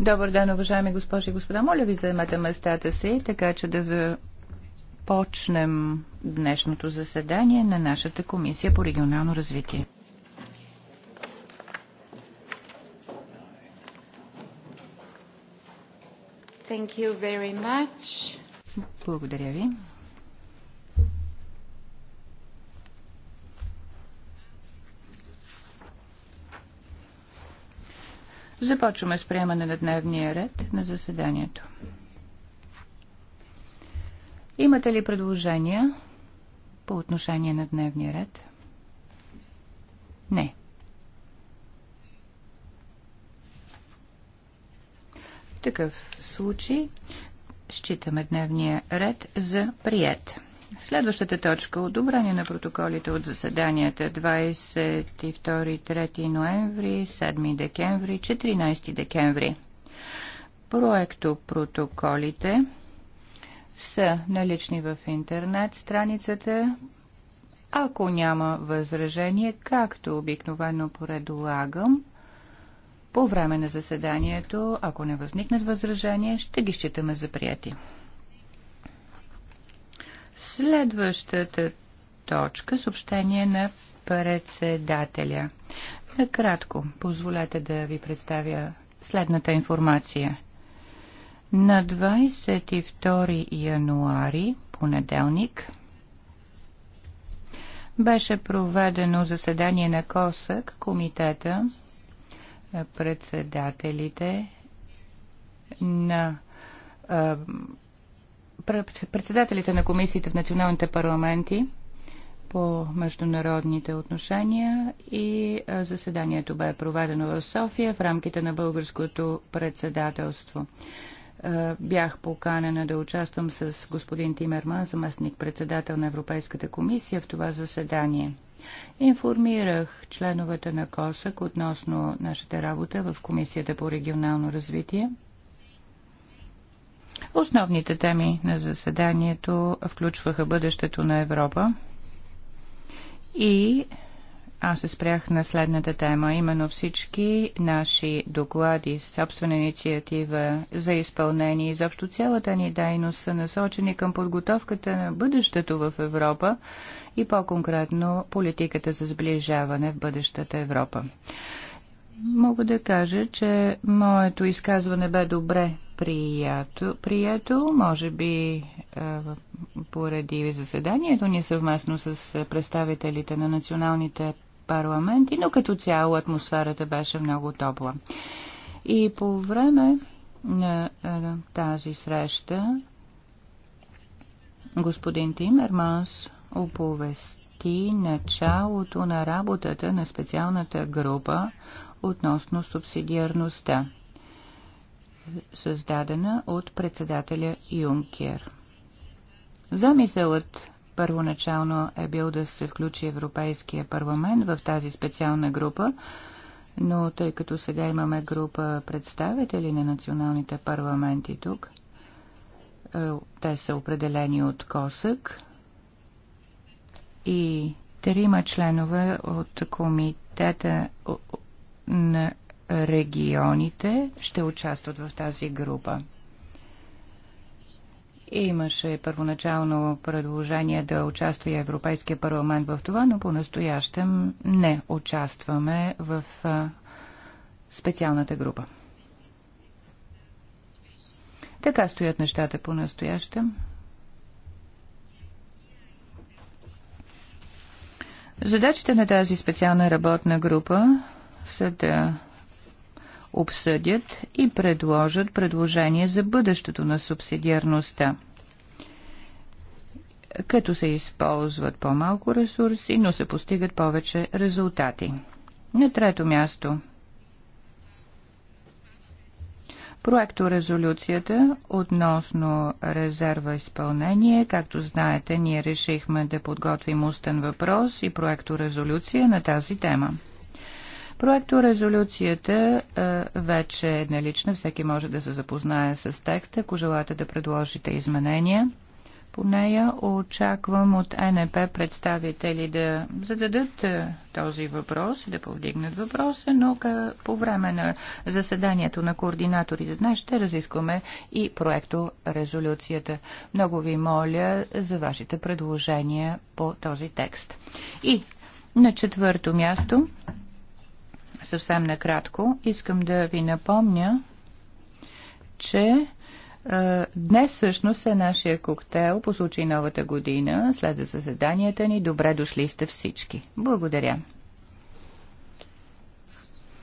Добър ден, уважаеми госпожи и господа. Моля ви, заемете местата си, така че да започнем днешното заседание на нашата комисия по регионално развитие. Благодаря ви. Започваме с приемане на дневния ред на заседанието. Имате ли предложения по отношение на дневния ред? Не. В такъв случай считаме дневния ред за прият. Следващата точка – одобрение на протоколите от заседанията 22-3 ноември, 7 декември, 14 декември. Проекто протоколите са налични в интернет страницата. Ако няма възражение, както обикновено предлагам, по време на заседанието, ако не възникнат възражения, ще ги считаме за прияти. Следващата точка съобщение на председателя. Накратко, позволете да ви представя следната информация. На 22 януари, понеделник, беше проведено заседание на КОСАК, комитета, председателите на председателите на комисиите в националните парламенти по международните отношения и заседанието бе проведено в София в рамките на българското председателство. Бях поканена да участвам с господин Тимерман, заместник-председател на Европейската комисия в това заседание. Информирах членовете на КОСАК относно нашата работа в Комисията по регионално развитие – Основните теми на заседанието включваха бъдещето на Европа и аз се спрях на следната тема. Именно всички наши доклади, собствена инициатива за изпълнение и заобщо цялата ни дейност са насочени към подготовката на бъдещето в Европа и по-конкретно политиката за сближаване в бъдещата Европа. Мога да кажа, че моето изказване бе добре прието, прието може би поради заседанието ни съвместно с представителите на националните парламенти, но като цяло атмосферата беше много топла. И по време на тази среща господин Тимерманс оповести началото на работата на специалната група относно субсидиарността създадена от председателя Юнкер. Замисълът първоначално е бил да се включи Европейския парламент в тази специална група, но тъй като сега имаме група представители на националните парламенти тук, е, те са определени от Косък и трима членове от комитета на регионите ще участват в тази група. Имаше първоначално предложение да участва и Европейския парламент в това, но по-настоящем не участваме в специалната група. Така стоят нещата по-настоящем. Задачите на тази специална работна група са да обсъдят и предложат предложение за бъдещето на субсидиарността като се използват по-малко ресурси, но се постигат повече резултати. На трето място. Проекто резолюцията относно резерва изпълнение, както знаете, ние решихме да подготвим устен въпрос и проекто резолюция на тази тема. Проекто резолюцията е, вече е налична. Всеки може да се запознае с текста, ако желаете да предложите изменения. По нея очаквам от НП представители да зададат е, този въпрос, да повдигнат въпроса, но по време на заседанието на координаторите днес ще разискваме и проекто резолюцията. Много ви моля за вашите предложения по този текст. И на четвърто място съвсем накратко, искам да ви напомня, че Днес всъщност е нашия коктейл по случай новата година. След за заседанията ни добре дошли сте всички. Благодаря.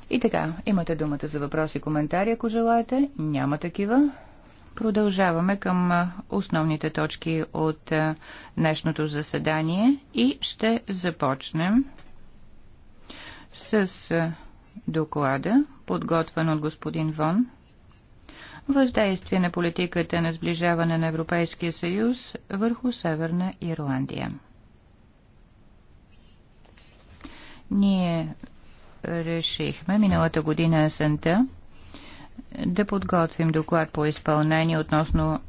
И така, имате думата за въпроси и коментари, ако желаете. Няма такива. Продължаваме към основните точки от днешното заседание и ще започнем с доклада, подготвен от господин Вон. Въздействие на политиката на сближаване на Европейския съюз върху Северна Ирландия. Ние решихме миналата година есента да подготвим доклад по изпълнение относно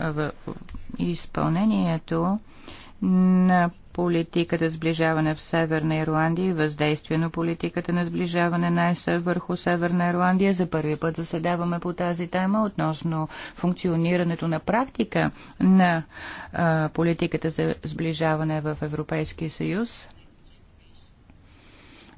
изпълнението на политиката сближаване в Северна Ирландия и въздействие на политиката на сближаване на ЕС върху Северна Ирландия. За първи път заседаваме по тази тема относно функционирането на практика на а, политиката за сближаване в Европейския съюз.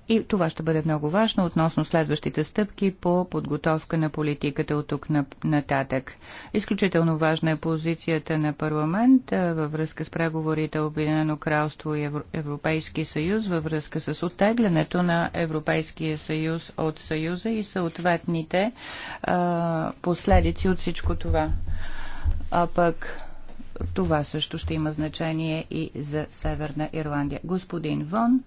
И това ще бъде много важно относно следващите стъпки по подготовка на политиката от тук нататък. Изключително важна е позицията на парламент във връзка с преговорите Обединено кралство и Европейски съюз, във връзка с оттеглянето на Европейския съюз от съюза и съответните а, последици от всичко това. А пък това също ще има значение и за Северна Ирландия. Господин Вон,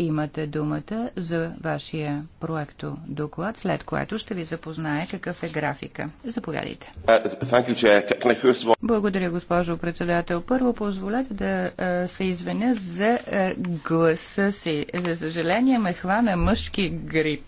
Имате думата за вашия проекто доклад, след което ще ви запознае какъв е графика. Заповядайте. Uh, Благодаря, госпожо председател. Първо позволете да се извиня за гласа си. За съжаление ме хвана мъжки грип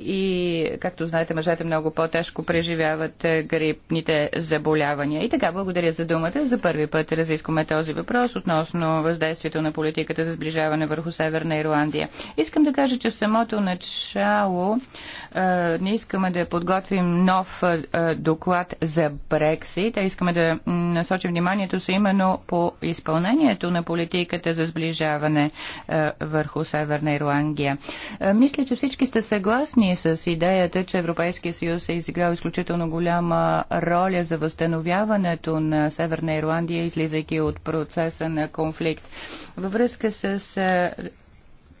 и, както знаете, мъжете много по-тежко преживяват е, грипните заболявания. И така, благодаря за думата. За първи път разискваме този въпрос относно въздействието на политиката за сближаване върху Северна Ирландия. Искам да кажа, че в самото начало е, не искаме да подготвим нов е, доклад за Брексит, а искаме да насочим вниманието си именно по изпълнението на политиката за сближаване върху Северна Ирландия. Мисля, че всички сте съгласни съгласни с идеята, че Европейския съюз е изиграл изключително голяма роля за възстановяването на Северна Ирландия, излизайки от процеса на конфликт. Във връзка с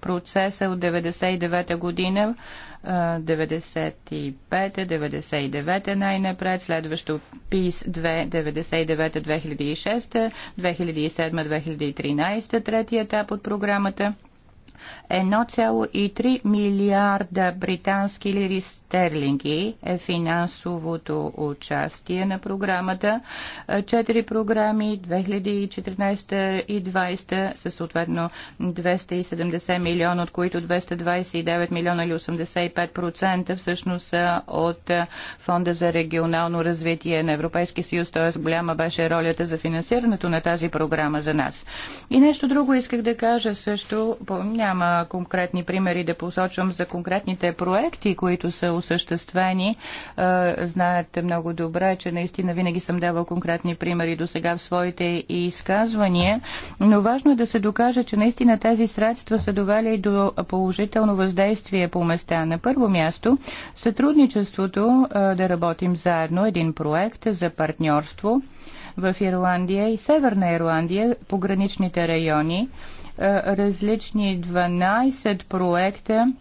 процеса от 99-та година, 95-99 най-напред, следващо ПИС 2, 99-2006, 2007-2013, третия етап от програмата – 1,3 милиарда британски лири стерлинги е финансовото участие на програмата. Е, четири програми 2014 и 2020 са съответно 270 милиона, от които 229 милиона или 85% всъщност са от е, Фонда за регионално развитие на Европейския съюз, т.е. голяма беше ролята за финансирането на тази програма за нас. И нещо друго исках да кажа също, няма конкретни примери да посочвам за конкретните проекти, които са осъществени. Е, знаете много добре, че наистина винаги съм давал конкретни примери до сега в своите изказвания, но важно е да се докаже, че наистина тези средства са довели до положително въздействие по места. На първо място, сътрудничеството е, да работим заедно, един проект за партньорство в Ирландия и Северна Ирландия, пограничните райони. Е, различни 12 проекта,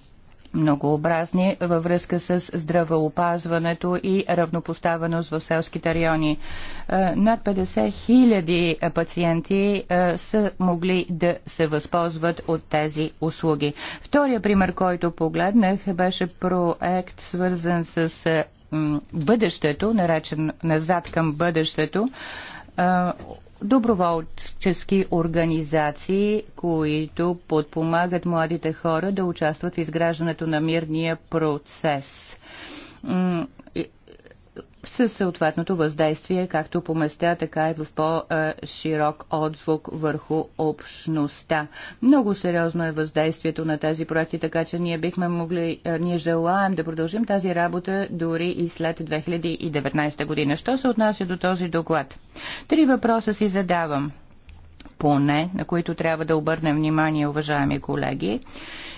многообразни във връзка с здравеопазването и равнопоставеност в селските райони. Е, над 50 хиляди пациенти е, са могли да се възползват от тези услуги. Втория пример, който погледнах, беше проект свързан с бъдещето, наречен назад към бъдещето доброволчески организации, които подпомагат младите хора да участват в изграждането на мирния процес със съответното въздействие както по места, така и в по-широк отзвук върху общността. Много сериозно е въздействието на тези проекти, така че ние бихме могли, е, ние желаем да продължим тази работа дори и след 2019 година. Що се отнася до този доклад? Три въпроса си задавам поне, на които трябва да обърнем внимание, уважаеми колеги.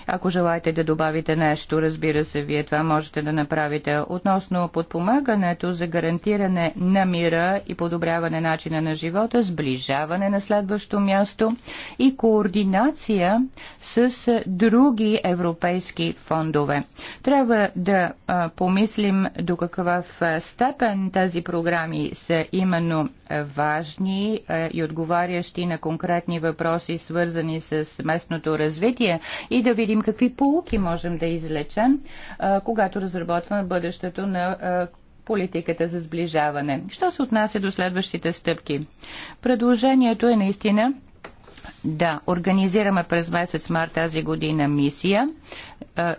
Ако желаете да добавите нещо, разбира се, вие това можете да направите относно подпомагането за гарантиране на мира и подобряване начина на живота, сближаване на следващо място и координация с други европейски фондове. Трябва да помислим до каква степен тези програми са именно важни е, и отговарящи на конкретни въпроси, свързани с местното развитие и да видим какви полуки можем да излечем, е, когато разработваме бъдещето на е, политиката за сближаване. Що се отнася до следващите стъпки? Предложението е наистина да организираме през месец март тази година мисия,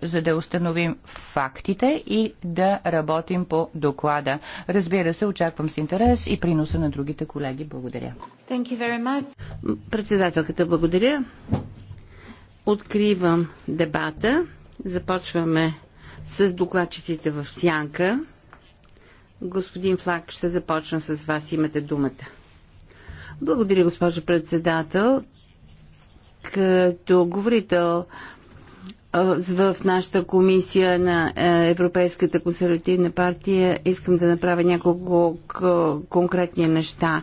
за да установим фактите и да работим по доклада. Разбира се, очаквам с интерес и приноса на другите колеги. Благодаря. Председателката, благодаря. Откривам дебата. Започваме с докладчиците в сянка. Господин Флак, ще започна с вас. Имате думата. Благодаря, госпожо председател като говорител в нашата комисия на е, Европейската консервативна партия искам да направя няколко конкретни неща.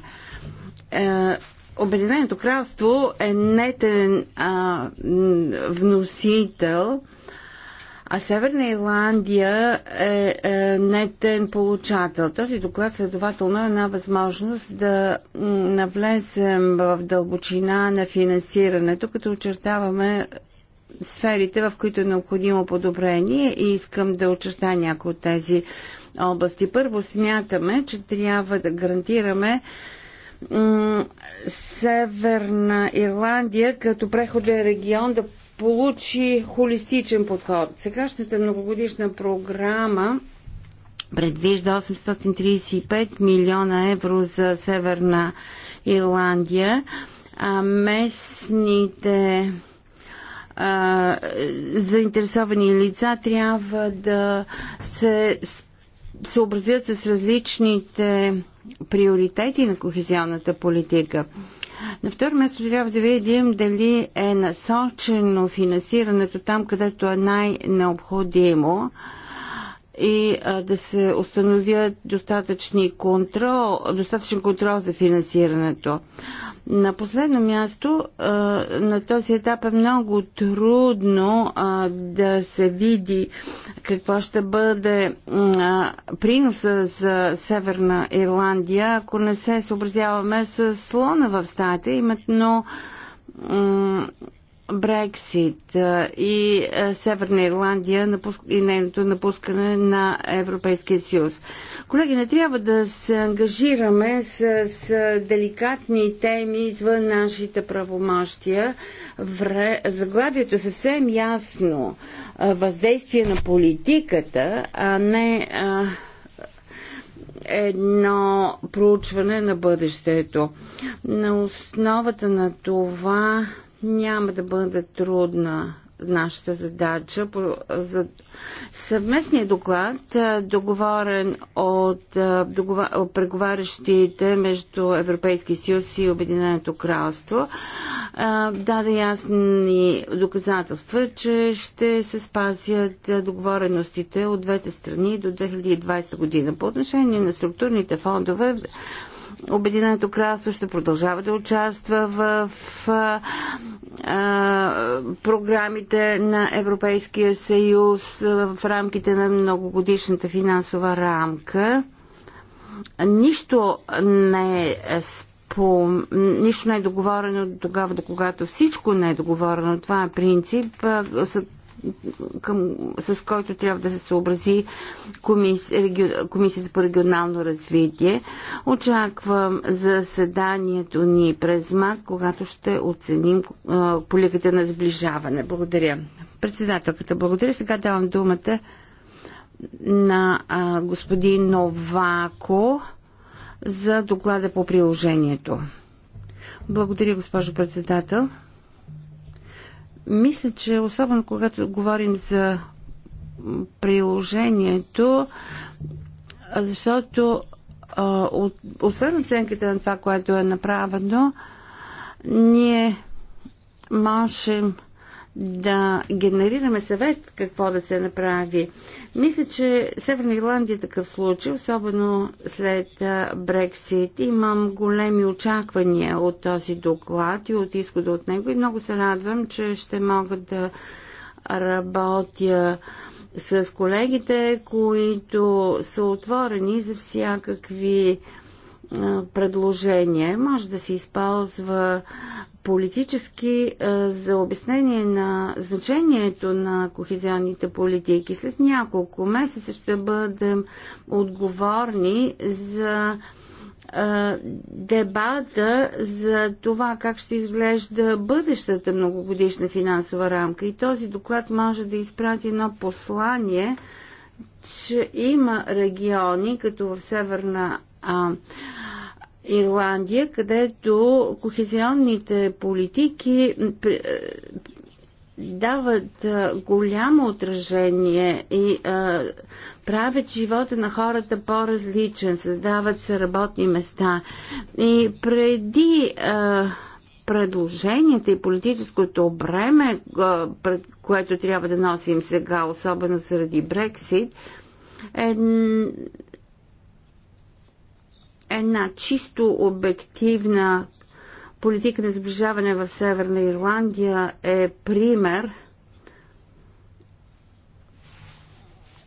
Е, Обединеното кралство е нетен вносител а Северна Ирландия е, е нетен получател. Този доклад следователно е една възможност да навлезем в дълбочина на финансирането, като очертаваме сферите, в които е необходимо подобрение и искам да очерта някои от тези области. Първо смятаме, че трябва да гарантираме Северна Ирландия като преходен регион да получи холистичен подход. Сегашната многогодишна програма предвижда 835 милиона евро за Северна Ирландия, а местните а, заинтересовани лица трябва да се съобразят с различните приоритети на кохезионната политика. На второ място трябва да видим дали е насочено финансирането там, където е най-необходимо и а, да се установят достатъчни контрол, достатъчен контрол за финансирането. На последно място, а, на този етап е много трудно а, да се види какво ще бъде а, приноса за Северна Ирландия, ако не се съобразяваме с слона в стаята, именно Брексит и Северна Ирландия и нейното напускане на Европейския съюз. Колеги, не трябва да се ангажираме с, с деликатни теми извън нашите правомощия. Вре... Заглавието е съвсем ясно въздействие на политиката, а не а, едно проучване на бъдещето. На основата на това няма да бъде трудна нашата задача. За съвместния доклад, договорен от преговарящите между Европейския съюз и Обединеното кралство, даде ясни доказателства, че ще се спазят договореностите от двете страни до 2020 година. По отношение на структурните фондове, Обединеното кралство ще продължава да участва в а, а, програмите на Европейския съюз в рамките на многогодишната финансова рамка. Нищо не е по... Нищо не е договорено тогава, до когато всичко не е договорено. Това е принцип, към, с който трябва да се съобрази комис, Комисията по регионално развитие. Очаквам заседанието ни през март, когато ще оценим а, поликата на сближаване. Благодаря. Председателката, благодаря. Сега давам думата на а, господин Новако за доклада по приложението. Благодаря, госпожо председател. Мисля, че особено когато говорим за приложението, защото от, освен оценката на това, което е направено, ние можем да генерираме съвет какво да се направи. Мисля, че Северна Ирландия е такъв случай, особено след Брексит. Имам големи очаквания от този доклад и от изхода от него и много се радвам, че ще мога да работя с колегите, които са отворени за всякакви предложение. Може да се използва политически за обяснение на значението на кохезионните политики. След няколко месеца ще бъдем отговорни за дебата за това как ще изглежда бъдещата многогодишна финансова рамка. И този доклад може да изпрати едно послание, че има региони, като в Северна а, Ирландия, където кохезионните политики е, дават е, голямо отражение и а, е, правят живота на хората по-различен, създават се работни места. И преди а, предложенията и политическото бреме, а, което трябва да носим сега, особено заради Брексит, е, една чисто обективна политика на сближаване в Северна Ирландия е пример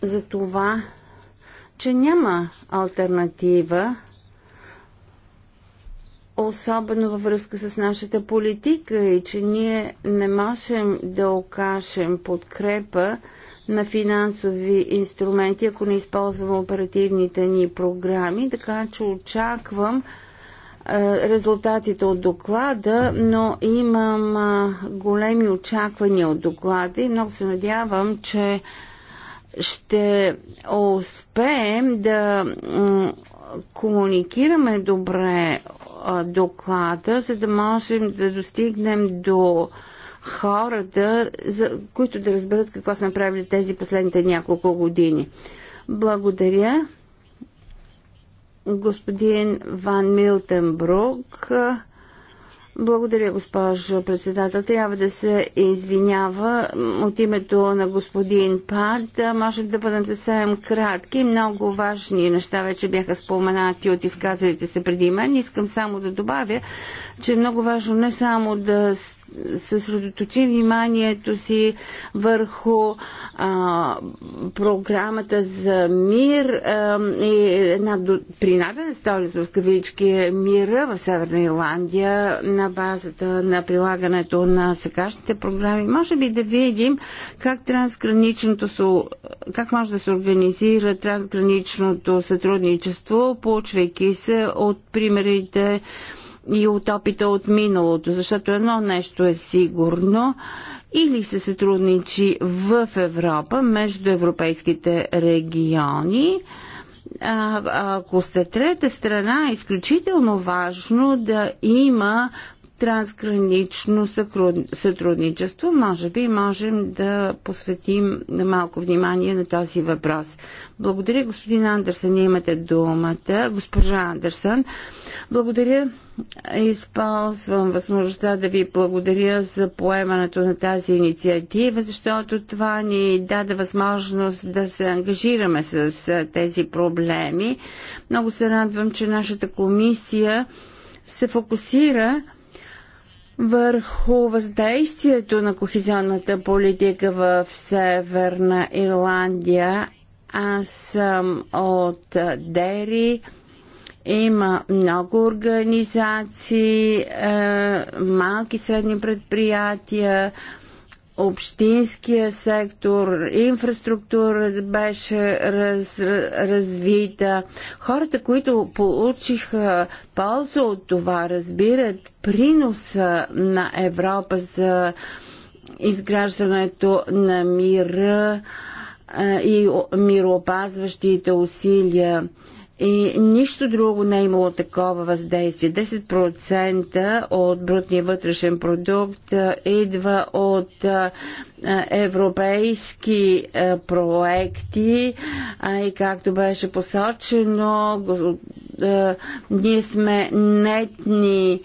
за това, че няма альтернатива, особено във връзка с нашата политика и че ние не можем да окажем подкрепа на финансови инструменти, ако не използваме оперативните ни програми, така че очаквам е, резултатите от доклада, но имам е, големи очаквания от доклада и много се надявам, че ще успеем да комуникираме добре е, доклада, за да можем да достигнем до хората, за, които да разберат какво сме правили тези последните няколко години. Благодаря. Господин Ван Милтенбрук. Благодаря, госпожо председател. Трябва да се извинява от името на господин Пад. Можем да бъдем съвсем кратки. Много важни неща вече бяха споменати от изказалите се преди мен. Искам само да добавя, че е много важно не само да съсредоточи вниманието си върху а, програмата за мир а, и една принадена столица в кавички е мира в Северна Ирландия на базата на прилагането на сегашните програми. Може би да видим как трансграничното как може да се организира трансграничното сътрудничество, получвайки се от примерите и от опита от миналото, защото едно нещо е сигурно или се сътрудничи в Европа между европейските региони. А, ако сте трета страна, е изключително важно да има трансгранично сътрудничество. Може би можем да посветим малко внимание на този въпрос. Благодаря, господин Андерсън. Имате думата. Госпожа Андерсън, благодаря. Използвам възможността да ви благодаря за поемането на тази инициатива, защото това ни даде възможност да се ангажираме с тези проблеми. Много се радвам, че нашата комисия се фокусира върху въздействието на кохезионната политика в Северна Ирландия. Аз съм от Дери. Има много организации, е, малки средни предприятия, общинския сектор, инфраструктура беше раз, развита. Хората, които получиха полза от това, разбират приноса на Европа за изграждането на мира и мироопазващите усилия. И нищо друго не е имало такова въздействие. 10% от брутния вътрешен продукт идва от европейски проекти и както беше посочено, ние сме нетни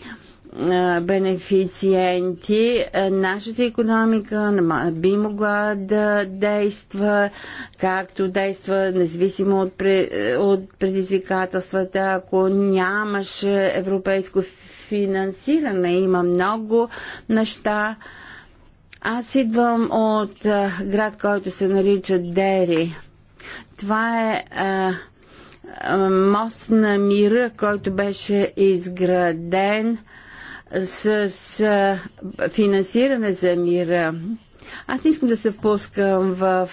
бенефициенти, нашата економика би могла да действа както действа, независимо от, от предизвикателствата, ако нямаше европейско финансиране. Има много неща. Аз идвам от град, който се нарича Дери. Това е мост на мира, който беше изграден с, с финансиране за мира. Аз не искам да се впускам в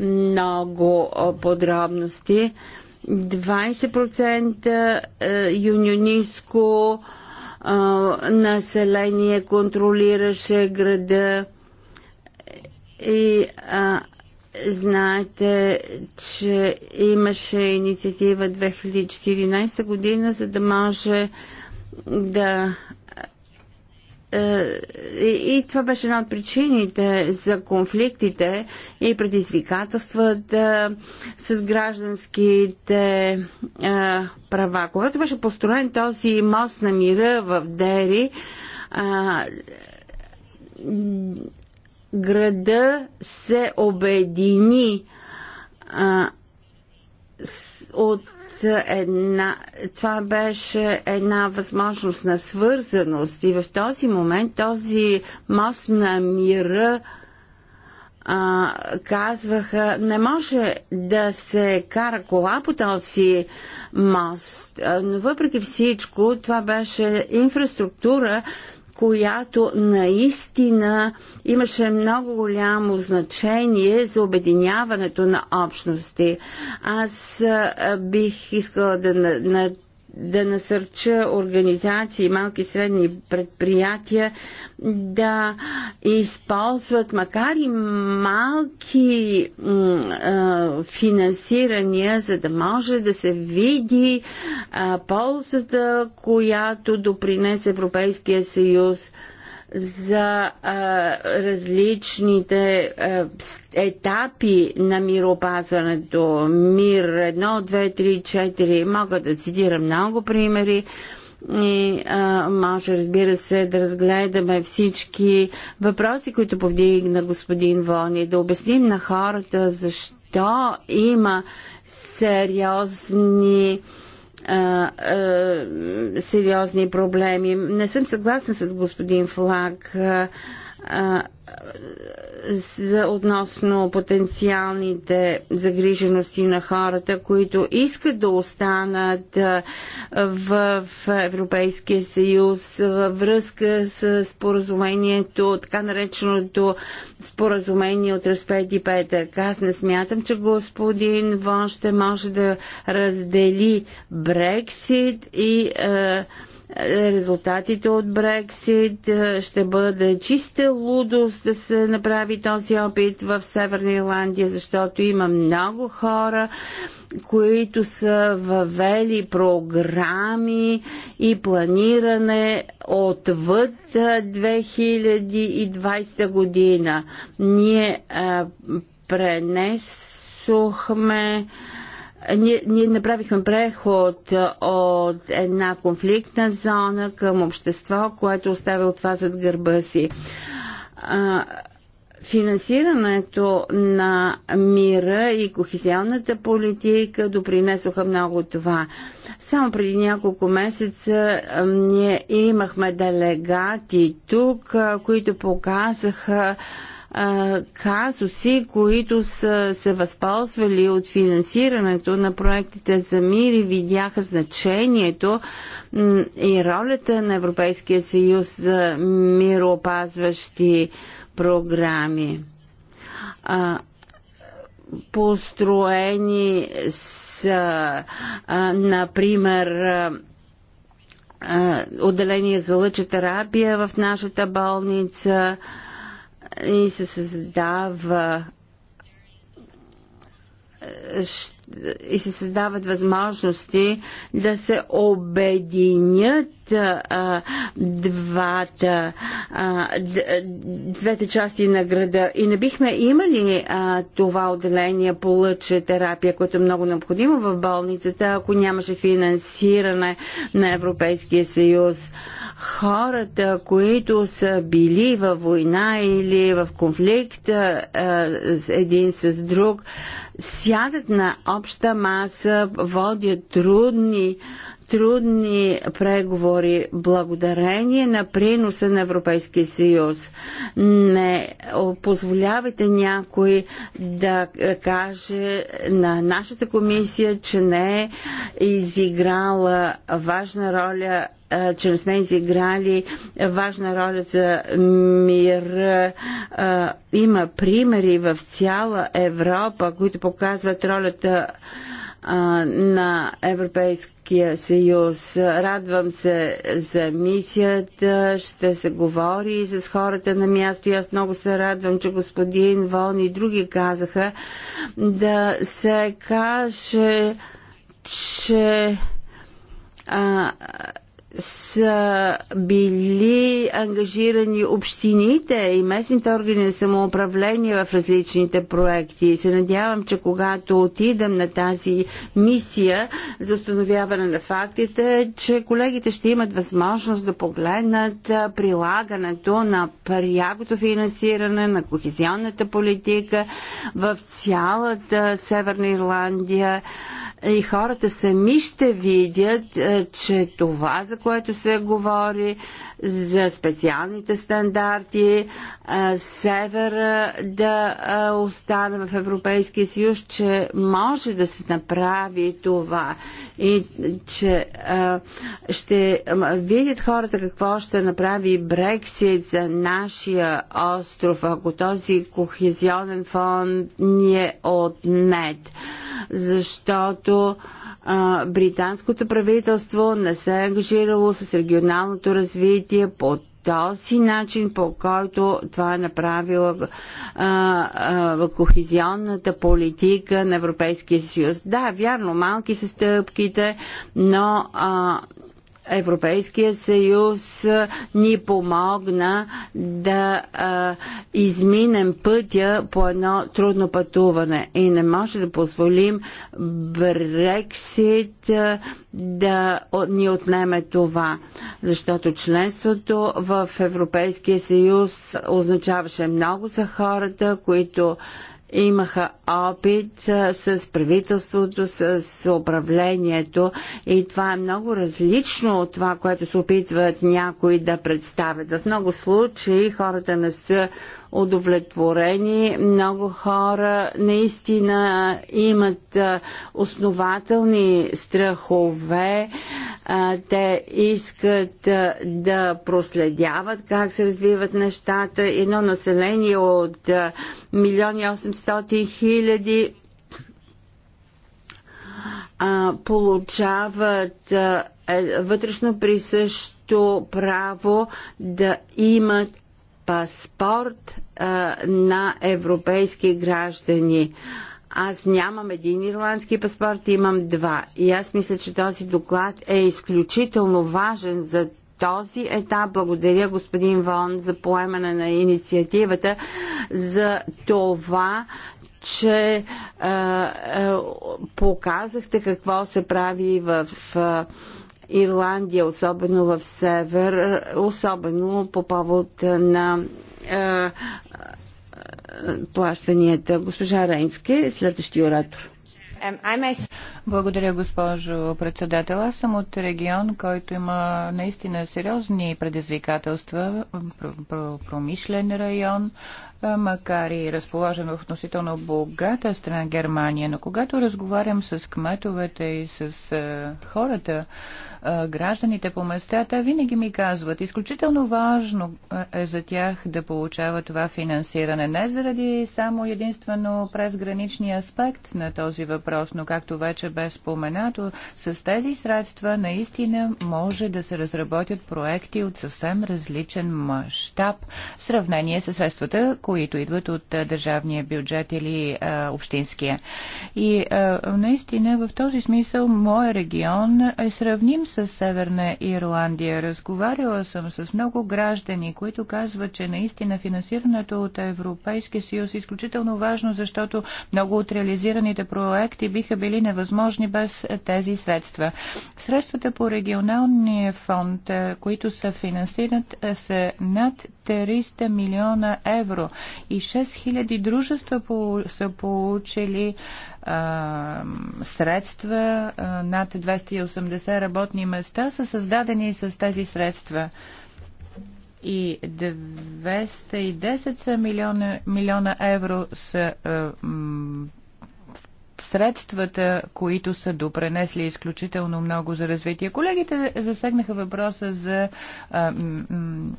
много подробности. 20% юнионистко население контролираше града и а, знаете, че имаше инициатива 2014 година, за да може да е, и това беше една от причините за конфликтите и предизвикателствата с гражданските е, права. Когато беше построен този мост на мира в Дери, е, града се обедини от една, това беше една възможност на свързаност и в този момент този мост на мира а, казваха, не може да се кара кола по този мост. Но въпреки всичко, това беше инфраструктура, която наистина имаше много голямо значение за обединяването на общности. Аз бих искала да да насърча организации, малки и средни предприятия да използват, макар и малки финансирания, за да може да се види ползата, която допринес Европейския съюз – за а, различните а, етапи на миропазването. Мир 1, 2, 3, 4. Мога да цитирам много примери. И а, може, разбира се, да разгледаме всички въпроси, които повдигна господин Вони, да обясним на хората защо има сериозни а, а, а, сериозни проблеми. Не съм съгласна с господин Флаг. А, а, за, относно потенциалните загрижености на хората, които искат да останат в, Европейския съюз във връзка с споразумението, така нареченото споразумение от Разпети петък. Аз не смятам, че господин Вон ще може да раздели Брексит и е, резултатите от Брексит. Е, ще бъде чиста лудост да се направи този опит в Северна Ирландия, защото има много хора, които са въвели програми и планиране отвъд 2020 е, година. Ние а, е, пренесохме а, ние, ние направихме преход от една конфликтна зона към общество, което оставя това зад гърба си. финансирането на мира и кохезионната политика допринесоха много това. Само преди няколко месеца ние имахме делегати тук, които показаха а, казуси, които са се възползвали от финансирането на проектите за мир и видяха значението и ролята на Европейския съюз за мироопазващи програми. А, построени с, а, например, отделение за лъчетерапия в нашата болница, а, и се създава е, и се създават възможности да се обединят а, двата, а, двете части на града. И не бихме имали а, това отделение по лъче терапия, което е много необходимо в болницата, ако нямаше финансиране на Европейския съюз. Хората, които са били във война или в конфликт а, един с друг, сядат на обща маса, водят трудни а, трудни преговори благодарение на приноса на Европейския съюз. Не позволявайте някой да е, каже на нашата комисия, че не е изиграла важна роля е, че не сме изиграли важна роля за мир. Е, има примери в цяла Европа, които показват ролята на Европейския съюз. Радвам се за мисията, ще се говори и с хората на място и аз много се радвам, че господин Вон и други казаха да се каже, че а, са били ангажирани общините и местните органи на самоуправление в различните проекти. И се надявам, че когато отидем на тази мисия за установяване на фактите, че колегите ще имат възможност да погледнат прилагането на прягото финансиране на кохезионната политика в цялата Северна Ирландия и хората сами ще видят, е, че това, за което се говори, за специалните стандарти, е, севера е, да остане в Европейския съюз, че може да се направи това и че ще видят хората какво ще направи Брексит за нашия остров, ако този кохезионен фонд ни е отнет защото а, британското правителство не се е ангажирало с регионалното развитие по този начин, по който това е направила а, а, кохезионната политика на Европейския съюз. Да, вярно, малки са стъпките, но а, Европейския съюз ни помогна да а, изминем пътя по едно трудно пътуване и не може да позволим Брексит да ни отнеме това, защото членството в Европейския съюз означаваше много за хората, които имаха опит с правителството, с управлението и това е много различно от това, което се опитват някои да представят. В много случаи хората не са удовлетворени. Много хора наистина имат основателни страхове. Те искат да проследяват как се развиват нещата. Едно население от 1800 800 хиляди получават е, вътрешно присъщо право да имат паспорт а, на европейски граждани. Аз нямам един ирландски паспорт, имам два. И аз мисля, че този доклад е изключително важен за този етап. Благодаря господин Вон за поемане на инициативата за това, че а, а, показахте какво се прави в. А, Ирландия, особено в север, особено по повод на е, е плащанията. Госпожа Рейнски, следващия оратор. Благодаря, госпожо председател. Аз съм от регион, който има наистина сериозни предизвикателства, промишлен район, макар и разположено в относително богата страна Германия. Но когато разговарям с кметовете и с хората, гражданите по места, винаги ми казват, изключително важно е за тях да получава това финансиране. Не заради само единствено през граничния аспект на този въпрос, но както вече бе споменато, с тези средства наистина може да се разработят проекти от съвсем различен мащаб в сравнение с средствата, които които идват от държавния бюджет или а, общинския. И а, наистина в този смисъл моя регион е сравним с Северна Ирландия. Разговаряла съм с много граждани, които казват, че наистина финансирането от Европейския съюз е изключително важно, защото много от реализираните проекти биха били невъзможни без тези средства. Средствата по регионалния фонд, които се финансират, са над 300 милиона евро и 6000 дружества по, са получили а, средства, а, над 280 работни места са създадени с тези средства и 210 са милиона, милиона евро са а, средствата, които са допренесли изключително много за развитие. Колегите засегнаха въпроса за а, м,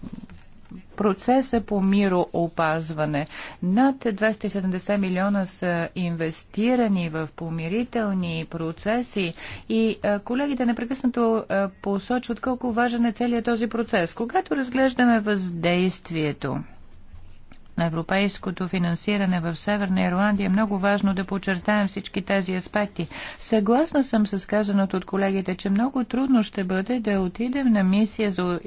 процеса по мироопазване. Над 270 милиона са инвестирани в помирителни процеси и колегите непрекъснато посочват колко важен е целият този процес. Когато разглеждаме въздействието, на европейското финансиране в Северна Ирландия, е много важно да подчертаем всички тези аспекти. Съгласна съм с казаното от колегите, че много трудно ще бъде да отидем на мисия за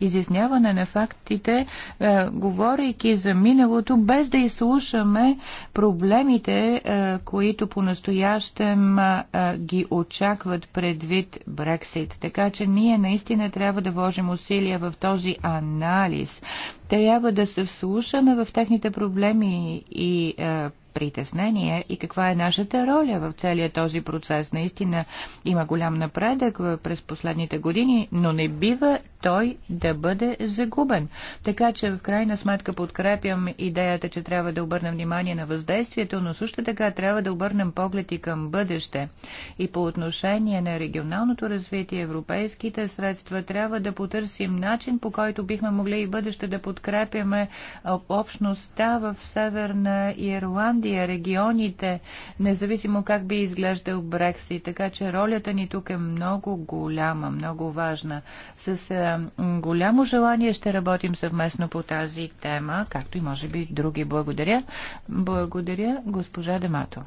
изясняване на фактите, е, говорейки за миналото, без да изслушаме проблемите, е, които по-настоящем е, ги очакват предвид Брексит. Така че ние наистина трябва да вложим усилия в този анализ. Трябва да се вслушаме в техните проблеми и е, притеснение и каква е нашата роля в целия този процес. Наистина има голям напредък през последните години, но не бива той да бъде загубен. Така че в крайна сметка подкрепям идеята, че трябва да обърнем внимание на въздействието, но също така трябва да обърнем поглед и към бъдеще. И по отношение на регионалното развитие, европейските средства, трябва да потърсим начин, по който бихме могли и бъдеще да подкрепяме общността в Северна Ирландия България, регионите, независимо как би изглеждал Брекси. Така че ролята ни тук е много голяма, много важна. С а, е, голямо желание ще работим съвместно по тази тема, както и може би други. Благодаря. Благодаря, госпожа Демато.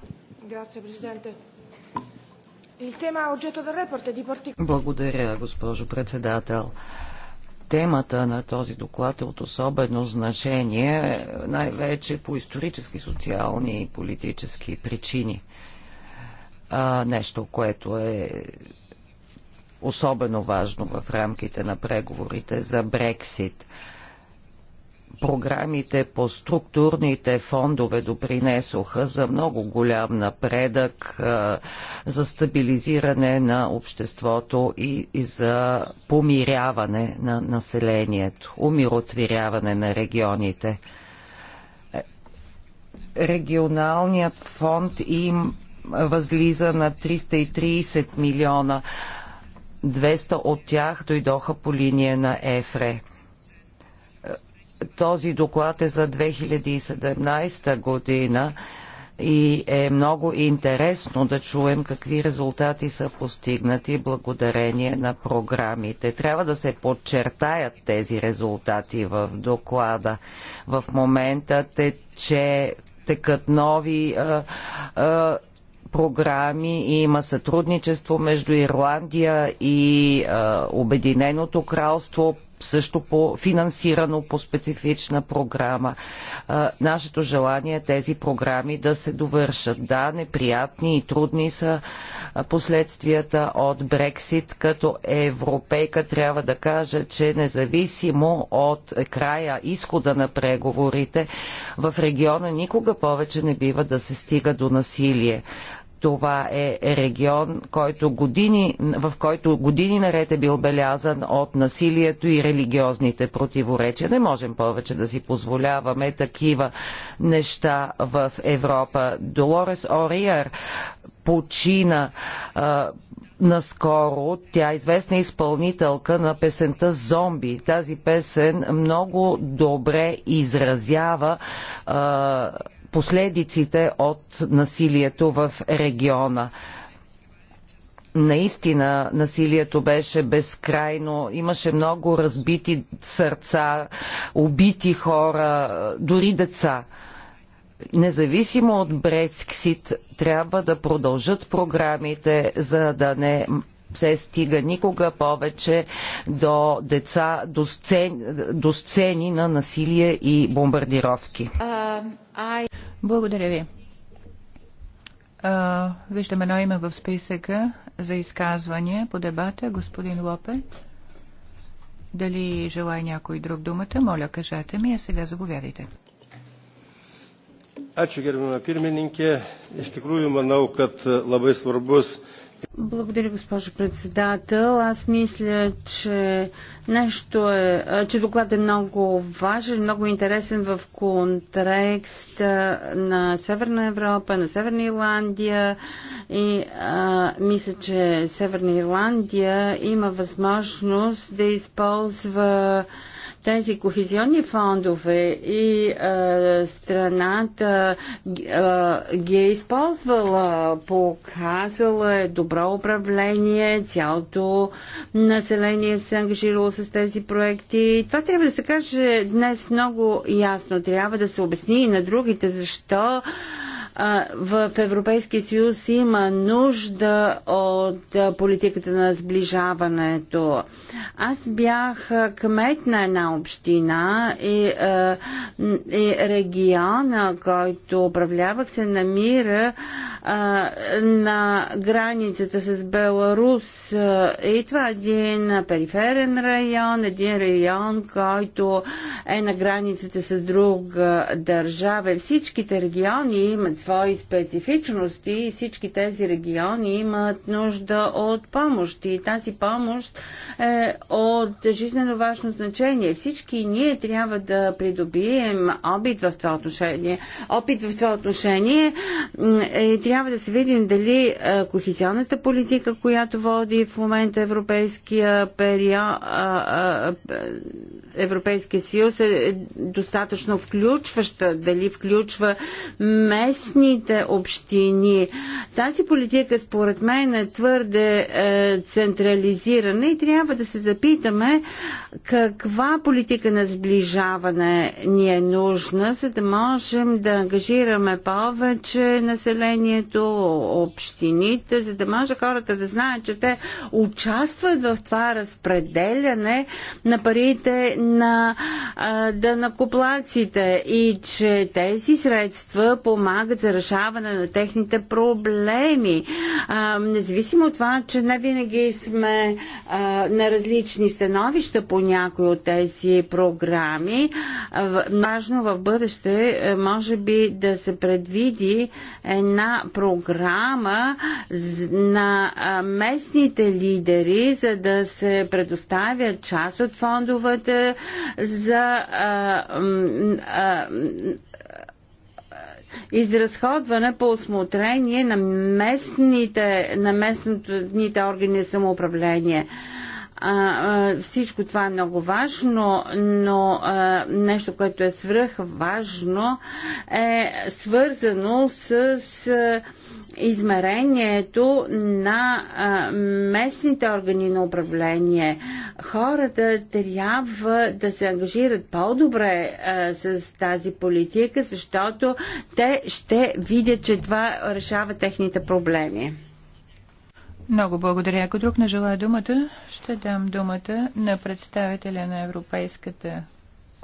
Е е Благодаря, госпожо председател темата на този доклад е от особено значение, най-вече по исторически, социални и политически причини. А, нещо, което е особено важно в рамките на преговорите за Брексит – програмите по структурните фондове допринесоха за много голям напредък за стабилизиране на обществото и, и за помиряване на населението, умиротвиряване на регионите. Е, регионалният фонд им възлиза на 330 милиона. 200 от тях дойдоха по линия на ЕФРЕ. Този доклад е за 2017 година и е много интересно да чуем какви резултати са постигнати благодарение на програмите. Трябва да се подчертаят тези резултати в доклада. В момента те, че текат нови а, а, програми и има сътрудничество между Ирландия и а, Обединеното кралство също по, финансирано по специфична програма. А, нашето желание е тези програми да се довършат. Да, неприятни и трудни са последствията от Брексит. Като европейка трябва да каже, че независимо от края, изхода на преговорите, в региона никога повече не бива да се стига до насилие. Това е регион, който години, в който години наред е бил белязан от насилието и религиозните противоречия. Не можем повече да си позволяваме такива неща в Европа. Долорес Ориер почина а, наскоро. Тя е известна изпълнителка на песента Зомби. Тази песен много добре изразява а, последиците от насилието в региона наистина насилието беше безкрайно. Имаше много разбити сърца, убити хора, дори деца. Независимо от Брексит, трябва да продължат програмите, за да не се стига никога повече до деца, до сцени, до сцени на насилие и бомбардировки. Благодаря ви. Uh, виждам едно име в списъка за изказвания по дебата. Господин Лопе. Дали желая някой друг думата? Моля, кажете ми, а сега заповядайте. Ačiū gerbime pirmininkė. Iš tikrųjų manau, kad labai svarbus uh, благодаря, госпожо председател. Аз мисля, че нещо е, че доклад е много важен, много интересен в контекст на Северна Европа, на Северна Ирландия и а, мисля, че Северна Ирландия има възможност да използва а, тези кохезионни фондове и а, страната а, ги е използвала, показала е добро управление, цялото население се е ангажирало с тези проекти. това трябва да се каже днес много ясно. Трябва да се обясни и на другите защо в Европейския съюз има нужда от политиката на сближаването. Аз бях кмет на една община и, и региона, който управлявах, се намира на границата с Беларус. И това е един периферен район, един район, който е на границата с друга държава. Всичките региони имат свои специфичности и всички тези региони имат нужда от помощ и тази помощ е от жизненно важно значение. Всички ние трябва да придобием опит в това отношение. Опит в това отношение и е, трябва да се видим дали е, кохезионната политика, която води в момента европейския период, Европейския съюз е достатъчно включваща, дали включва местните общини. Тази политика според мен е твърде е, централизирана и трябва да се запитаме каква политика на сближаване ни е нужна, за да можем да ангажираме повече населението, общините, за да може хората да знаят, че те участват в това разпределяне на парите на данакоплаците и че тези средства помагат за решаване на техните проблеми. А, независимо от това, че не винаги сме а, на различни становища по някои от тези програми, а, важно в бъдеще а, може би да се предвиди една програма на местните лидери, за да се предоставят част от фондовете за изразходване по осмотрение на местните, на местните органи на самоуправление. а, всичко това е много важно, но а, нещо, което е свръх важно, е свързано с а, измерението на а, местните органи на управление. Хората трябва да се ангажират по-добре с тази политика, защото те ще видят, че това решава техните проблеми. Много благодаря. Ако друг не желая думата, ще дам думата на представителя на Европейската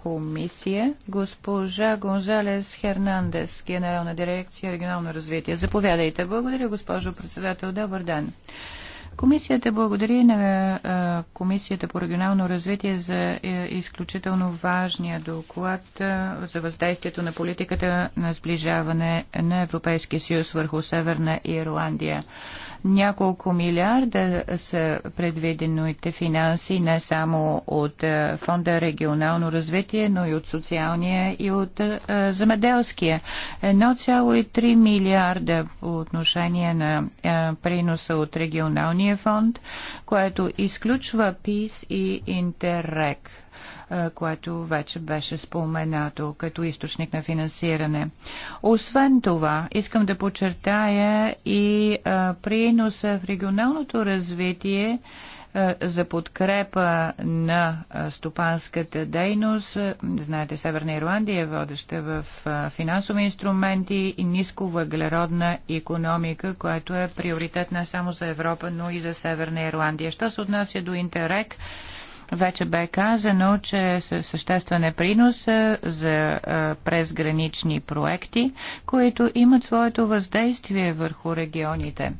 комисия, госпожа Гонзалес Хернандес, генерална дирекция регионално развитие. Заповядайте. Благодаря, госпожо председател. Добър ден. Комисията благодари на Комисията по регионално развитие за е, изключително важния доклад за въздействието на политиката на сближаване на Европейския съюз върху Северна Ирландия. Няколко милиарда са предвидените финанси не само от е, Фонда регионално развитие, но и от социалния и от е, земеделския. 1,3 милиарда по отношение на е, приноса от регионалния фонд, което изключва ПИС и Интеррек което вече беше споменато като източник на финансиране. Освен това, искам да подчертая и приноса в регионалното развитие за подкрепа на стопанската дейност. Знаете, Северна Ирландия е водеща в финансови инструменти и ниско въглеродна економика, което е приоритет не само за Европа, но и за Северна Ирландия. Що се отнася до Интерек, вече бе казано, че съществен е принос е, за е, презгранични проекти, които имат своето въздействие върху регионите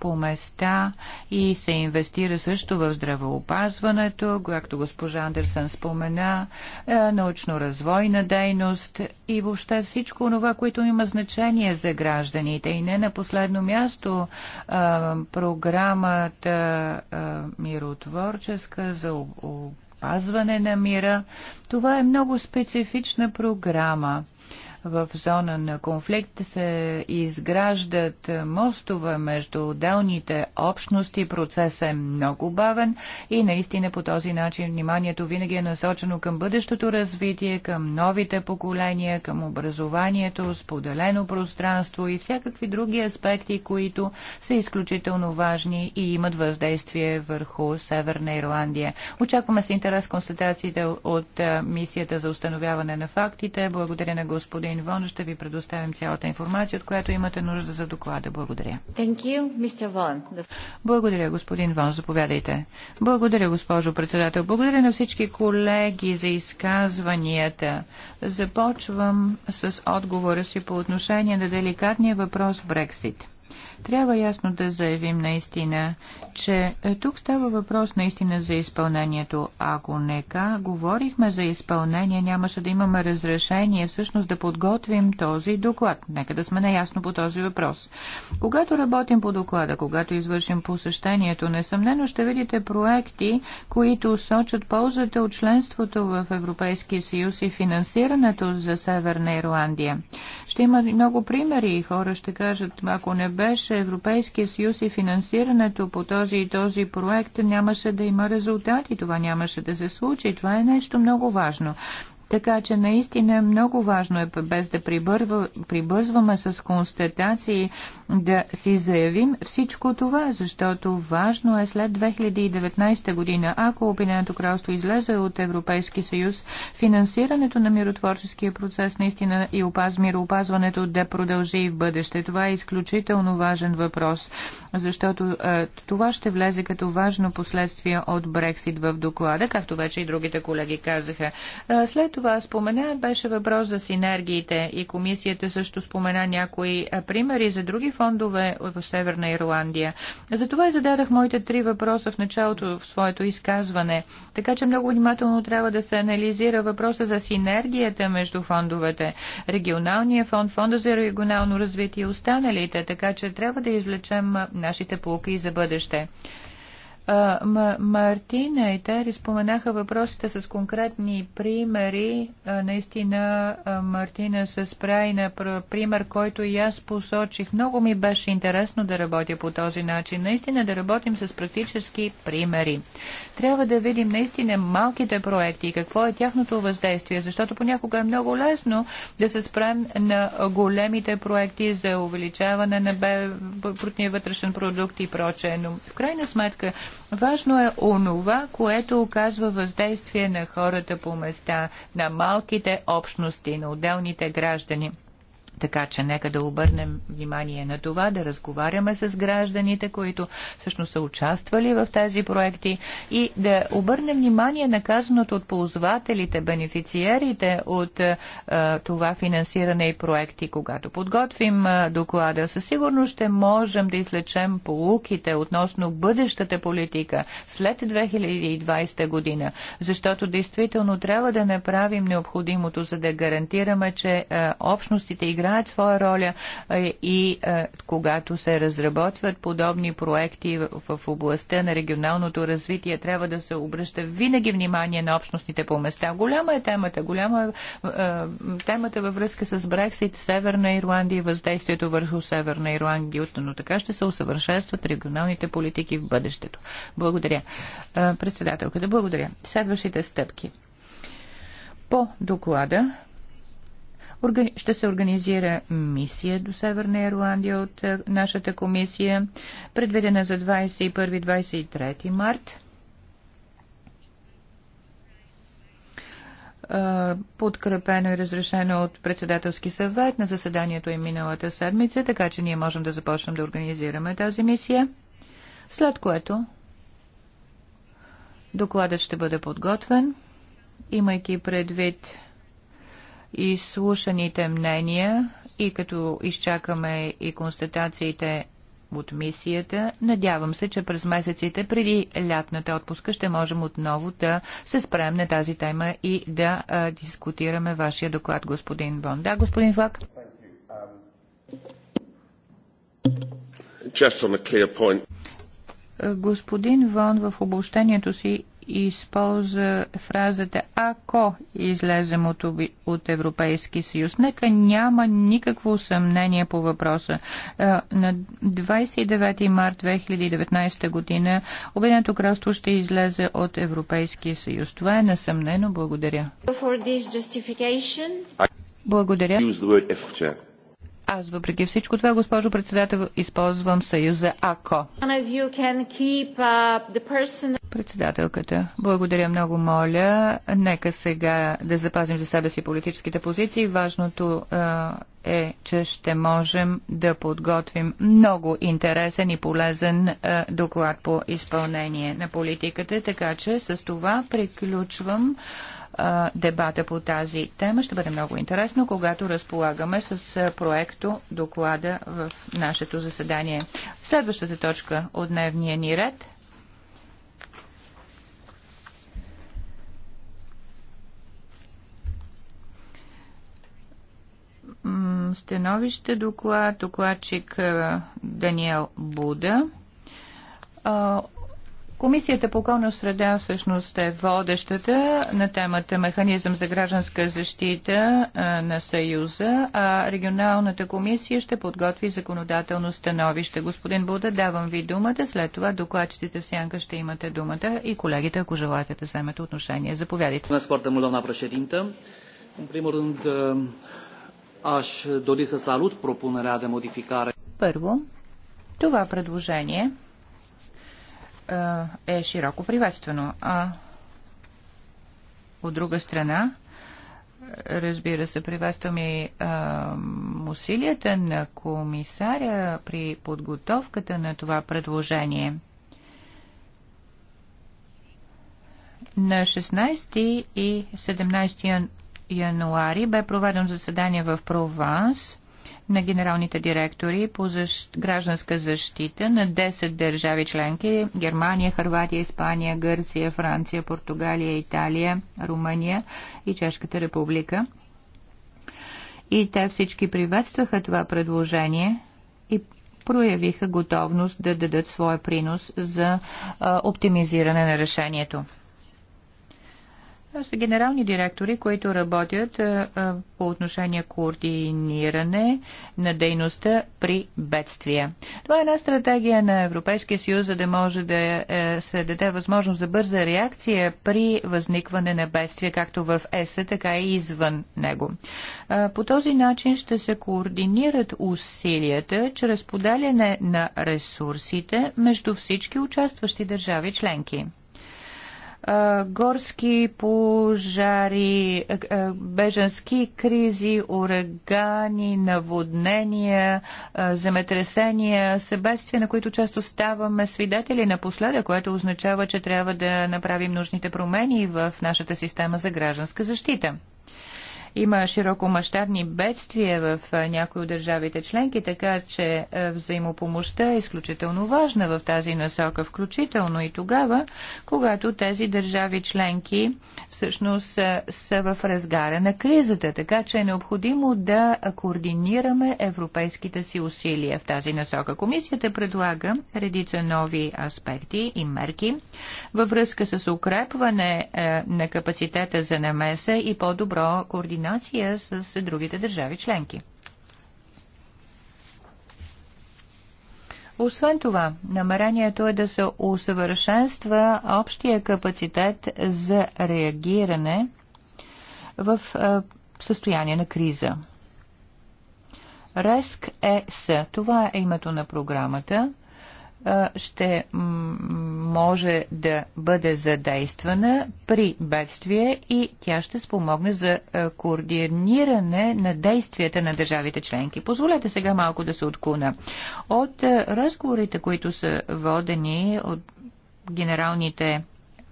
по места и се инвестира също в здравеопазването, както госпожа Андерсън спомена, е, научно-развойна дейност и въобще всичко това, което има значение за гражданите. И не на последно място е, програмата е, миротворческа за опазване на мира. Това е много специфична програма в зона на конфликт се изграждат мостове между отделните общности. Процесът е много бавен и наистина по този начин вниманието винаги е насочено към бъдещото развитие, към новите поколения, към образованието, споделено пространство и всякакви други аспекти, които са изключително важни и имат въздействие върху Северна Ирландия. Очакваме с интерес констатациите от мисията за установяване на фактите. Благодаря на господин Вон ще ви предоставим цялата информация, от която имате нужда за доклада. Благодаря. Thank you, Mr. Благодаря, господин Вон. Заповядайте. Благодаря, госпожо председател. Благодаря на всички колеги за изказванията. Започвам с отговора си по отношение на деликатния въпрос Брексит. Трябва ясно да заявим наистина, че е, тук става въпрос наистина за изпълнението. Ако нека говорихме за изпълнение, нямаше да имаме разрешение всъщност да подготвим този доклад. Нека да сме наясно по този въпрос. Когато работим по доклада, когато извършим посещението, несъмнено ще видите проекти, които сочат ползата от членството в Европейския съюз и финансирането за Северна Ирландия. Ще има много примери и хора ще кажат, ако не беше Европейския съюз и финансирането по този и този проект нямаше да има резултати. Това нямаше да се случи. Това е нещо много важно. Така че наистина много важно е, без да прибързваме с констатации, да си заявим всичко това, защото важно е след 2019 година, ако Обединеното кралство излезе от Европейски съюз, финансирането на миротворческия процес наистина и опаз, мироопазването да продължи и в бъдеще. Това е изключително важен въпрос, защото е, това ще влезе като важно последствие от Брексит в доклада, както вече и другите колеги казаха. Е, след това спомена, беше въпрос за синергиите и комисията също спомена някои примери за други фондове в Северна Ирландия. Затова и зададах моите три въпроса в началото в своето изказване. Така че много внимателно трябва да се анализира въпроса за синергията между фондовете. Регионалния фонд, фонда за регионално развитие и останалите, така че трябва да извлечем нашите полки за бъдеще. Мартина и Тери споменаха въпросите с конкретни примери. Наистина Мартина се спря и на пример, който и аз посочих. Много ми беше интересно да работя по този начин. Наистина да работим с практически примери. Трябва да видим наистина малките проекти и какво е тяхното въздействие, защото понякога е много лесно да се спрем на големите проекти за увеличаване на брутния вътрешен продукт и прочее. Но в крайна сметка Важно е онова, което оказва въздействие на хората по места, на малките общности, на отделните граждани – така че нека да обърнем внимание на това, да разговаряме с гражданите, които всъщност са участвали в тези проекти и да обърнем внимание на казаното от ползвателите, бенефициерите от е, това финансиране и проекти. Когато подготвим е, доклада, със сигурност ще можем да излечем полуките относно бъдещата политика след 2020 година, защото действително трябва да направим необходимото, за да гарантираме, че е, общностите и гражданите играят своя роля и когато се разработват подобни проекти в областта на регионалното развитие, трябва да се обръща винаги внимание на общностните по места. Голяма е темата, голяма е темата във връзка с Брексит, Северна Ирландия и въздействието върху Северна Ирландия, но така ще се усъвършенстват регионалните политики в бъдещето. Благодаря. Председателката, благодаря. Следващите стъпки. По доклада ще се организира мисия до Северна Ирландия от е, нашата комисия, предведена за 21-23 март. Е, подкрепено и разрешено от председателски съвет на заседанието и миналата седмица, така че ние можем да започнем да организираме тази мисия, след което докладът ще бъде подготвен, имайки предвид изслушаните мнения и като изчакаме и констатациите от мисията. Надявам се, че през месеците преди лятната отпуска ще можем отново да се спрем на тази тема и да а, дискутираме вашия доклад, господин Бон. Да, господин Флак? Господин Вон в обобщението си използва фразата «Ако излезем от, от Европейски съюз». Нека няма никакво съмнение по въпроса. Е, на 29 март 2019 година Обединеното кралство ще излезе от Европейския съюз. Това е несъмнено. Благодаря. Благодаря. Аз въпреки всичко това, госпожо председател, използвам съюза АКО. Uh, Председателката, благодаря много, моля. Нека сега да запазим за себе си политическите позиции. Важното е, че ще можем да подготвим много интересен и полезен е, доклад по изпълнение на политиката. Така че с това приключвам а, дебата по тази тема. Ще бъде много интересно, когато разполагаме с а, проекто доклада в нашето заседание. Следващата точка от дневния ни ред становище доклад, докладчик Даниел Буда Комисията по околна среда всъщност е водещата на темата Механизъм за гражданска защита на Съюза, а регионалната комисия ще подготви законодателно становище. Господин Буда, давам ви думата, след това докладчиците в сянка ще имате думата и колегите, ако желаете да вземете отношение. Заповядайте. Първо, това предложение – е, е широко приветствено. А от друга страна, разбира се, приветствам и усилията на комисаря при подготовката на това предложение. На 16 и 17 януари бе проведено заседание в Прованс – на генералните директори по защ... гражданска защита на 10 държави членки Германия, Харватия, Испания, Гърция, Франция, Португалия, Италия, Румъния и Чешката република. И те всички приветстваха това предложение и проявиха готовност да дадат своя принос за а, оптимизиране на решението. Това са генерални директори, които работят а, по отношение координиране на дейността при бедствия. Това е една стратегия на Европейския съюз, за да може да а, е, се даде възможност за бърза реакция при възникване на бедствия, както в ЕС, така и извън него. А, по този начин ще се координират усилията чрез поделяне на ресурсите между всички участващи държави членки горски пожари, беженски кризи, урагани, наводнения, земетресения, събествия, на които често ставаме свидетели напоследък, което означава, че трябва да направим нужните промени в нашата система за гражданска защита. Има широкомащабни бедствия в някои от държавите членки, така че взаимопомощта е изключително важна в тази насока, включително и тогава, когато тези държави членки всъщност са, са в разгара на кризата, така че е необходимо да координираме европейските си усилия в тази насока. Комисията предлага редица нови аспекти и мерки във връзка с укрепване на капацитета за намеса и по-добро координация координация с другите държави членки. Освен това, намерението е да се усъвършенства общия капацитет за реагиране в е, състояние на криза. РЕСК ЕС. Това е името на програмата – ще може да бъде задействана при бедствие и тя ще спомогне за координиране на действията на държавите членки. Позволете сега малко да се отклона. От разговорите, които са водени от генералните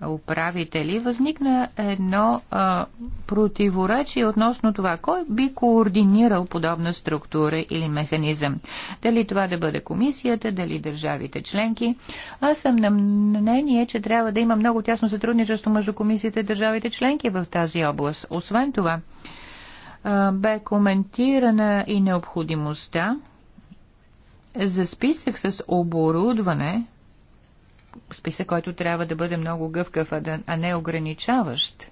управители, възникна едно а, противоречие относно това, кой би координирал подобна структура или механизъм. Дали това да бъде комисията, дали държавите членки. Аз съм на мнение, че трябва да има много тясно сътрудничество между комисията и държавите членки в тази област. Освен това, а, бе коментирана и необходимостта за списък с оборудване, списък, който трябва да бъде много гъвкав, а не ограничаващ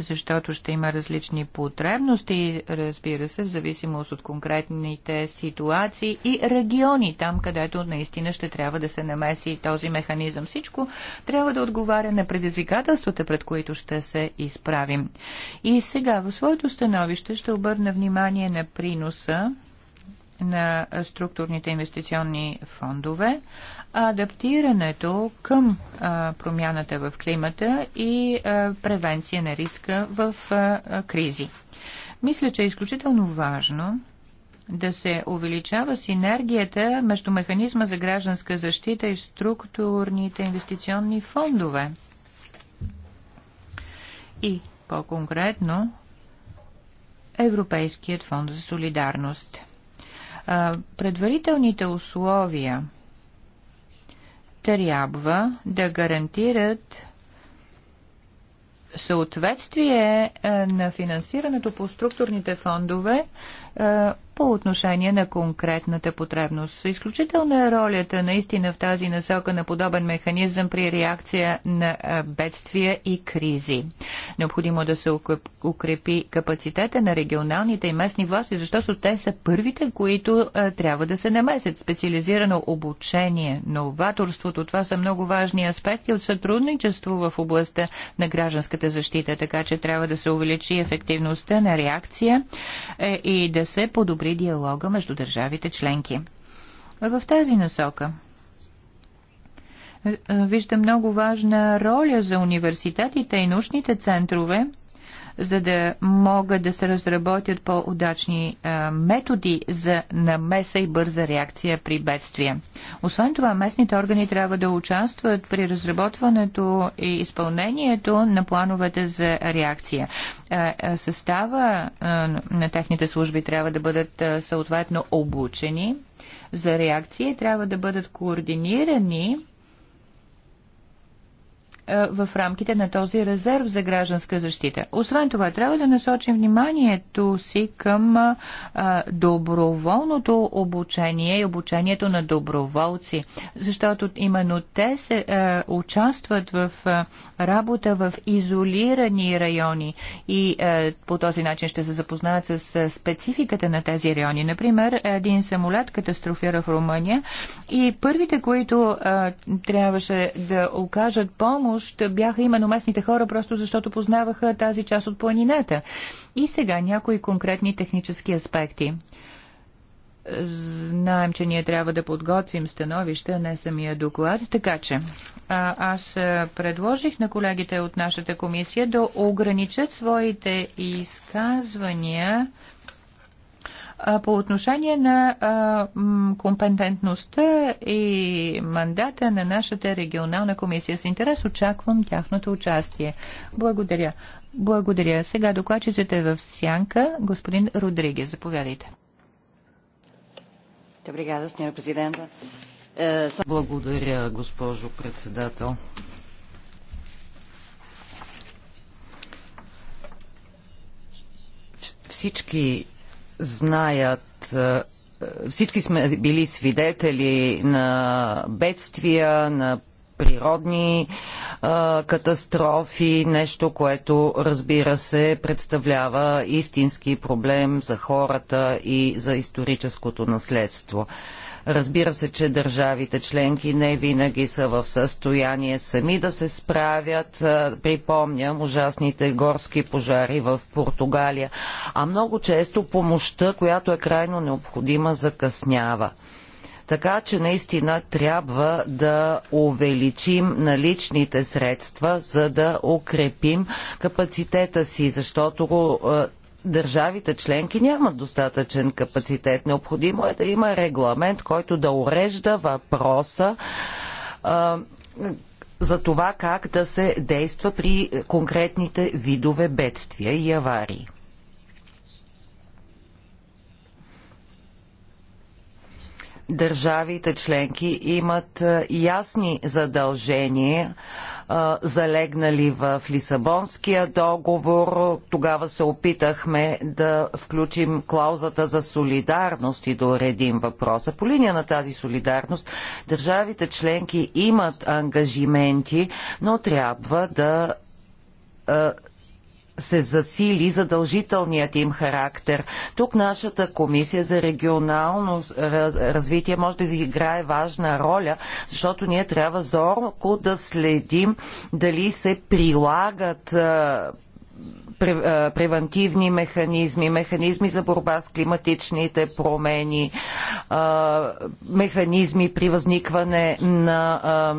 защото ще има различни потребности, разбира се, в зависимост от конкретните ситуации и региони, там където наистина ще трябва да се намеси този механизъм. Всичко трябва да отговаря на предизвикателствата, пред които ще се изправим. И сега в своето становище ще обърна внимание на приноса на структурните инвестиционни фондове, адаптирането към промяната в климата и превенция на риска в кризи. Мисля, че е изключително важно да се увеличава синергията между механизма за гражданска защита и структурните инвестиционни фондове. И по-конкретно Европейският фонд за солидарност – Предварителните условия трябва да гарантират съответствие е, на финансирането по структурните фондове е, по отношение на конкретната потребност. Изключителна е ролята наистина в тази насока на подобен механизъм при реакция на бедствия и кризи. Необходимо да се укрепи капацитета на регионалните и местни власти, защото те са първите, които трябва да се намесят. Специализирано обучение, новаторството, това са много важни аспекти от сътрудничество в областта на гражданската защита, така че трябва да се увеличи ефективността на реакция е, и да се подобри подобри диалога между държавите членки. В тази насока е, е, вижда много важна роля за университетите и научните центрове за да могат да се разработят по-удачни методи за намеса и бърза реакция при бедствия. Освен това, местните органи трябва да участват при разработването и изпълнението на плановете за реакция. Състава на техните служби трябва да бъдат съответно обучени за реакция и трябва да бъдат координирани е, в рамките на този резерв за гражданска защита. Освен това, трябва да насочим вниманието си към е, доброволното обучение и обучението на доброволци, защото именно те се е, участват в работа в изолирани райони и по този начин ще се запознаят с спецификата на тези райони. Например, един самолет катастрофира в Румъния и първите, които трябваше да окажат помощ, помощ бяха именно местните хора, просто защото познаваха тази част от планината. И сега някои конкретни технически аспекти. Знаем, че ние трябва да подготвим становище, не самия доклад, така че аз предложих на колегите от нашата комисия да ограничат своите изказвания по отношение на компетентността и мандата на нашата регионална комисия, с интерес очаквам тяхното участие. Благодаря. Благодаря. Сега докладчиците в сянка. Господин Родригес, заповядайте. Е, Благодаря, госпожо председател. Всички знаят е, всички сме били свидетели на бедствия, на природни а, е, катастрофи, нещо, което разбира се представлява истински проблем за хората и за историческото наследство. Разбира се, че държавите членки не винаги са в състояние сами да се справят. Е, припомням ужасните горски пожари в Португалия. А много често помощта, която е крайно необходима, закъснява. Така че наистина трябва да увеличим наличните средства, за да укрепим капацитета си, защото е, държавите членки нямат достатъчен капацитет. Необходимо е да има регламент, който да урежда въпроса а, за това как да се действа при конкретните видове бедствия и аварии. държавите членки имат е, ясни задължения, е, залегнали в Лисабонския договор. Тогава се опитахме да включим клаузата за солидарност и да уредим въпроса. По линия на тази солидарност държавите членки имат ангажименти, но трябва да е, се засили задължителният им характер. Тук нашата комисия за регионално развитие може да изиграе важна роля, защото ние трябва зорко да следим дали се прилагат превентивни механизми, механизми за борба с климатичните промени, механизми при възникване на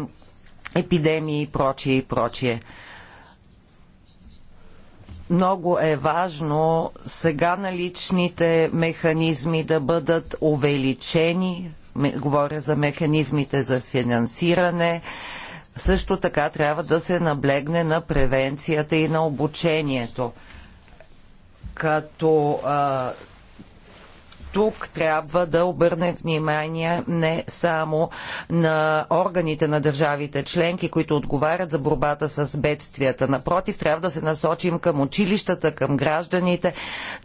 епидемии и прочие и прочие. Много е важно сега наличните механизми да бъдат увеличени. Говоря за механизмите за финансиране. Също така трябва да се наблегне на превенцията и на обучението. Като а, тук трябва да обърнем внимание не само на органите на държавите членки, които отговарят за борбата с бедствията. Напротив, трябва да се насочим към училищата, към гражданите,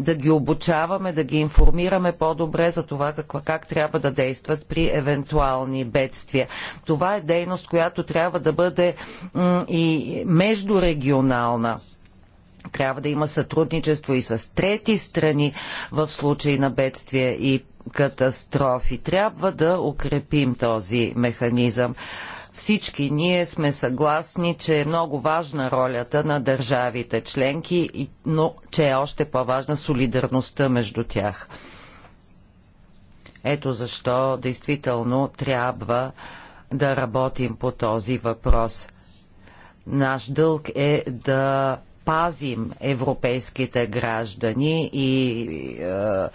да ги обучаваме, да ги информираме по-добре за това как, как трябва да действат при евентуални бедствия. Това е дейност, която трябва да бъде и междурегионална трябва да има сътрудничество и с трети страни в случай на бедствия и катастрофи. Трябва да укрепим този механизъм всички ние сме съгласни, че е много важна ролята на държавите членки, но че е още по-важна солидарността между тях. Ето защо действително трябва да работим по този въпрос. Наш дълг е да пазим европейските граждани и е,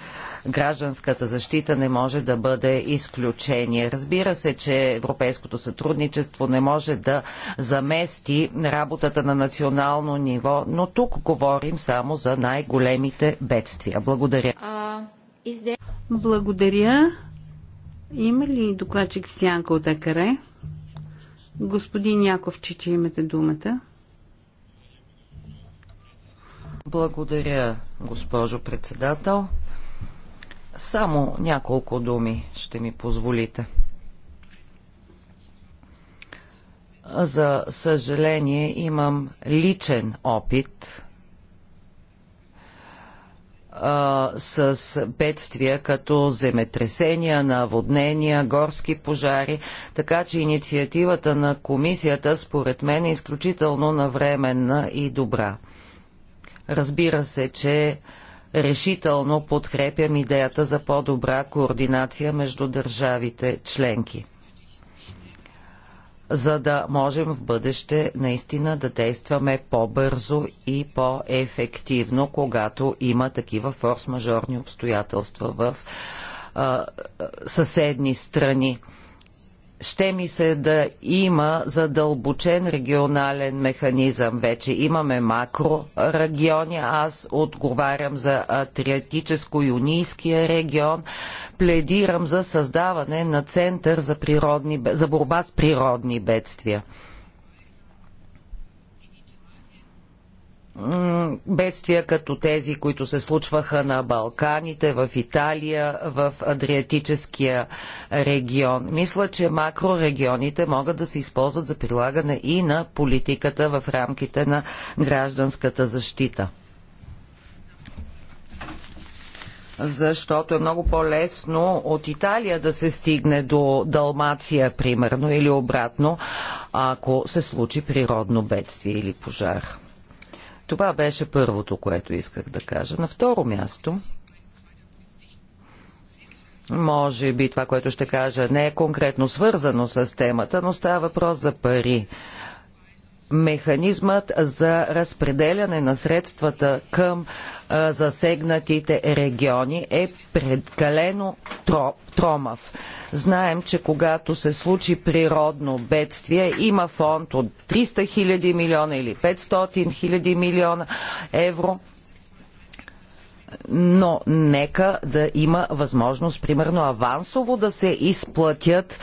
гражданската защита не може да бъде изключение. Разбира се, че европейското сътрудничество не може да замести работата на национално ниво, но тук говорим само за най-големите бедствия. Благодаря. Благодаря. Има ли докладчик сянка от Акаре? Господин Яков, че, че имате думата. Благодаря, госпожо председател. Само няколко думи ще ми позволите. За съжаление имам личен опит а, с бедствия като земетресения, наводнения, горски пожари, така че инициативата на комисията според мен е изключително навременна и добра. Разбира се, че решително подкрепям идеята за по-добра координация между държавите членки, за да можем в бъдеще наистина да действаме по-бързо и по-ефективно, когато има такива форс-мажорни обстоятелства в а, съседни страни ще ми се да има задълбочен регионален механизъм. Вече имаме макрорегиони. Аз отговарям за Атриатическо-Юнийския регион. Пледирам за създаване на център за, природни, за борба с природни бедствия. бедствия като тези, които се случваха на Балканите, в Италия, в Адриатическия регион. Мисля, че макрорегионите могат да се използват за прилагане и на политиката в рамките на гражданската защита. защото е много по-лесно от Италия да се стигне до Далмация, примерно, или обратно, ако се случи природно бедствие или пожар. Това беше първото, което исках да кажа. На второ място, може би това, което ще кажа, не е конкретно свързано с темата, но става въпрос за пари механизмът за разпределяне на средствата към а, засегнатите региони е прекалено тромав. Знаем, че когато се случи природно бедствие, има фонд от 300 000 милиона или 500 000 милиона евро – но нека да има възможност, примерно авансово да се изплатят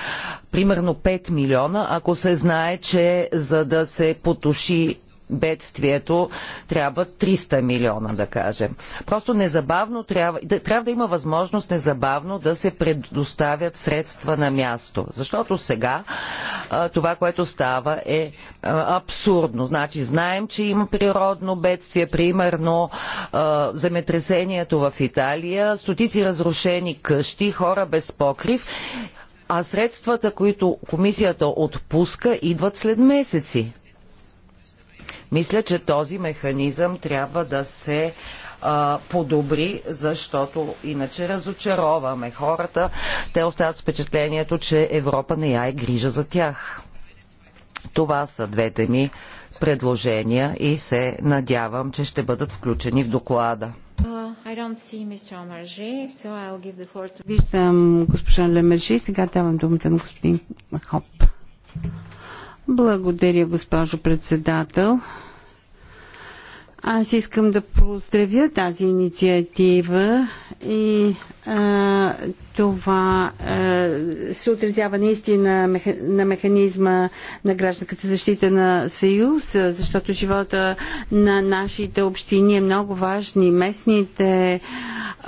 примерно 5 милиона, ако се знае, че за да се потуши бедствието трябва 300 милиона, да кажем. Просто незабавно трябва, да, трябва да има възможност незабавно да се предоставят средства на място. Защото сега а, това, което става е а, абсурдно. Значи, знаем, че има природно бедствие, примерно а, земетресението в Италия, стотици разрушени къщи, хора без покрив а средствата, които комисията отпуска, идват след месеци. Мисля, че този механизъм трябва да се а, подобри, защото иначе разочароваме хората. Те остават с впечатлението, че Европа не я е грижа за тях. Това са двете ми предложения и се надявам, че ще бъдат включени в доклада. Uh, Виждам госпожа Лемержи, сега давам думата на господин Хоп. Благодаря, госпожо председател. Аз искам да поздравя тази инициатива и а, това а, се отразява наистина меха, на механизма на гражданската защита на Съюз, защото живота на нашите общини е много важни. Местните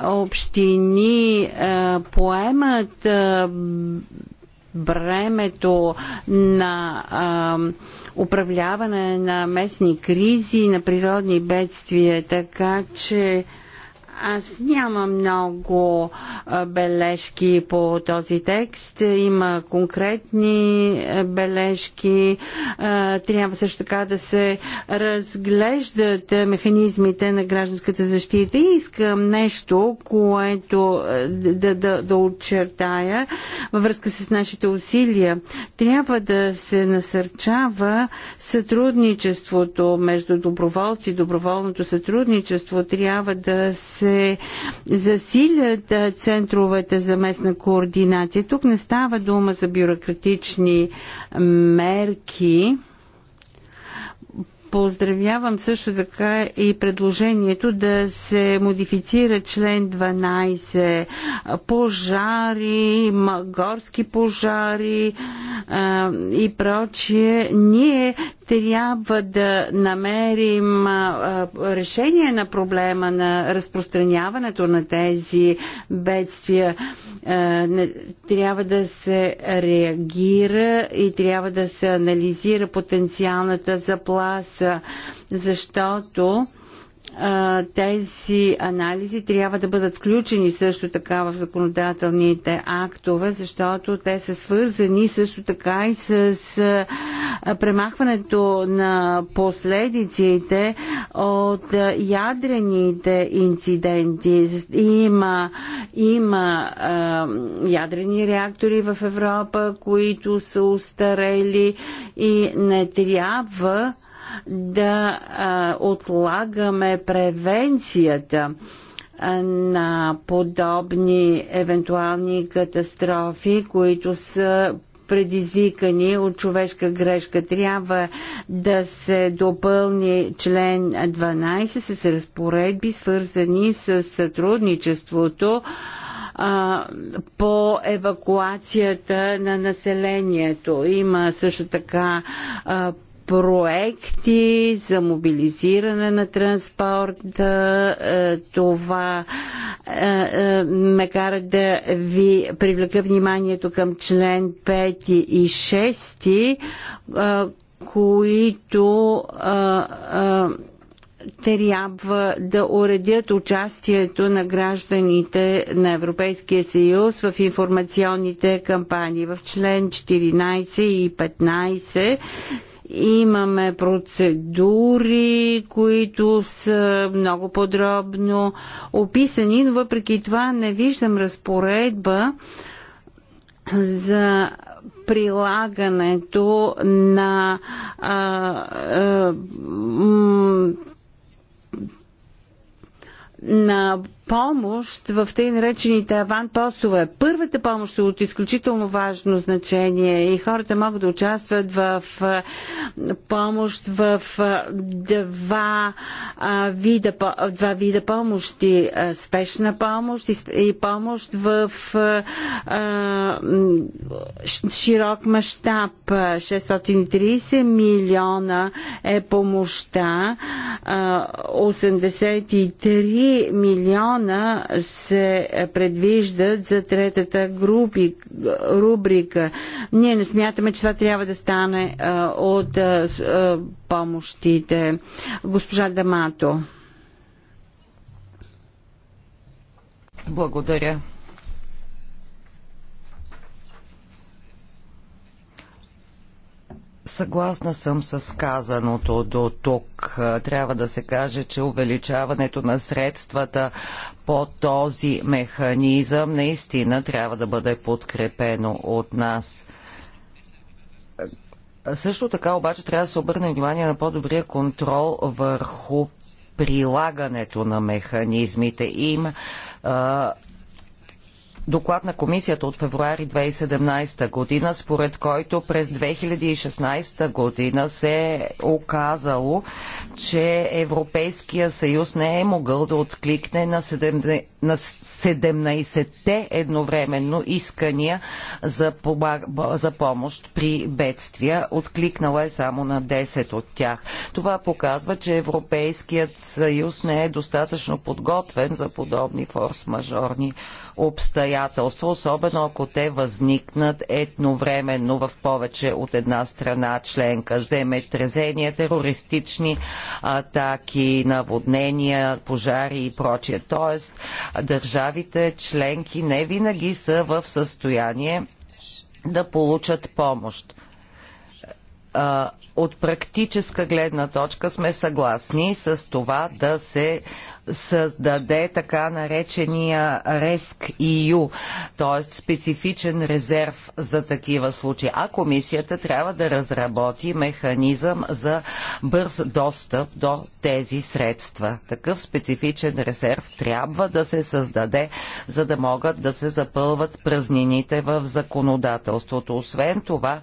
общини а, поемат а, бремето на а, управляване на местни кризи, на природни бедствия, така че аз нямам много бележки по този текст. Има конкретни бележки. Трябва също така да се разглеждат механизмите на гражданската защита. И искам нещо, което да, да, да очертая във връзка с нашите усилия. Трябва да се насърчава сътрудничеството между доброволци, доброволното сътрудничество. Трябва да се се засилят центровете за местна координация. Тук не става дума за бюрократични мерки. Поздравявам също така и предложението да се модифицира член 12 пожари, горски пожари а, и прочие. Ние трябва да намерим решение на проблема на разпространяването на тези бедствия. Трябва да се реагира и трябва да се анализира потенциалната запласа, защото тези анализи трябва да бъдат включени също така в законодателните актове, защото те са свързани също така и с премахването на последиците от ядрените инциденти. Има, има а, ядрени реактори в Европа, които са устарели и не трябва да а, отлагаме превенцията на подобни евентуални катастрофи, които са предизвикани от човешка грешка. Трябва да се допълни член 12 с разпоредби, свързани с сътрудничеството по евакуацията на населението. Има също така проекти за мобилизиране на транспорта. Е, това е, е, ме кара да ви привлека вниманието към член 5 и 6, които трябва да уредят участието на гражданите на Европейския съюз в информационните кампании. В член 14 и 15 Имаме процедури, които са много подробно описани, но въпреки това не виждам разпоредба за прилагането на а, а, на помощ в тъй наречените аванпостове. Първата помощ е от изключително важно значение и хората могат да участват в помощ в два вида, два вида помощи. Спешна помощ и помощ в широк мащаб. 630 милиона е помощта, 83 милиона милиона се предвиждат за третата групи, рубрика. Ние не смятаме, че това трябва да стане от помощите. Госпожа Дамато. Благодаря. Съгласна съм с казаното до тук. Трябва да се каже, че увеличаването на средствата по този механизъм наистина трябва да бъде подкрепено от нас. Също така обаче трябва да се обърне внимание на по-добрия контрол върху прилагането на механизмите им. А, доклад на комисията от февруари 2017 година, според който през 2016 година се е оказало, че Европейския съюз не е могъл да откликне на 70 на 17-те едновременно искания за, помаг... за помощ при бедствия. Откликнала е само на 10 от тях. Това показва, че Европейският съюз не е достатъчно подготвен за подобни форс-мажорни обстоятелства, особено ако те възникнат едновременно в повече от една страна членка. Земетрезения, терористични атаки, наводнения, пожари и прочие. Тоест, Държавите членки не винаги са в състояние да получат помощ. От практическа гледна точка сме съгласни с това да се създаде така наречения реск ИЮ, т.е. специфичен резерв за такива случаи. А комисията трябва да разработи механизъм за бърз достъп до тези средства. Такъв специфичен резерв трябва да се създаде, за да могат да се запълват празнините в законодателството. Освен това,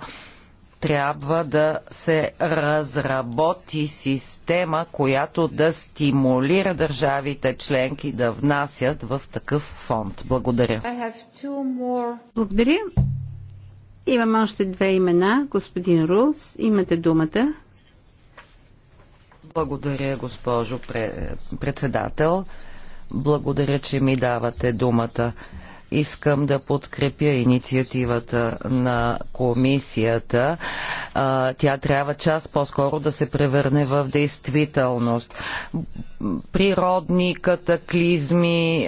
трябва да се разработи система, която да стимулира държавите членки да внасят в такъв фонд. Благодаря. Благодаря. Имам още две имена. Господин Рулс, имате думата. Благодаря, госпожо председател. Благодаря, че ми давате думата искам да подкрепя инициативата на комисията. Тя трябва час по-скоро да се превърне в действителност. Природни катаклизми,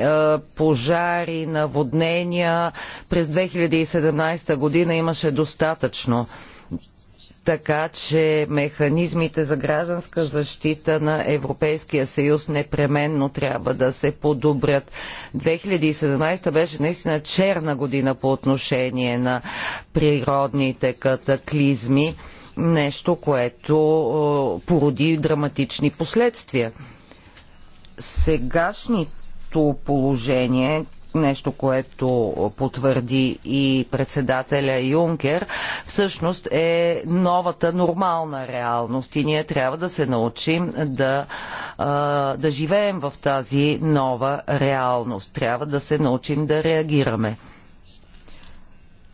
пожари, наводнения през 2017 година имаше достатъчно така че механизмите за гражданска защита на Европейския съюз непременно трябва да се подобрят. 2017 беше наистина черна година по отношение на природните катаклизми, нещо, което породи драматични последствия. Сегашните положение, нещо, което потвърди и председателя Юнкер, всъщност е новата нормална реалност и ние трябва да се научим да, да живеем в тази нова реалност. Трябва да се научим да реагираме.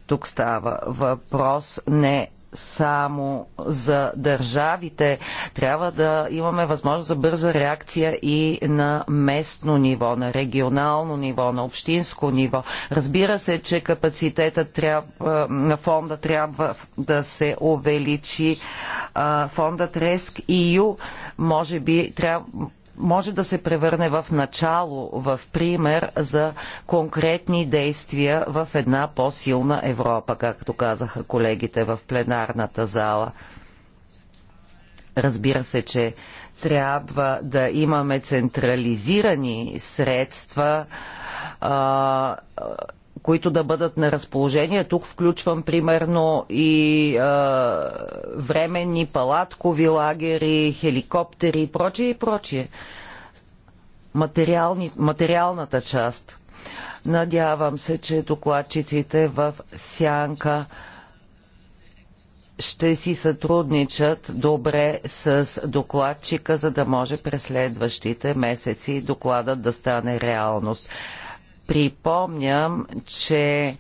Тук става въпрос не само за държавите. Трябва да имаме възможност за бърза реакция и на местно ниво, на регионално ниво, на общинско ниво. Разбира се, че капацитетът трябва, на фонда трябва да се увеличи. Фондът Реск ИЮ може би трябва може да се превърне в начало, в пример за конкретни действия в една по-силна Европа, както казаха колегите в пленарната зала. Разбира се, че трябва да имаме централизирани средства а, които да бъдат на разположение. Тук включвам примерно и е, временни палаткови лагери, хеликоптери и прочие и прочие. Материални, материалната част. Надявам се, че докладчиците в Сянка ще си сътрудничат добре с докладчика, за да може през следващите месеци докладът да стане реалност припомням, че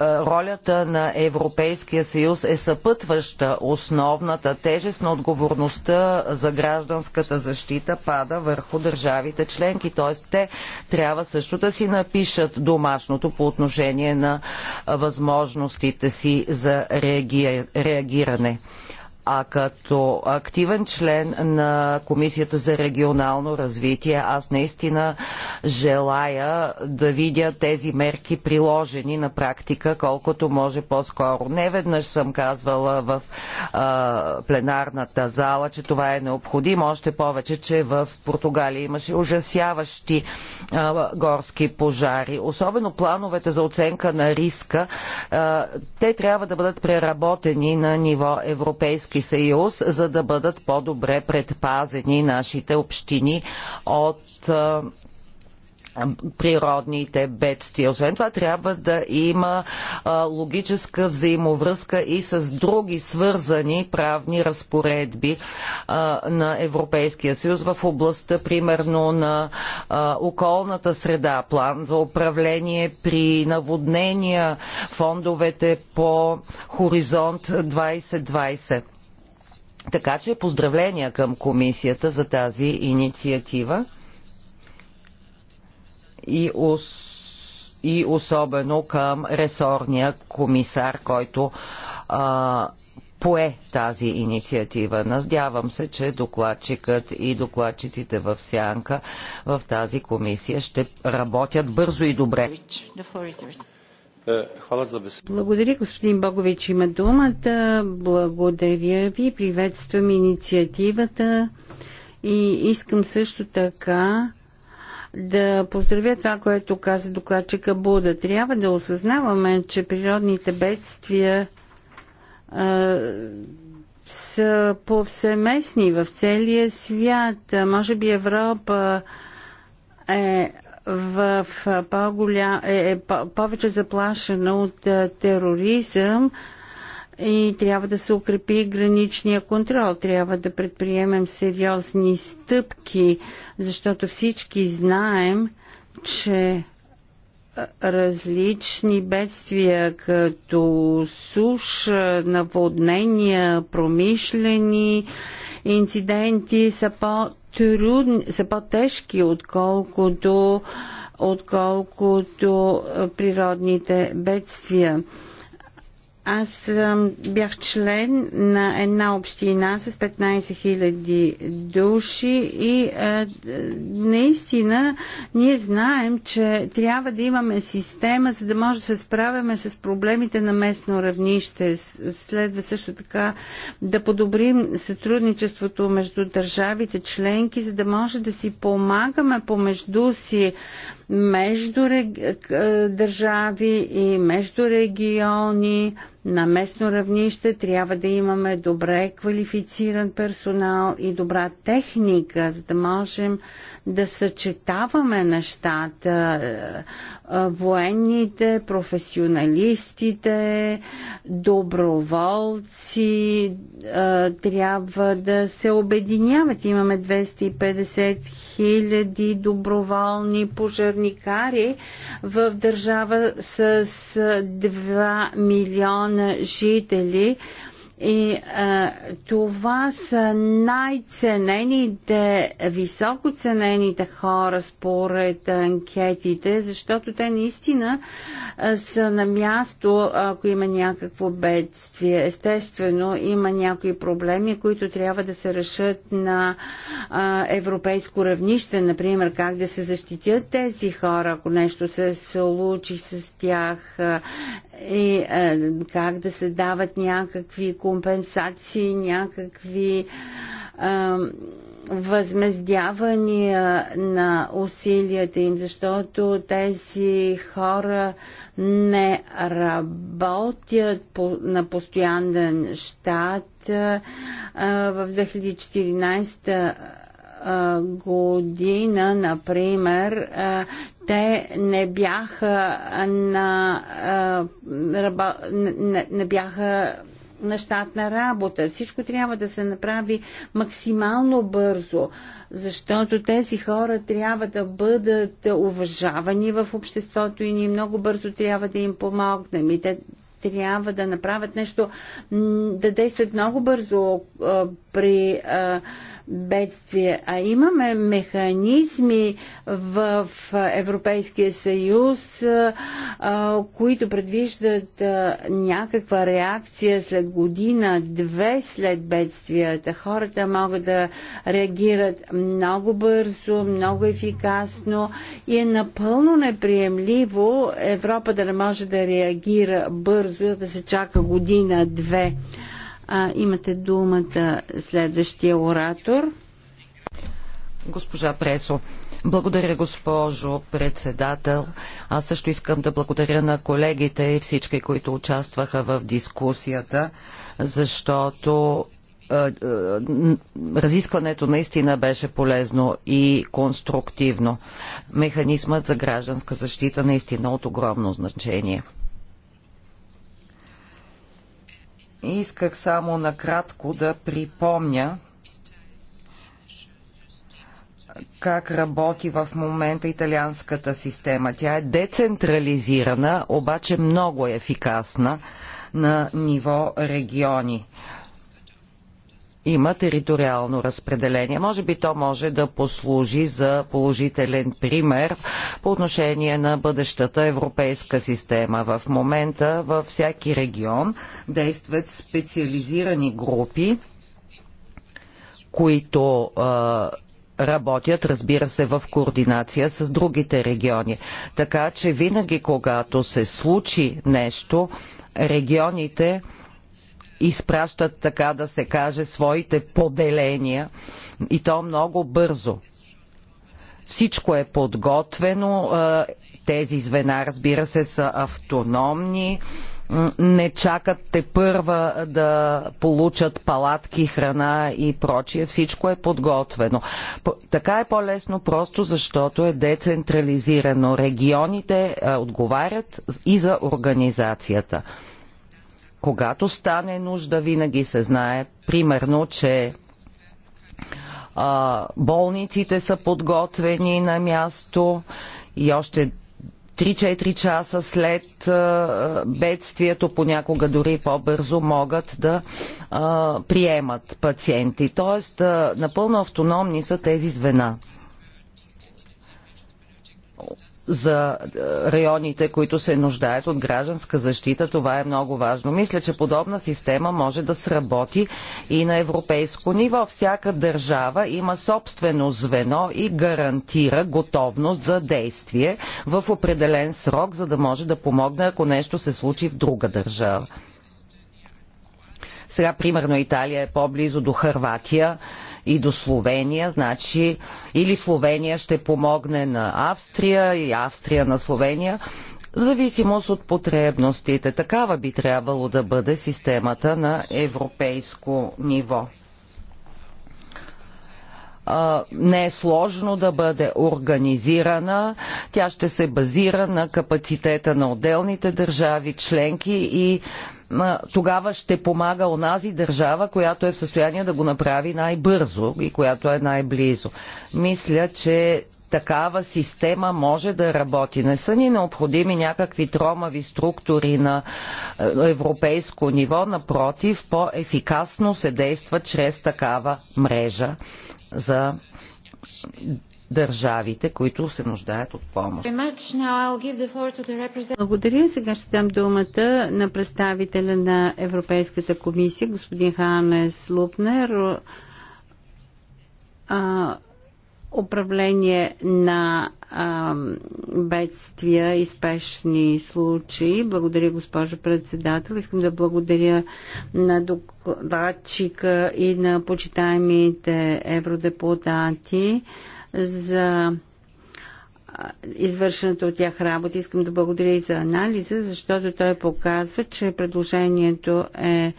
ролята на Европейския съюз е съпътваща основната тежест на отговорността за гражданската защита пада върху държавите членки. Т.е. те трябва също да си напишат домашното по отношение на възможностите си за реагиране а като активен член на Комисията за регионално развитие, аз наистина желая да видя тези мерки приложени на практика колкото може по-скоро. Не веднъж съм казвала в а, пленарната зала, че това е необходимо, още повече, че в Португалия имаше ужасяващи а, горски пожари. Особено плановете за оценка на риска, а, те трябва да бъдат преработени на ниво европейски Европейски съюз, за да бъдат по-добре предпазени нашите общини от природните бедствия. Освен това трябва да има а, логическа взаимовръзка и с други свързани правни разпоредби а, на Европейския съюз в областта, примерно на а, околната среда, план за управление при наводнения, фондовете по Хоризонт 2020. Така че поздравления към комисията за тази инициатива и, ос, и особено към ресорния комисар, който а, пое тази инициатива. Надявам се, че докладчикът и докладчиците в Сянка в тази комисия ще работят бързо и добре. Е, Благодаря, господин Богович. Има думата. Благодаря ви. Приветствам инициативата и искам също така да поздравя това, което каза докладчика Буда. Трябва да осъзнаваме, че природните бедствия а, са повсеместни в целия свят. Може би Европа е в е, е, по голя е повече заплашена от тероризъм и трябва да се укрепи граничния контрол. Трябва да предприемем сериозни стъпки, защото всички знаем, че е, различни бедствия, като суш, наводнения, промишлени инциденти са по по-трудни, са по-тежки, отколкото, отколкото природните бедствия. Аз бях член на една община с 15 000 души и наистина ние знаем, че трябва да имаме система, за да може да се справяме с проблемите на местно равнище. Следва също така да подобрим сътрудничеството между държавите членки, за да може да си помагаме помежду си между държави и между региони на местно равнище трябва да имаме добре квалифициран персонал и добра техника, за да можем да съчетаваме нещата, е, е, военните, професионалистите, доброволци е, трябва да се обединяват. Имаме 250 хиляди доброволни пожарникари в държава с 2 милиона милиона жители и а, това са най-ценените, високо ценените хора според анкетите, защото те наистина а, са на място, ако има някакво бедствие. Естествено, има някои проблеми, които трябва да се решат на а, европейско равнище, например, как да се защитят тези хора, ако нещо се случи с тях а, и а, как да се дават някакви компенсации, някакви а, възмездявания на усилията им, защото тези хора не работят по, на постоянен щат. А, в 2014 година, например, те не бяха на, не, не бяха на щатна работа. Всичко трябва да се направи максимално бързо, защото тези хора трябва да бъдат уважавани в обществото и ние много бързо трябва да им помогнем. И те трябва да направят нещо, да действат много бързо при бедствия, а имаме механизми в Европейския съюз, които предвиждат някаква реакция след година, две след бедствията. Хората могат да реагират много бързо, много ефикасно и е напълно неприемливо Европа да не може да реагира бързо, да се чака година, две. А, имате думата следващия оратор. Госпожа Пресо. Благодаря, госпожо председател. Аз също искам да благодаря на колегите и всички, които участваха в дискусията, защото е, е, разискването наистина беше полезно и конструктивно. Механизмът за гражданска защита наистина от огромно значение. Исках само накратко да припомня как работи в момента италианската система. Тя е децентрализирана, обаче много ефикасна на ниво региони има териториално разпределение. Може би то може да послужи за положителен пример по отношение на бъдещата европейска система. В момента във всяки регион действат специализирани групи, които а, работят, разбира се, в координация с другите региони. Така че винаги, когато се случи нещо, регионите изпращат, така да се каже, своите поделения и то много бързо. Всичко е подготвено, тези звена, разбира се, са автономни не чакат те първа да получат палатки, храна и прочие. Всичко е подготвено. Така е по-лесно просто защото е децентрализирано. Регионите отговарят и за организацията когато стане нужда, винаги се знае, примерно, че а, болниците са подготвени на място и още 3-4 часа след а, бедствието, понякога дори по-бързо могат да а, приемат пациенти. Тоест, а, напълно автономни са тези звена за е, районите, които се нуждаят от гражданска защита. Това е много важно. Мисля, че подобна система може да сработи и на европейско ниво. Всяка държава има собствено звено и гарантира готовност за действие в определен срок, за да може да помогне, ако нещо се случи в друга държава. Сега, примерно, Италия е по-близо до Харватия и до Словения, значи или Словения ще помогне на Австрия и Австрия на Словения, в зависимост от потребностите. Такава би трябвало да бъде системата на европейско ниво не е сложно да бъде организирана. Тя ще се базира на капацитета на отделните държави членки и тогава ще помага онази държава, която е в състояние да го направи най-бързо и която е най-близо. Мисля, че такава система може да работи. Не са ни необходими някакви тромави структури на европейско ниво, напротив, по-ефикасно се действа чрез такава мрежа за държавите, които се нуждаят от помощ. Благодаря. Сега ще дам думата на представителя на Европейската комисия, господин Ханес Лупнер. А, управление на а, бедствия и спешни случаи. Благодаря, госпожо председател. Искам да благодаря на докладчика и на почитаемите евродепутати за извършената от тях работа. Искам да благодаря и за анализа, защото той показва, че предложението е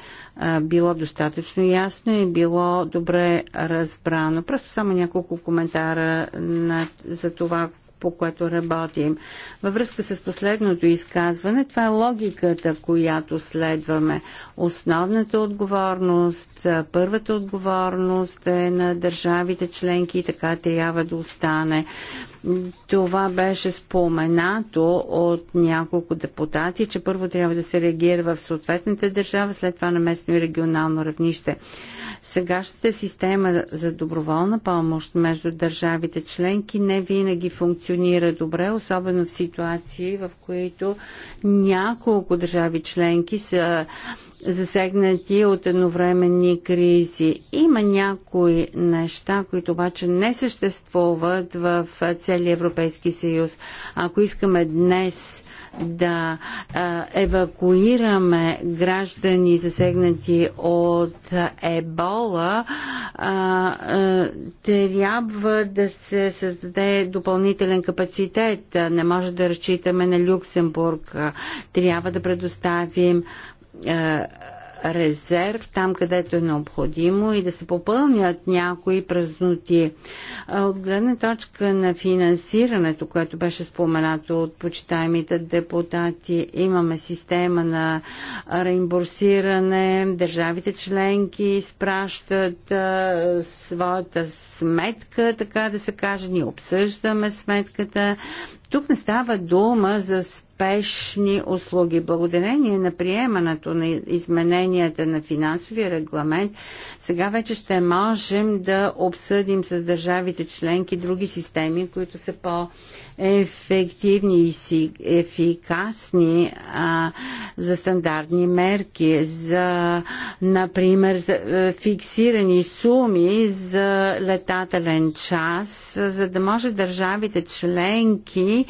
било достатъчно ясно и било добре разбрано. Просто само няколко коментара на, за това, по което работим. Във връзка с последното изказване, това е логиката, която следваме. Основната отговорност, първата отговорност е на държавите членки и така трябва да остане. Това беше споменато от няколко депутати, че първо трябва да се реагира в съответната държава, след това на местно и регионално равнище сегашната система за доброволна помощ между държавите членки не винаги функционира добре, особено в ситуации, в които няколко държави членки са засегнати от едновременни кризи. Има някои неща, които обаче не съществуват в целия Европейски съюз. Ако искаме днес да евакуираме граждани засегнати от ебола, трябва да се създаде допълнителен капацитет. Не може да разчитаме на Люксембург. Трябва да предоставим резерв там, където е необходимо и да се попълнят някои празноти. От гледна точка на финансирането, което беше споменато от почитаемите депутати, имаме система на реимбурсиране, държавите членки изпращат своята сметка, така да се каже, ние обсъждаме сметката. Тук не става дума за спешни услуги. Благодарение на приемането на измененията на финансовия регламент, сега вече ще можем да обсъдим с държавите членки други системи, които са по- ефективни и ефикасни а, за стандартни мерки, за, например, за, е, фиксирани суми за летателен час, за да може държавите членки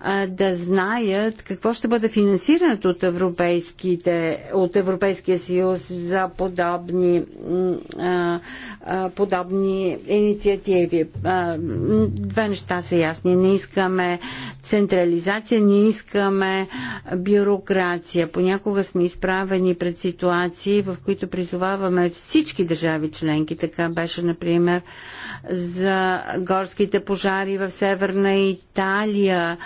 а, да знаят какво ще бъде финансирането от, европейските, от Европейския съюз за подобни, а, а, подобни инициативи. А, две неща са ясни. Не искам искаме централизация, ние искаме бюрокрация. Понякога сме изправени пред ситуации, в които призоваваме всички държави членки. Така беше, например, за горските пожари в Северна Италия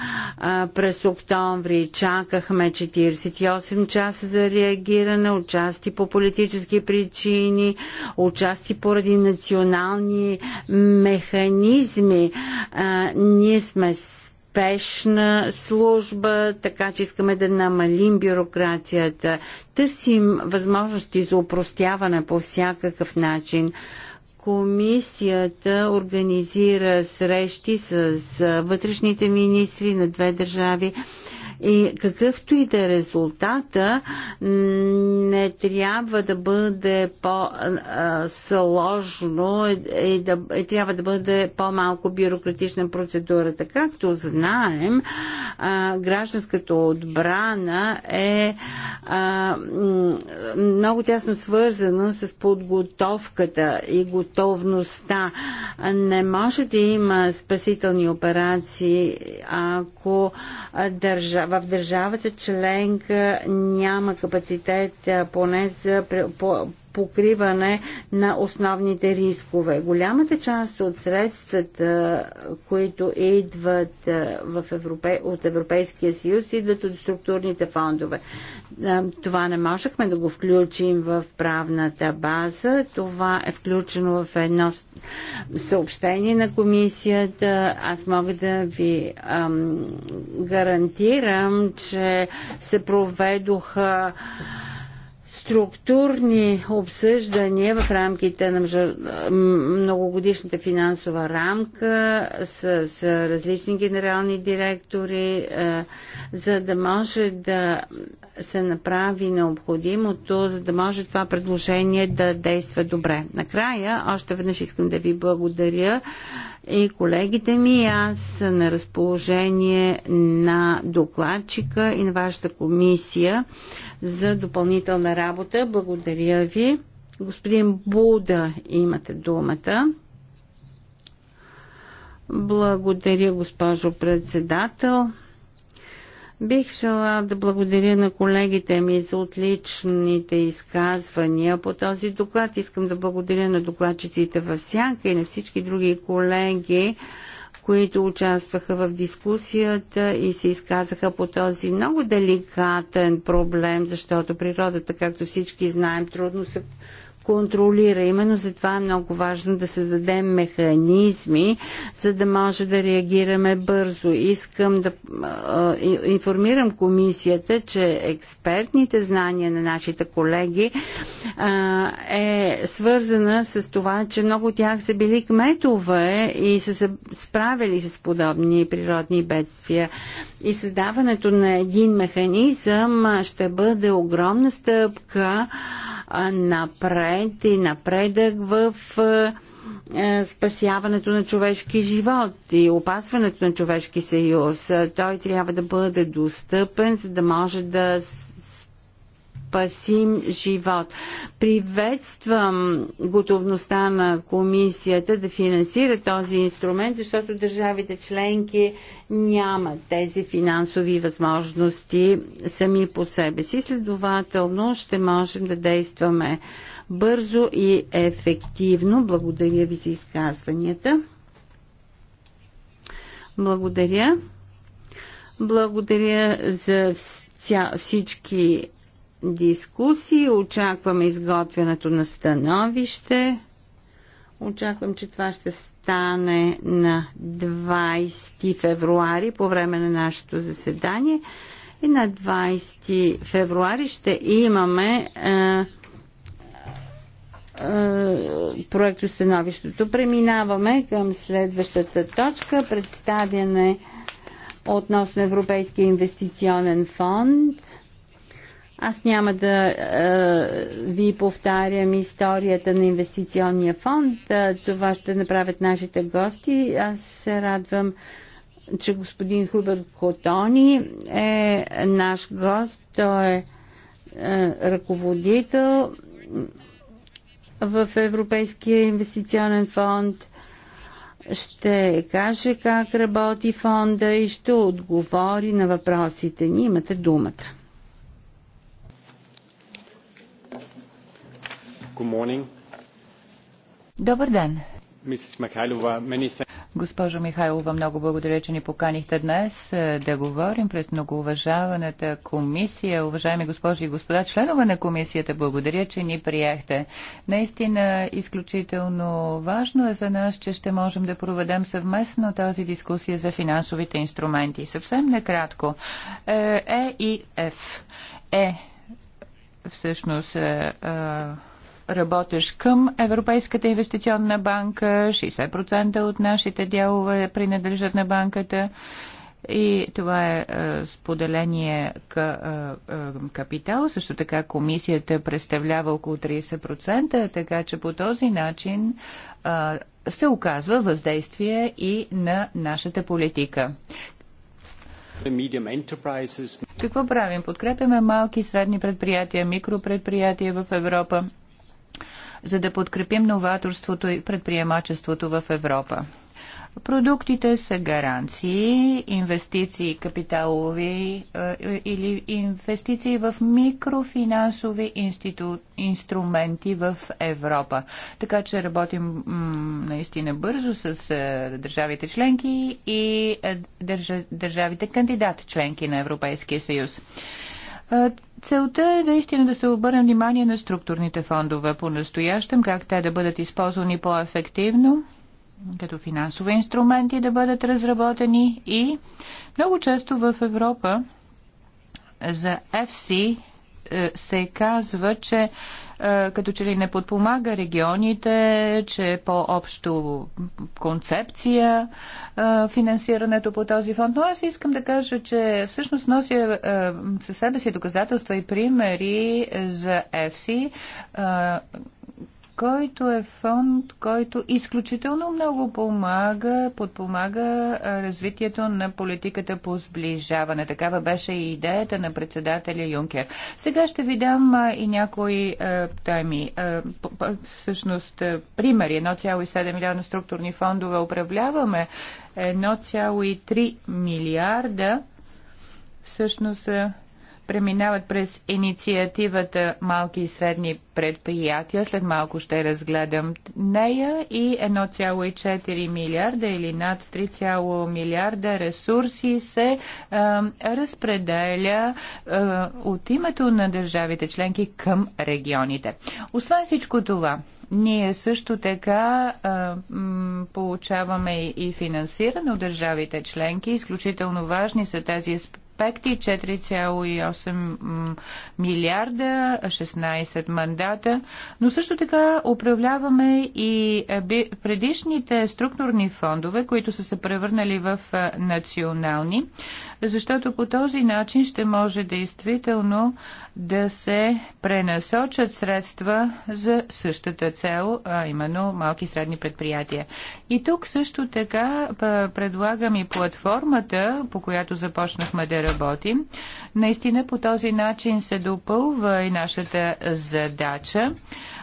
през октомври. Чакахме 48 часа за реагиране, отчасти по политически причини, отчасти поради национални механизми. Ние сме спешна служба, така че искаме да намалим бюрокрацията. Търсим възможности за упростяване по всякакъв начин. Комисията организира срещи с вътрешните министри на две държави и какъвто и да е резултата, не трябва да бъде по-сложно и, да, и трябва да бъде по-малко бюрократична процедурата. Както знаем, гражданската отбрана е много тясно свързана с подготовката и готовността. Не може да има спасителни операции, ако държава в държавата членка няма капацитет поне за по, покриване на основните рискове. Голямата част от средствата, които идват в Европе... от Европейския съюз, идват от структурните фондове. Това не можехме да го включим в правната база. Това е включено в едно съобщение на комисията. Аз мога да ви ам, гарантирам, че се проведоха структурни обсъждания в рамките на многогодишната финансова рамка с, с различни генерални директори, е, за да може да се направи необходимото, за да може това предложение да действа добре. Накрая, още веднъж искам да ви благодаря и колегите ми. Аз са на разположение на докладчика и на вашата комисия за допълнителна работа. Благодаря ви. Господин Буда, имате думата. Благодаря, госпожо председател. Бих желал да благодаря на колегите ми за отличните изказвания по този доклад. Искам да благодаря на докладчиците в Сянка и на всички други колеги, които участваха в дискусията и се изказаха по този много деликатен проблем, защото природата, както всички знаем, трудно се контролира. Именно затова е много важно да създадем механизми, за да може да реагираме бързо. Искам да а, информирам комисията, че експертните знания на нашите колеги а, е свързана с това, че много от тях са били кметове и са се справили с подобни природни бедствия. И създаването на един механизъм ще бъде огромна стъпка. А, напред и напредък в е, е, спасяването на човешки живот и опасването на човешки съюз. Той трябва да бъде достъпен, за да може да спасим живот. Приветствам готовността на комисията да финансира този инструмент, защото държавите членки нямат тези финансови възможности сами по себе си. Следователно ще можем да действаме бързо и ефективно. Благодаря ви за изказванията. Благодаря. Благодаря за всички дискусии, очакваме изготвянето на становище. Очаквам, че това ще стане на 20 февруари по време на нашето заседание. И на 20 февруари ще имаме е, е, проекто становището. Преминаваме към следващата точка представяне относно Европейския инвестиционен фонд – аз няма да е, ви повтарям историята на инвестиционния фонд. Е, това ще направят нашите гости. Аз се радвам, че господин Хуберт Хотони е наш гост. Той е, е ръководител в Европейския инвестиционен фонд. Ще каже как работи фонда и ще отговори на въпросите ни. Имате думата. Добър ден. Госпожо Михайлова, много благодаря, че ни поканихте днес е, да говорим пред многоуважаваната комисия. Уважаеми госпожи и господа, членове на комисията, благодаря, че ни приехте. Наистина, изключително важно е за нас, че ще можем да проведем съвместно тази дискусия за финансовите инструменти. Съвсем накратко. Е, е и Ф. Е всъщност е, е работиш към Европейската инвестиционна банка, 60% от нашите дялове принадлежат на банката и това е, е споделение към е, е, капитал. Също така комисията представлява около 30%, така че по този начин е, се оказва въздействие и на нашата политика. Какво правим? Подкрепяме малки и средни предприятия, микропредприятия в Европа за да подкрепим новаторството и предприемачеството в Европа. Продуктите са гаранции, инвестиции капиталови е, или инвестиции в микрофинансови институ... инструменти в Европа. Така че работим наистина бързо с е, държавите членки и е, държавите кандидат членки на Европейския съюз. Целта е наистина да се обърне внимание на структурните фондове по-настоящем, как те да бъдат използвани по-ефективно, като финансови инструменти да бъдат разработени и много често в Европа за FC е, се казва, че е, като че ли не подпомага регионите, че е по-общо концепция е, финансирането по този фонд. Но аз искам да кажа, че всъщност нося със себе си доказателства и примери за ЕФСИ който е фонд, който изключително много помага, подпомага развитието на политиката по сближаване. Такава беше и идеята на председателя Юнкер. Сега ще ви дам и някои теми, всъщност примери. 1,7 милиона структурни фондове управляваме, 1,3 милиарда всъщност преминават през инициативата Малки и средни предприятия. След малко ще разгледам нея и 1,4 милиарда или над 3, милиарда ресурси се а, разпределя а, от името на държавите членки към регионите. Освен всичко това, ние също така а, м, получаваме и финансиране от държавите членки. Изключително важни са тези аспекти 4,8 милиарда, 16 мандата, но също така управляваме и е, предишните структурни фондове, които са се превърнали в е, национални, защото по този начин ще може действително да се пренасочат средства за същата цел, а именно малки и средни предприятия. И тук също така предлагам и платформата, по която започнахме да работим. Наистина по този начин се допълва и нашата задача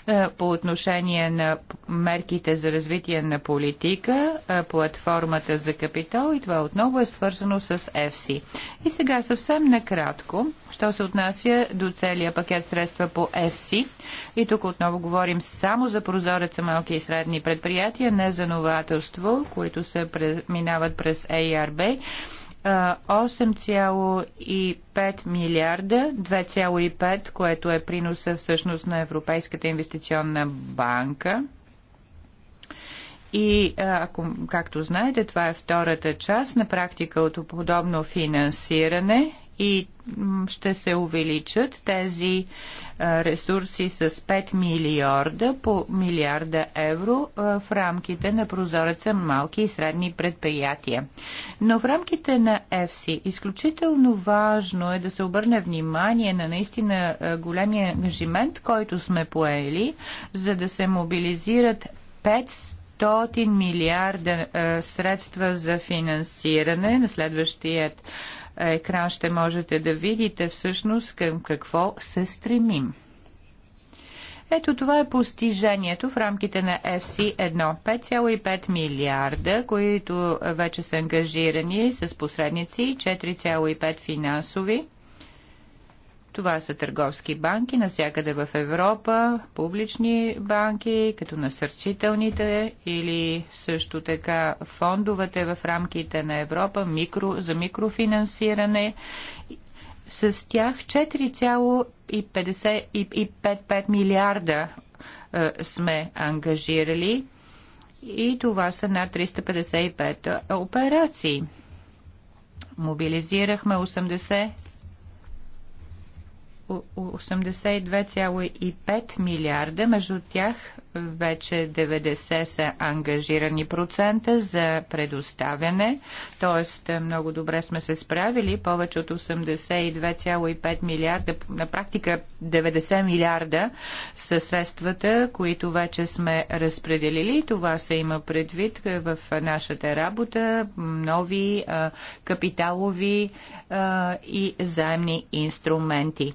е, по отношение на мерките за развитие на политика, е, платформата за капитал и това отново е свързано с FC. И сега съвсем накратко, що се отнася до целия пакет средства по FC. И тук отново говорим само за прозореца малки и средни предприятия, не за нователство, които се преминават през ARB 8,5 милиарда, 2,5, което е приноса всъщност на Европейската инвестиционна банка. И ако, както знаете, това е втората част на практика от подобно финансиране и ще се увеличат тези е, ресурси с 5 милиарда по милиарда евро е, в рамките на прозореца малки и средни предприятия. Но в рамките на ЕФСИ изключително важно е да се обърне внимание на наистина е, големия ангажимент, който сме поели, за да се мобилизират 500 100 милиарда е, средства за финансиране на следващият екран ще можете да видите всъщност към какво се стремим. Ето това е постижението в рамките на FC1. 5,5 милиарда, които вече са ангажирани с посредници, 4,5 финансови това са търговски банки навсякъде в Европа, публични банки, като насърчителните или също така фондовете в рамките на Европа микро, за микрофинансиране. С тях 4,55 милиарда е, сме ангажирали и това са над 355 операции. Мобилизирахме 80 82,5 милиарда, между тях вече 90 са ангажирани процента за предоставяне, т.е. много добре сме се справили, повече от 82,5 милиарда, на практика 90 милиарда са средствата, които вече сме разпределили. Това се има предвид в нашата работа, нови капиталови и заемни инструменти.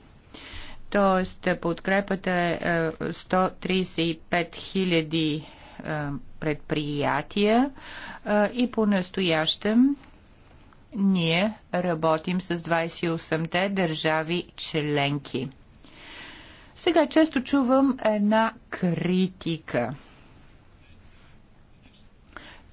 Т.е. подкрепата е 135 е, 000 е, предприятия е, и по-настоящем ние работим с 28-те държави членки. Сега често чувам една критика –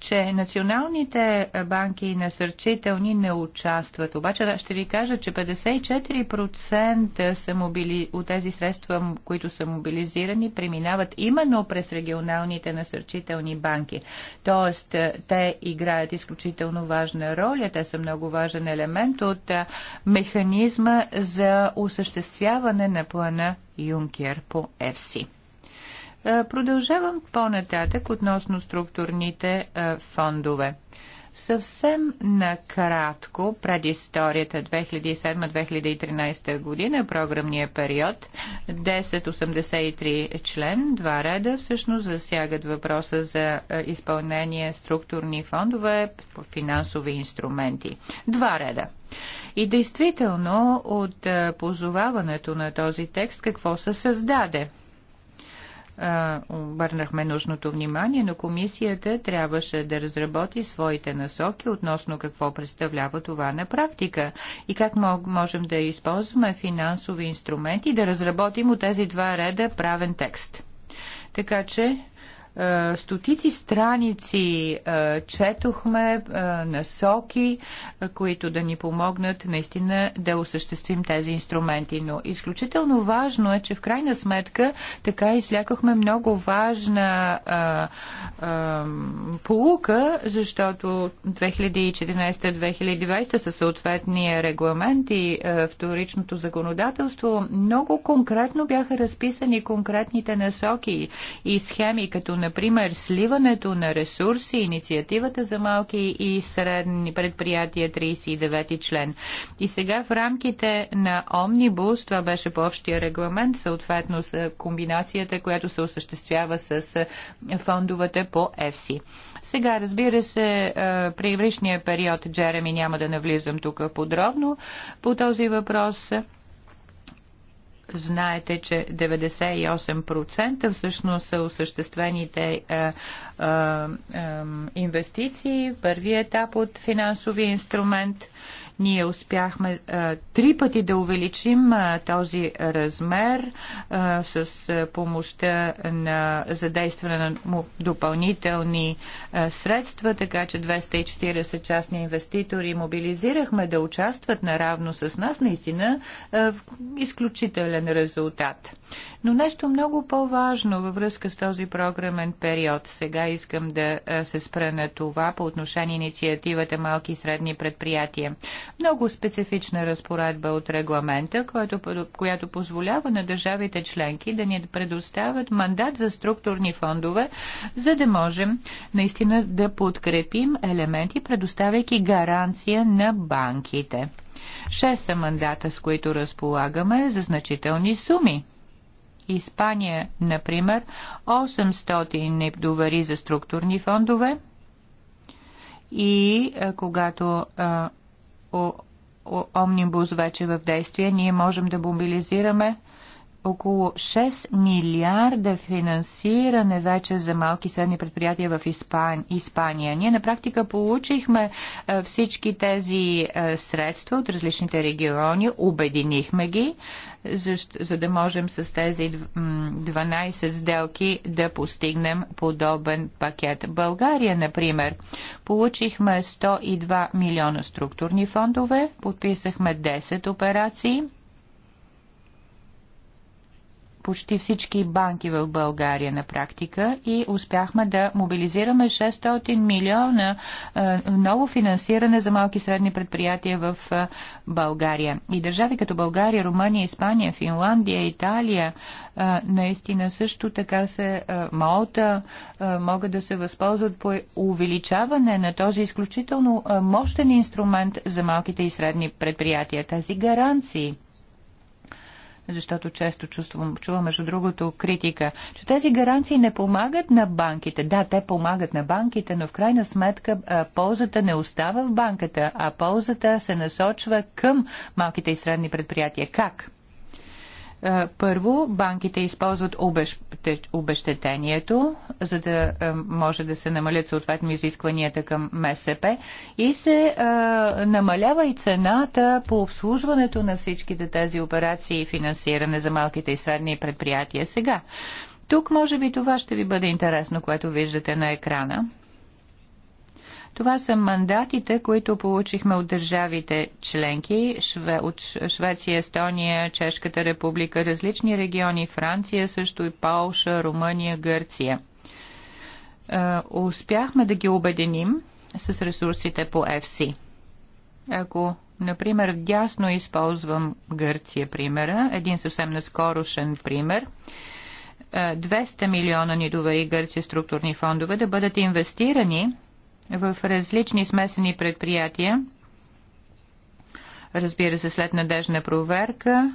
че националните банки и насърчителни не участват. Обаче ще ви кажа, че 54% са мобили... от тези средства, които са мобилизирани, преминават именно през регионалните насърчителни банки. Тоест, е, те играят изключително важна роля, те са много важен елемент от е, механизма за осъществяване на плана Юнкер по ЕФСИ. Е, продължавам по-нататък относно структурните е, фондове. Съвсем накратко, предисторията 2007-2013 година, програмния период, 1083 член, два реда всъщност засягат въпроса за е, изпълнение структурни фондове, финансови инструменти. Два реда. И действително от позоваването на този текст какво се създаде? обърнахме нужното внимание, но комисията трябваше да разработи своите насоки относно какво представлява това на практика и как можем да използваме финансови инструменти да разработим от тези два реда правен текст. Така че е, стотици страници е, четохме е, насоки, които да ни помогнат наистина да осъществим тези инструменти. Но изключително важно е, че в крайна сметка така излякахме много важна а, а, полука, защото 2014-2020 със съответния регламент и а, вторичното законодателство много конкретно бяха разписани конкретните насоки и схеми, като например сливането на ресурси, инициативата за малки и средни предприятия 39 член. И сега в рамките на Омнибус, това беше по общия регламент, съответно с комбинацията, която се осъществява с фондовете по ЕФСИ. Сега, разбира се, е, при период Джереми няма да навлизам тук подробно по този въпрос знаете, че 98% всъщност са осъществените е, е, е, инвестиции, Първият етап от финансови инструмент – ние успяхме а, три пъти да увеличим а, този размер а, с помощта на задействане на допълнителни а, средства, така че 240 частни инвеститори мобилизирахме да участват наравно с нас. Наистина а, изключителен резултат. Но нещо много по-важно във връзка с този програмен период. Сега искам да се спра на това по отношение инициативата Малки и средни предприятия. Много специфична разпоредба от регламента, която, която позволява на държавите членки да ни предоставят мандат за структурни фондове, за да можем наистина да подкрепим елементи, предоставяйки гаранция на банките. Шест са мандата, с които разполагаме за значителни суми. Испания, например, 800 недовари за структурни фондове и е, когато а, е, о, о, Омнибус вече в действие, ние можем да мобилизираме около 6 милиарда финансиране вече за малки и средни предприятия в Испан... Испания. Ние на практика получихме е, всички тези е, средства от различните региони, обединихме ги, за, за да можем с тези 12 сделки да постигнем подобен пакет. България, например, получихме 102 милиона структурни фондове, подписахме 10 операции – почти всички банки в България на практика и успяхме да мобилизираме 600 милиона е, ново финансиране за малки и средни предприятия в е, България. И държави като България, Румъния, Испания, Финландия, Италия, е, наистина също така се Малта могат да се възползват по увеличаване на този изключително мощен инструмент за малките и средни предприятия. Тези гаранции защото често чувствам, чувам, между другото, критика, че тези гаранции не помагат на банките. Да, те помагат на банките, но в крайна сметка а, ползата не остава в банката, а ползата се насочва към малките и средни предприятия. Как? Е, първо, банките използват обещетението, за да е, може да се намалят съответно изискванията към МСП и се е, намалява и цената по обслужването на всичките тези операции и финансиране за малките и средни предприятия сега. Тук може би това ще ви бъде интересно, което виждате на екрана. Това са мандатите, които получихме от държавите членки Шве, от Швеция, Естония, Чешката република, различни региони, Франция също и Полша, Румъния, Гърция. Е, успяхме да ги обединим с ресурсите по FC. Ако Например, дясно използвам Гърция примера, един съвсем наскорошен пример. 200 е, милиона ни довери Гърция структурни фондове да бъдат инвестирани в различни смесени предприятия. Разбира се, след надежна проверка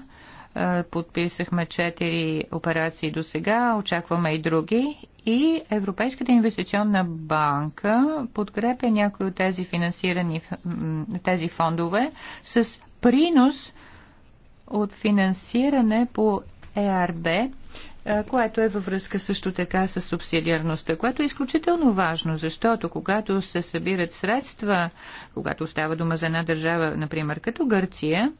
подписахме четири операции до сега, очакваме и други. И Европейската инвестиционна банка подкрепя някои от тези финансирани тези фондове с принос от финансиране по ЕРБ което е във връзка също така с субсидиарността, което е изключително важно, защото когато се събират средства, когато става дума за една държава, например като Гърция,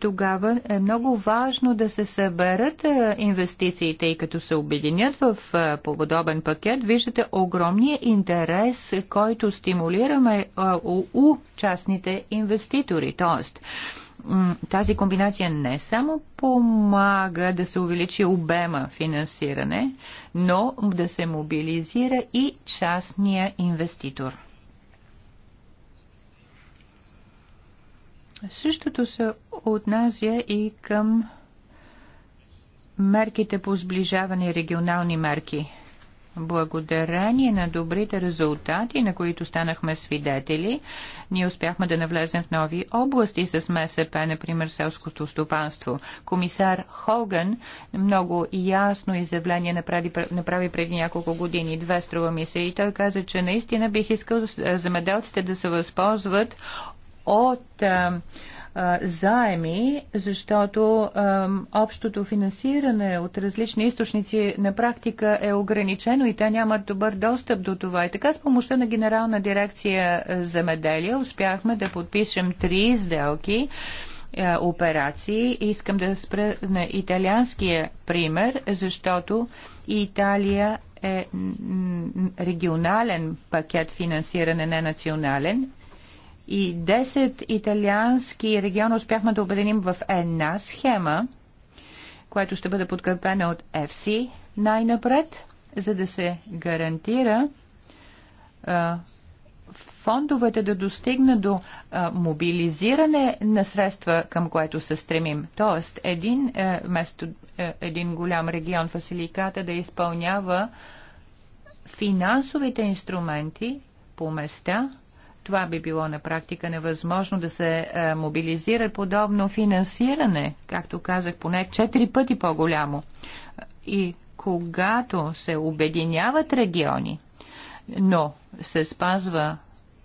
тогава е много важно да се съберат инвестициите и като се обединят в подобен пакет, виждате огромния интерес, който стимулираме у частните инвеститори. Тоест, тази комбинация не само помага да се увеличи обема финансиране, но да се мобилизира и частния инвеститор. Същото се отнася и към мерките по сближаване регионални мерки – благодарение на добрите резултати, на които станахме свидетели, ние успяхме да навлезем в нови области с МСП, например селското стопанство. Комисар Холган много ясно изявление направи, направи преди няколко години, две струва ми се, и той каза, че наистина бих искал земеделците да се възползват от uh, заеми, защото общото финансиране от различни източници на практика е ограничено и те нямат добър достъп до това. И така с помощта на Генерална дирекция земеделие успяхме да подпишем три сделки операции. Искам да спра на италианския пример, защото Италия е регионален пакет финансиране, не национален и 10 италиански региона успяхме да обединим в една схема, която ще бъде подкрепена от FC най-напред, за да се гарантира а, фондовете да достигна до а, мобилизиране на средства, към което се стремим. Тоест, един, е, место, е, един голям регион фасиликата да изпълнява финансовите инструменти по места, това би било на практика невъзможно да се е, мобилизира подобно финансиране, както казах, поне 4 пъти по-голямо. И когато се обединяват региони, но се спазва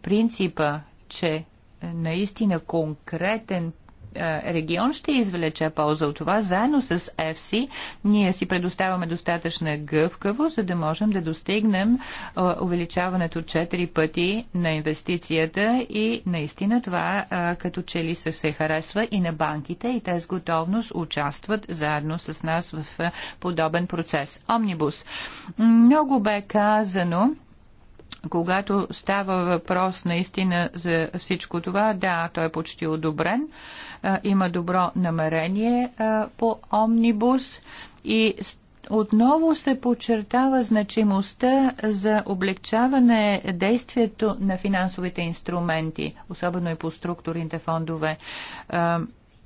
принципа, че наистина конкретен е, регион ще извлече полза от това. Заедно с FC ние си предоставяме достатъчна гъвкаво, за да можем да достигнем е, увеличаването 4 пъти на инвестицията и наистина това е, като че ли се, се харесва и на банките и те с готовност участват заедно с нас в подобен процес. Омнибус. Много бе казано когато става въпрос наистина за всичко това, да, той е почти одобрен, има добро намерение по омнибус и отново се подчертава значимостта за облегчаване действието на финансовите инструменти, особено и по структурните фондове.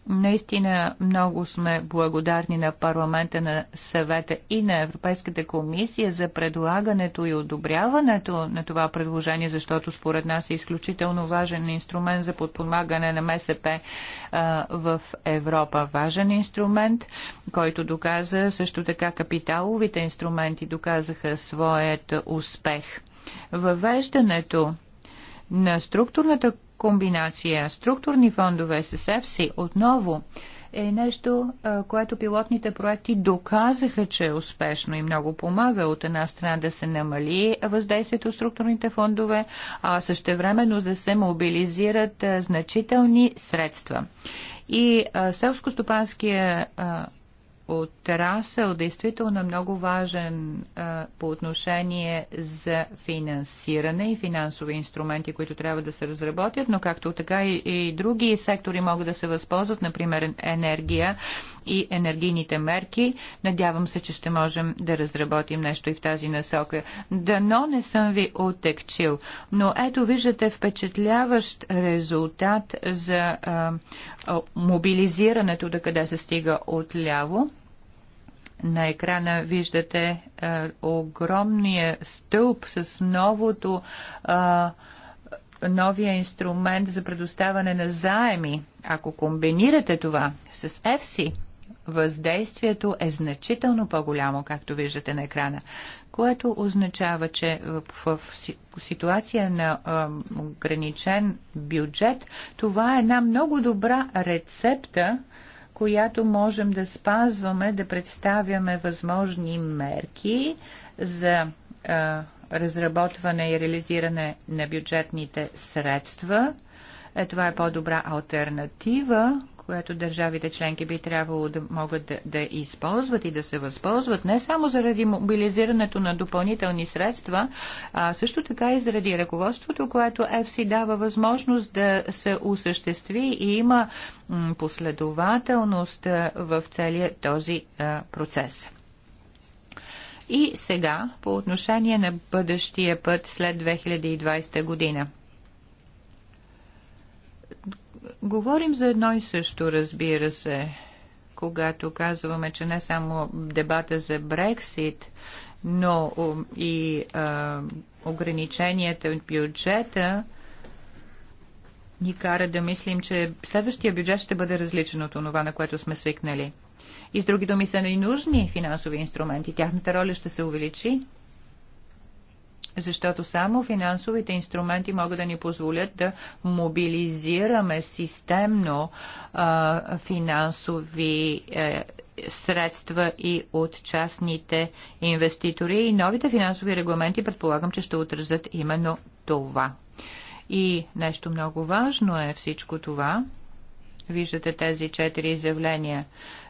Наистина много сме благодарни на парламента, на съвета и на Европейската комисия за предлагането и одобряването на това предложение, защото според нас е изключително важен инструмент за подпомагане на МСП а, в Европа. Важен инструмент, който доказа също така капиталовите инструменти доказаха своят успех. Въвеждането на структурната комбинация структурни фондове с EFSI отново е нещо, което пилотните проекти доказаха, че е успешно и много помага. От една страна да се намали въздействието от структурните фондове, а също времено да се мобилизират значителни средства. И селско-стопанския отрасъл действително е много важен а, по отношение за финансиране и финансови инструменти, които трябва да се разработят, но както така и, и други сектори могат да се възползват, например енергия и енергийните мерки. Надявам се, че ще можем да разработим нещо и в тази насока. Дано не съм ви отекчил, но ето виждате впечатляващ резултат за а, а, мобилизирането, до къде се стига отляво. На екрана виждате а, огромния стълб с новото, а, новия инструмент за предоставяне на заеми. Ако комбинирате това с EFSI, въздействието е значително по-голямо, както виждате на екрана, което означава, че в, в ситуация на ограничен бюджет, това е една много добра рецепта, която можем да спазваме, да представяме възможни мерки за а, разработване и реализиране на бюджетните средства. Е, това е по-добра альтернатива което държавите членки би трябвало да могат да, да използват и да се възползват не само заради мобилизирането на допълнителни средства, а също така и заради ръководството, което EFSI дава възможност да се осъществи и има последователност в целия този процес. И сега по отношение на бъдещия път след 2020 година Говорим за едно и също, разбира се, когато казваме, че не само дебата за Брексит, но и а, ограниченията от бюджета ни кара да мислим, че следващия бюджет ще бъде различен от това, на което сме свикнали. И с други думи са ни нужни финансови инструменти. Тяхната роля ще се увеличи защото само финансовите инструменти могат да ни позволят да мобилизираме системно а, финансови а, е, средства и от частните инвеститори. И новите финансови регламенти предполагам, че ще отразят именно това. И нещо много важно е всичко това. Виждате тези четири изявления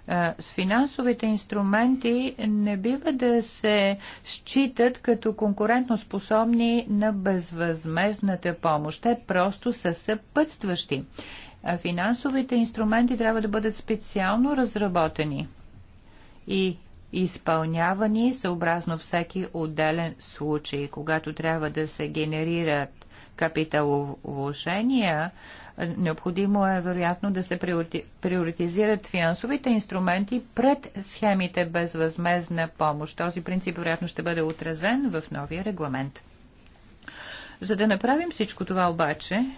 с финансовите инструменти не бива да се считат като конкурентно способни на безвъзмезната помощ. Те просто са съпътстващи. Финансовите инструменти трябва да бъдат специално разработени и изпълнявани съобразно всеки отделен случай, когато трябва да се генерират капиталовложения, Необходимо е вероятно да се приоритизират финансовите инструменти пред схемите безвъзмезна помощ. Този принцип вероятно ще бъде отразен в новия регламент. За да направим всичко това обаче,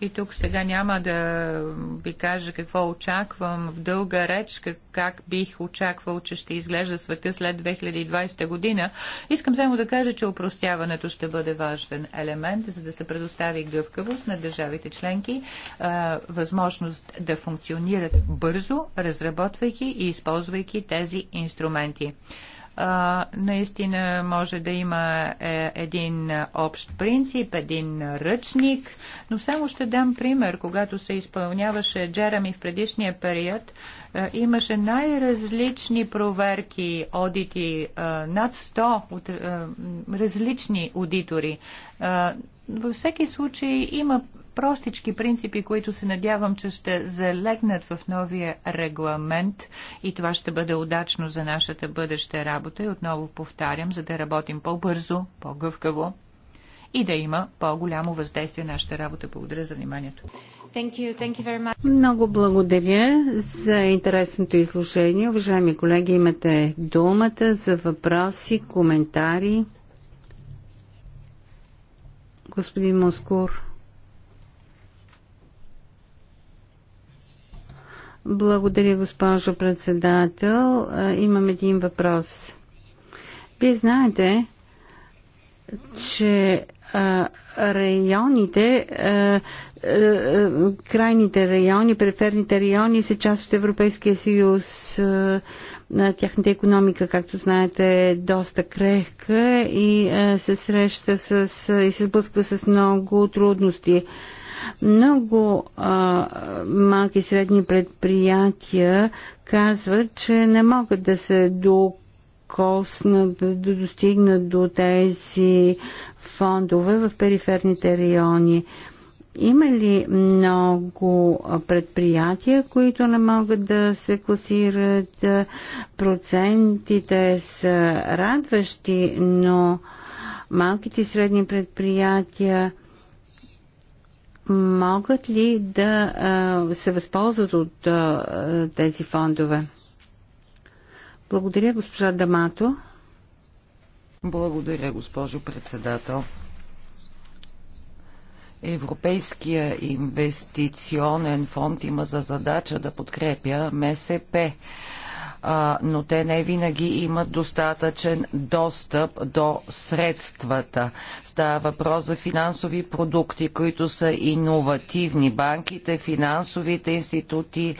и тук сега няма да ви кажа какво очаквам в дълга реч, как, как бих очаквал, че ще изглежда света след 2020 година. Искам само да кажа, че упростяването ще бъде важен елемент, за да се предостави гъвкавост на държавите членки, а, възможност да функционират бързо, разработвайки и използвайки тези инструменти наистина може да има е, един общ принцип, един ръчник, но само ще дам пример. Когато се изпълняваше Джерами в предишния период, е, имаше най-различни проверки, одити, е, над 100 от различни аудитори. Във всеки случай има простички принципи, които се надявам, че ще залегнат в новия регламент и това ще бъде удачно за нашата бъдеща работа и отново повтарям, за да работим по-бързо, по-гъвкаво и да има по-голямо въздействие на нашата работа. Благодаря за вниманието. Thank you. Thank you Много благодаря за интересното изложение. Уважаеми колеги, имате думата за въпроси, коментари. Господин Москур. Благодаря, госпожо председател. Имам един въпрос. Вие знаете, че районите, крайните райони, преферните райони са част от Европейския съюз. на тяхната економика, както знаете, е доста крехка и се среща с, и се сблъсква с много трудности. Много а, малки и средни предприятия казват, че не могат да се докоснат, да достигнат до тези фондове в периферните райони. Има ли много предприятия, които не могат да се класират? Процентите са радващи, но малките и средни предприятия – могат ли да а, се възползват от а, тези фондове? Благодаря, госпожа Дамато. Благодаря, госпожо председател. Европейския инвестиционен фонд има за задача да подкрепя МСП но те не винаги имат достатъчен достъп до средствата. Става въпрос за финансови продукти, които са иновативни. Банките, финансовите институти,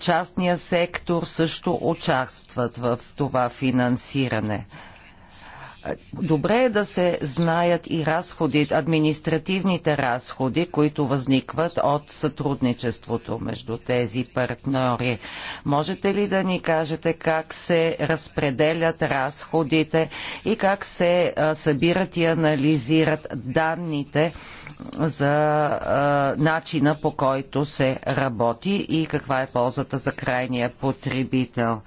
частния сектор също участват в това финансиране. Добре е да се знаят и разходи, административните разходи, които възникват от сътрудничеството между тези партньори. Можете ли да ни кажете как се разпределят разходите и как се събират и анализират данните за а, начина по който се работи и каква е ползата за крайния потребител?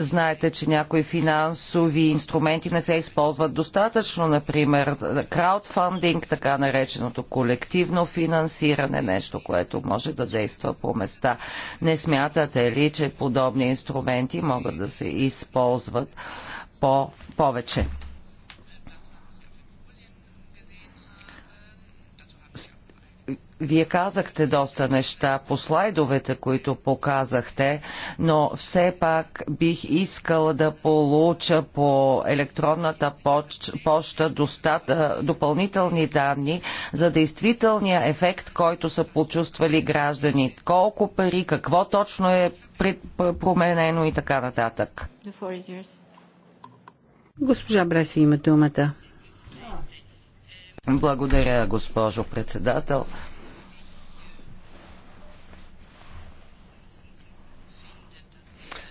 Знаете, че някои финансови инструменти не се използват достатъчно, например краудфандинг, така нареченото колективно финансиране, нещо, което може да действа по места. Не смятате ли, че подобни инструменти могат да се използват по-повече? Вие казахте доста неща по слайдовете, които показахте, но все пак бих искала да получа по електронната почта допълнителни данни за действителния ефект, който са почувствали граждани. Колко пари, какво точно е променено и така нататък. Госпожа Бреси има думата. Благодаря, госпожо председател.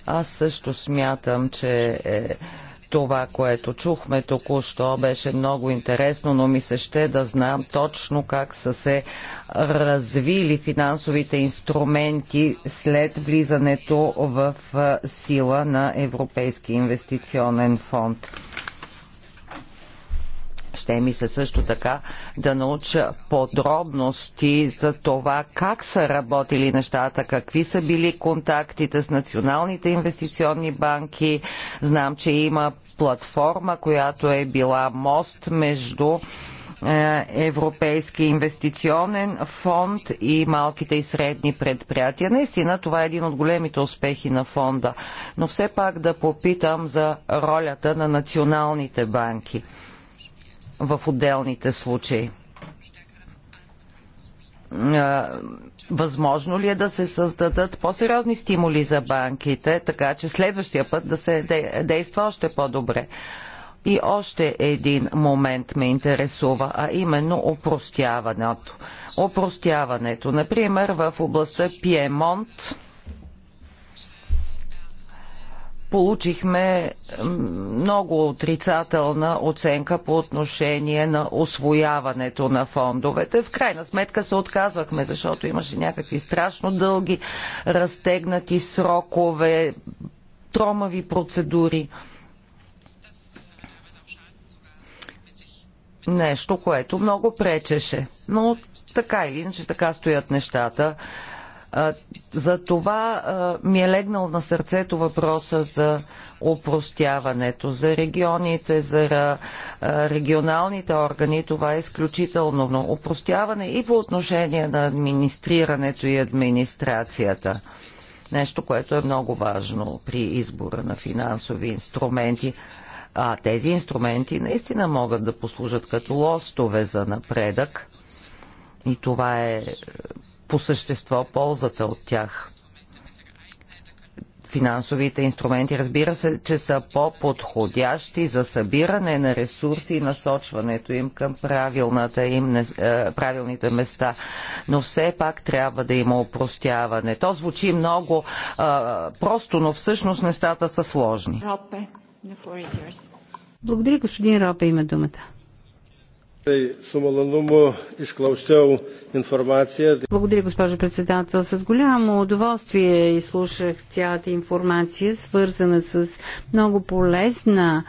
Аз също смятам, че е, това, което чухме току-що, беше много интересно, но ми се ще да знам точно как са се развили финансовите инструменти след влизането в сила на Европейски инвестиционен фонд. Ще ми се също така да науча подробности за това как са работили нещата, какви са били контактите с националните инвестиционни банки. Знам, че има платформа, която е била мост между е, Европейски инвестиционен фонд и малките и средни предприятия. Наистина това е един от големите успехи на фонда, но все пак да попитам за ролята на националните банки в отделните случаи. Възможно ли е да се създадат по-сериозни стимули за банките, така че следващия път да се действа още по-добре? И още един момент ме интересува, а именно опростяването. Опростяването, например, в областта Пиемонт, получихме много отрицателна оценка по отношение на освояването на фондовете. В крайна сметка се отказвахме, защото имаше някакви страшно дълги, разтегнати срокове, тромави процедури. Нещо, което много пречеше. Но така или иначе така стоят нещата. За това ми е легнал на сърцето въпроса за упростяването, за регионите, за регионалните органи. Това е изключително упростяване и по отношение на администрирането и администрацията. Нещо, което е много важно при избора на финансови инструменти. А тези инструменти наистина могат да послужат като лостове за напредък. И това е по същество ползата от тях. Финансовите инструменти, разбира се, че са по-подходящи за събиране на ресурси и насочването им към правилната им, е, правилните места. Но все пак трябва да има упростяване. То звучи много а, е, просто, но всъщност нещата са сложни. Благодаря, господин Ропе, има думата. Благодаря, госпожо председател. С голямо удоволствие изслушах цялата информация, свързана с много полезна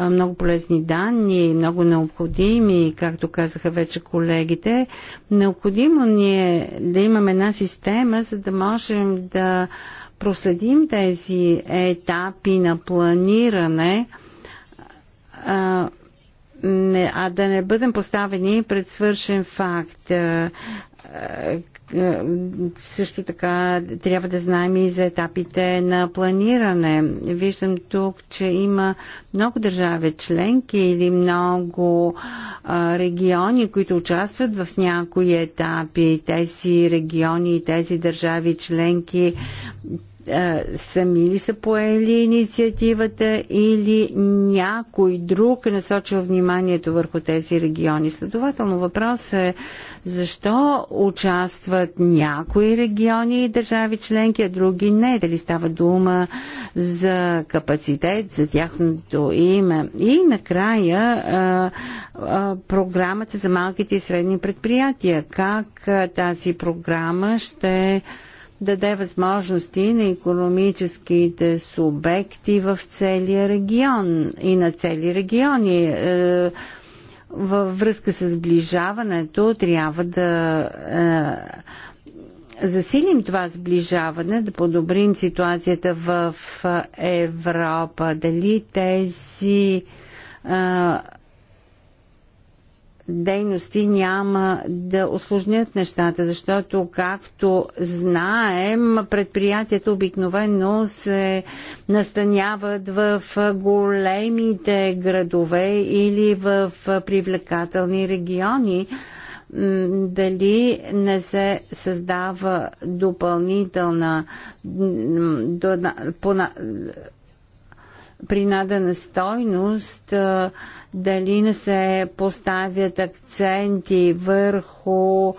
много полезни данни, много необходими, както казаха вече колегите. Необходимо ни е да имаме една система, за да можем да проследим тези етапи на планиране не, а да не бъдем поставени пред свършен факт. Е, е, също така трябва да знаем и за етапите на планиране. Виждам тук, че има много държави членки или много региони, които участват в някои етапи. Тези региони и тези държави членки сами ли са поели инициативата или някой друг е насочил вниманието върху тези региони. Следователно въпрос е защо участват някои региони и държави членки, а други не. Дали става дума за капацитет, за тяхното име. И накрая а, а, програмата за малките и средни предприятия. Как а, тази програма ще даде възможности на економическите субекти в целия регион и на цели региони. Е, във връзка с сближаването трябва да е, засилим това сближаване, да подобрим ситуацията в Европа. Дали тези е, дейности няма да осложнят нещата, защото, както знаем, предприятията обикновено се настаняват в големите градове или в привлекателни региони. Дали не се създава допълнителна принадена стойност, дали не се поставят акценти върху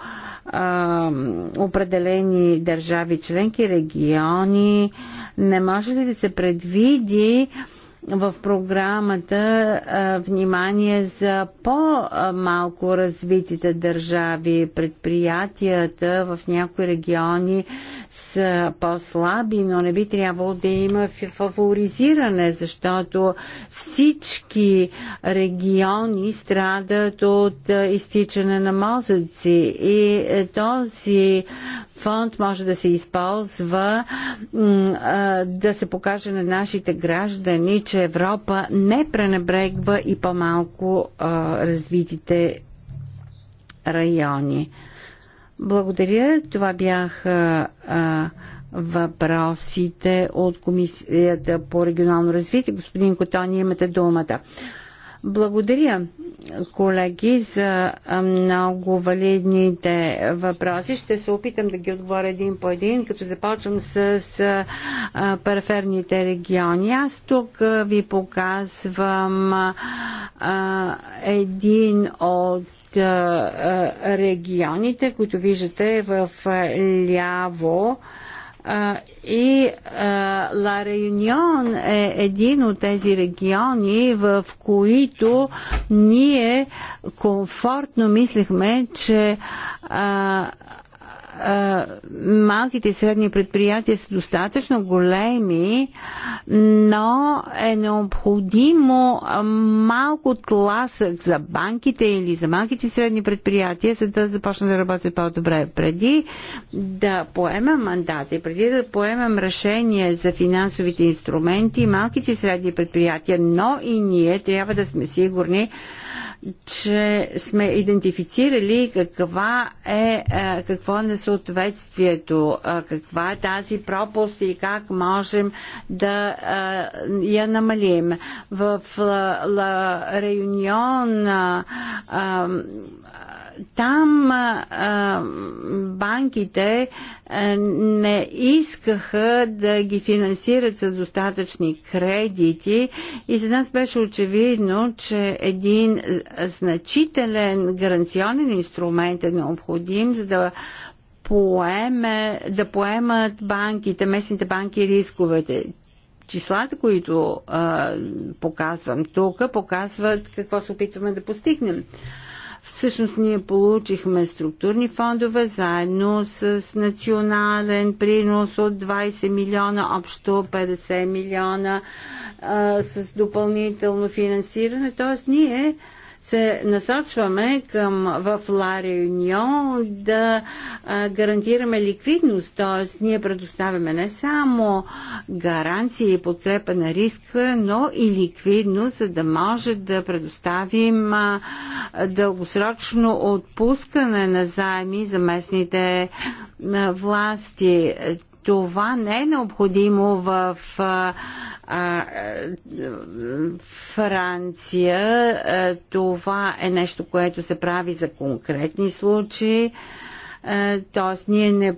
а, определени държави членки, региони, не може ли да се предвиди а, в програмата внимание за по-малко развитите държави. Предприятията в някои региони са по-слаби, но не би трябвало да има фаворизиране, защото всички региони страдат от изтичане на мозъци и е, този фонд може да се използва да се покаже на нашите граждани, че че Европа не пренебрегва и по-малко развитите райони. Благодаря. Това бяха а, въпросите от Комисията по регионално развитие. Господин Котони, имате думата. Благодаря, колеги, за много валидните въпроси. Ще се опитам да ги отговоря един по един, като започвам с, с периферните региони. Аз тук ви показвам а, един от регионите, които виждате в ляво и Ла Реюнион е един от тези региони, в които ние комфортно мислихме, че а, малките и средни предприятия са достатъчно големи, но е необходимо малко тласък за банките или за малките и средни предприятия, за да започнат да работят по-добре. Преди да поемем мандата и преди да поемем решение за финансовите инструменти, малките и средни предприятия, но и ние трябва да сме сигурни, че сме идентифицирали каква е, е какво е несъответствието, е, каква е тази пропуст и как можем да е, я намалим. В Ла Реюнион там а, банките а, не искаха да ги финансират с достатъчни кредити и за нас беше очевидно, че един значителен гаранционен инструмент е необходим, за да поеме, да поемат банките, местните банки рисковете числата, които а, показвам тук, показват какво се опитваме да постигнем. Всъщност ние получихме структурни фондове заедно с национален принос от 20 милиона, общо 50 милиона а, с допълнително финансиране. Тоест ние се насочваме към в Ла Реюнион да гарантираме ликвидност, т.е. ние предоставяме не само гаранции и подкрепа на риска, но и ликвидност, за да може да предоставим дългосрочно отпускане на заеми за местните власти. Това не е необходимо в а, е, Франция. А, е, това е нещо, което се прави за конкретни случаи. Е, тоест, ние не,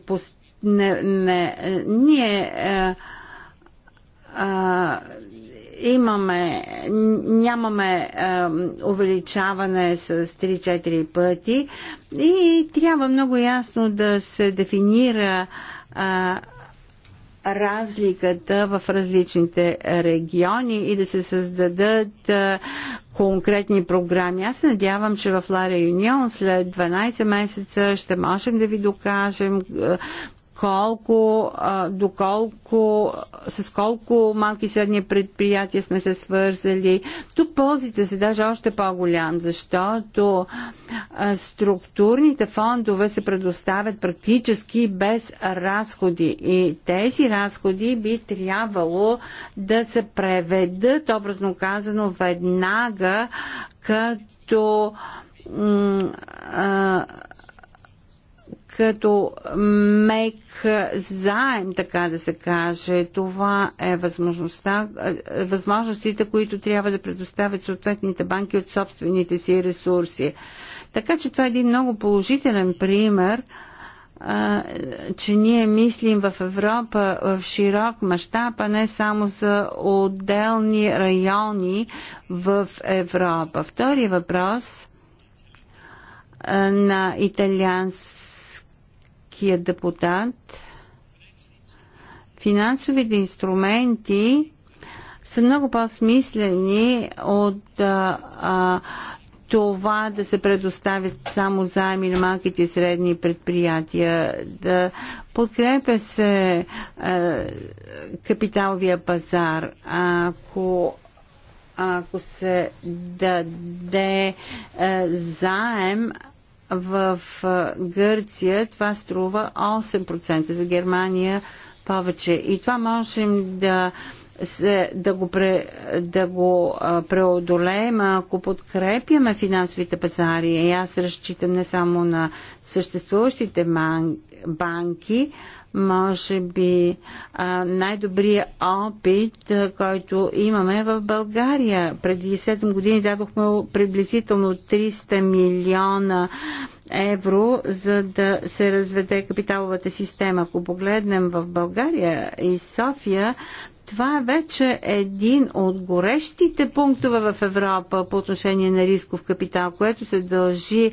не, не ние а, а, имаме, нямаме а, увеличаване с 3-4 пъти и трябва много ясно да се дефинира а, разликата в различните региони и да се създадат конкретни програми. Аз се надявам, че в Ларе Юнион след 12 месеца ще можем да ви докажем колко, а, доколко, с колко малки и средни предприятия сме се свързали. Тук ползите са даже още по-голям, защото а, структурните фондове се предоставят практически без разходи и тези разходи би трябвало да се преведат, образно казано, веднага като а, като мек заем, така да се каже. Това е възможността, е, възможностите, които трябва да предоставят съответните банки от собствените си ресурси. Така че това е един много положителен пример, че ние мислим в Европа в широк мащаб, а не само за отделни райони в Европа. Втори въпрос – на италианс френския депутат, финансовите инструменти са много по-смислени от а, а, това да се предоставят само заеми на малките и средни предприятия, да подкрепя се а, капиталовия пазар, ако ако се даде а, заем в Гърция това струва 8%, за Германия повече. И това можем да, да го, пре, да го преодолеем, ако подкрепяме финансовите пазари. И аз разчитам не само на съществуващите банки, може би най-добрият опит, който имаме в България. Преди 7 години дадохме приблизително 300 милиона евро, за да се разведе капиталовата система. Ако погледнем в България и София, това е вече един от горещите пунктове в Европа по отношение на рисков капитал, което се дължи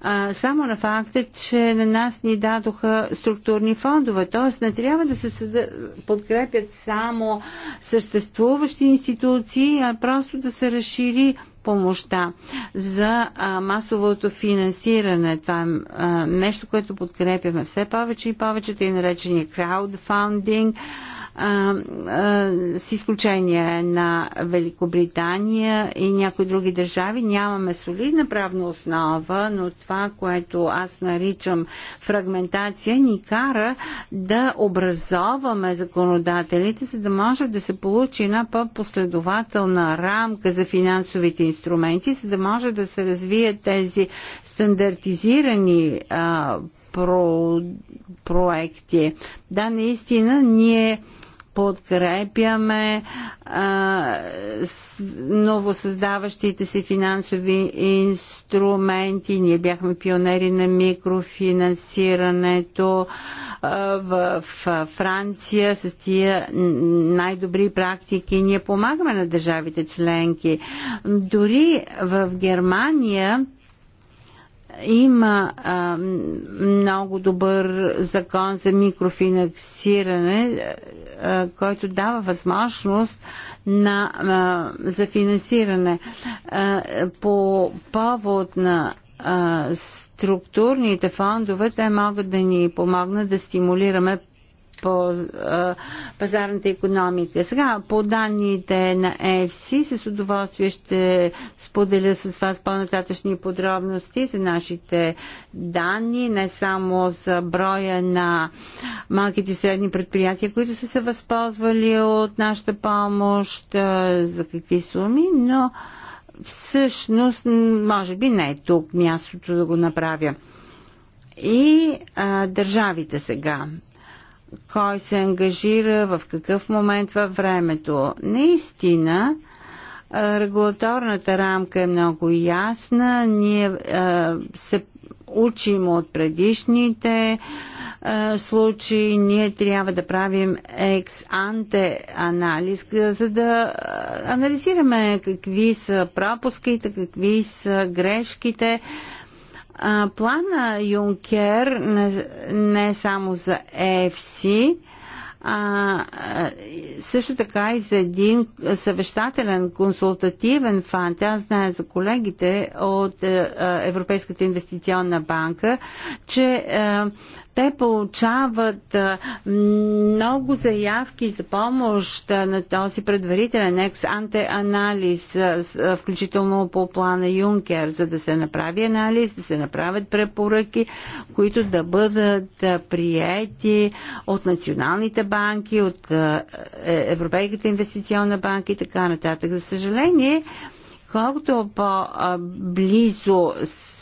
а, само на факта, че на нас ни дадоха структурни фондове. Т.е. не трябва да се съда, подкрепят само съществуващи институции, а просто да се разшири помощта за а, масовото финансиране. Това е а, нещо, което подкрепяме все повече и повече, тъй наречения краудфандинг. А, а, а, с изключение на Великобритания и някои други държави, нямаме солидна правна основа, но това, което аз наричам фрагментация, ни кара да образоваме законодателите, за да може да се получи една по-последователна рамка за финансовите инструменти, за да може да се развият тези стандартизирани а, про, проекти. Да, наистина, ние подкрепяме а, новосъздаващите се финансови инструменти. Ние бяхме пионери на микрофинансирането а, в, в Франция с тия най-добри практики. Ние помагаме на държавите членки. Дори в Германия има а, много добър закон за микрофинансиране който дава възможност на, за финансиране. По повод на структурните фондове, те могат да ни помогнат да стимулираме по а, пазарната економика. Сега, по данните на EFC, с удоволствие ще споделя с вас по-нататъчни подробности за нашите данни, не само за броя на малките и средни предприятия, които са се възползвали от нашата помощ, а, за какви суми, но всъщност, може би не е тук мястото да го направя. И а, държавите сега кой се ангажира, в какъв момент във времето. Наистина, регулаторната рамка е много ясна. Ние се учим от предишните случаи. Ние трябва да правим екс-анте анализ, за да анализираме какви са пропуските, какви са грешките плана Юнкер не, не само за ЕФСИ, а, също така и за един съвещателен, консултативен фанд, Аз знае за колегите от а, Европейската инвестиционна банка, че а, те получават а, много заявки за помощ а, на този предварителен екс а, включително по плана Юнкер, за да се направи анализ, да се направят препоръки, които да бъдат а, приети от националните банки банки, от е, Европейската инвестиционна банка и така нататък. За съжаление, колкото по-близо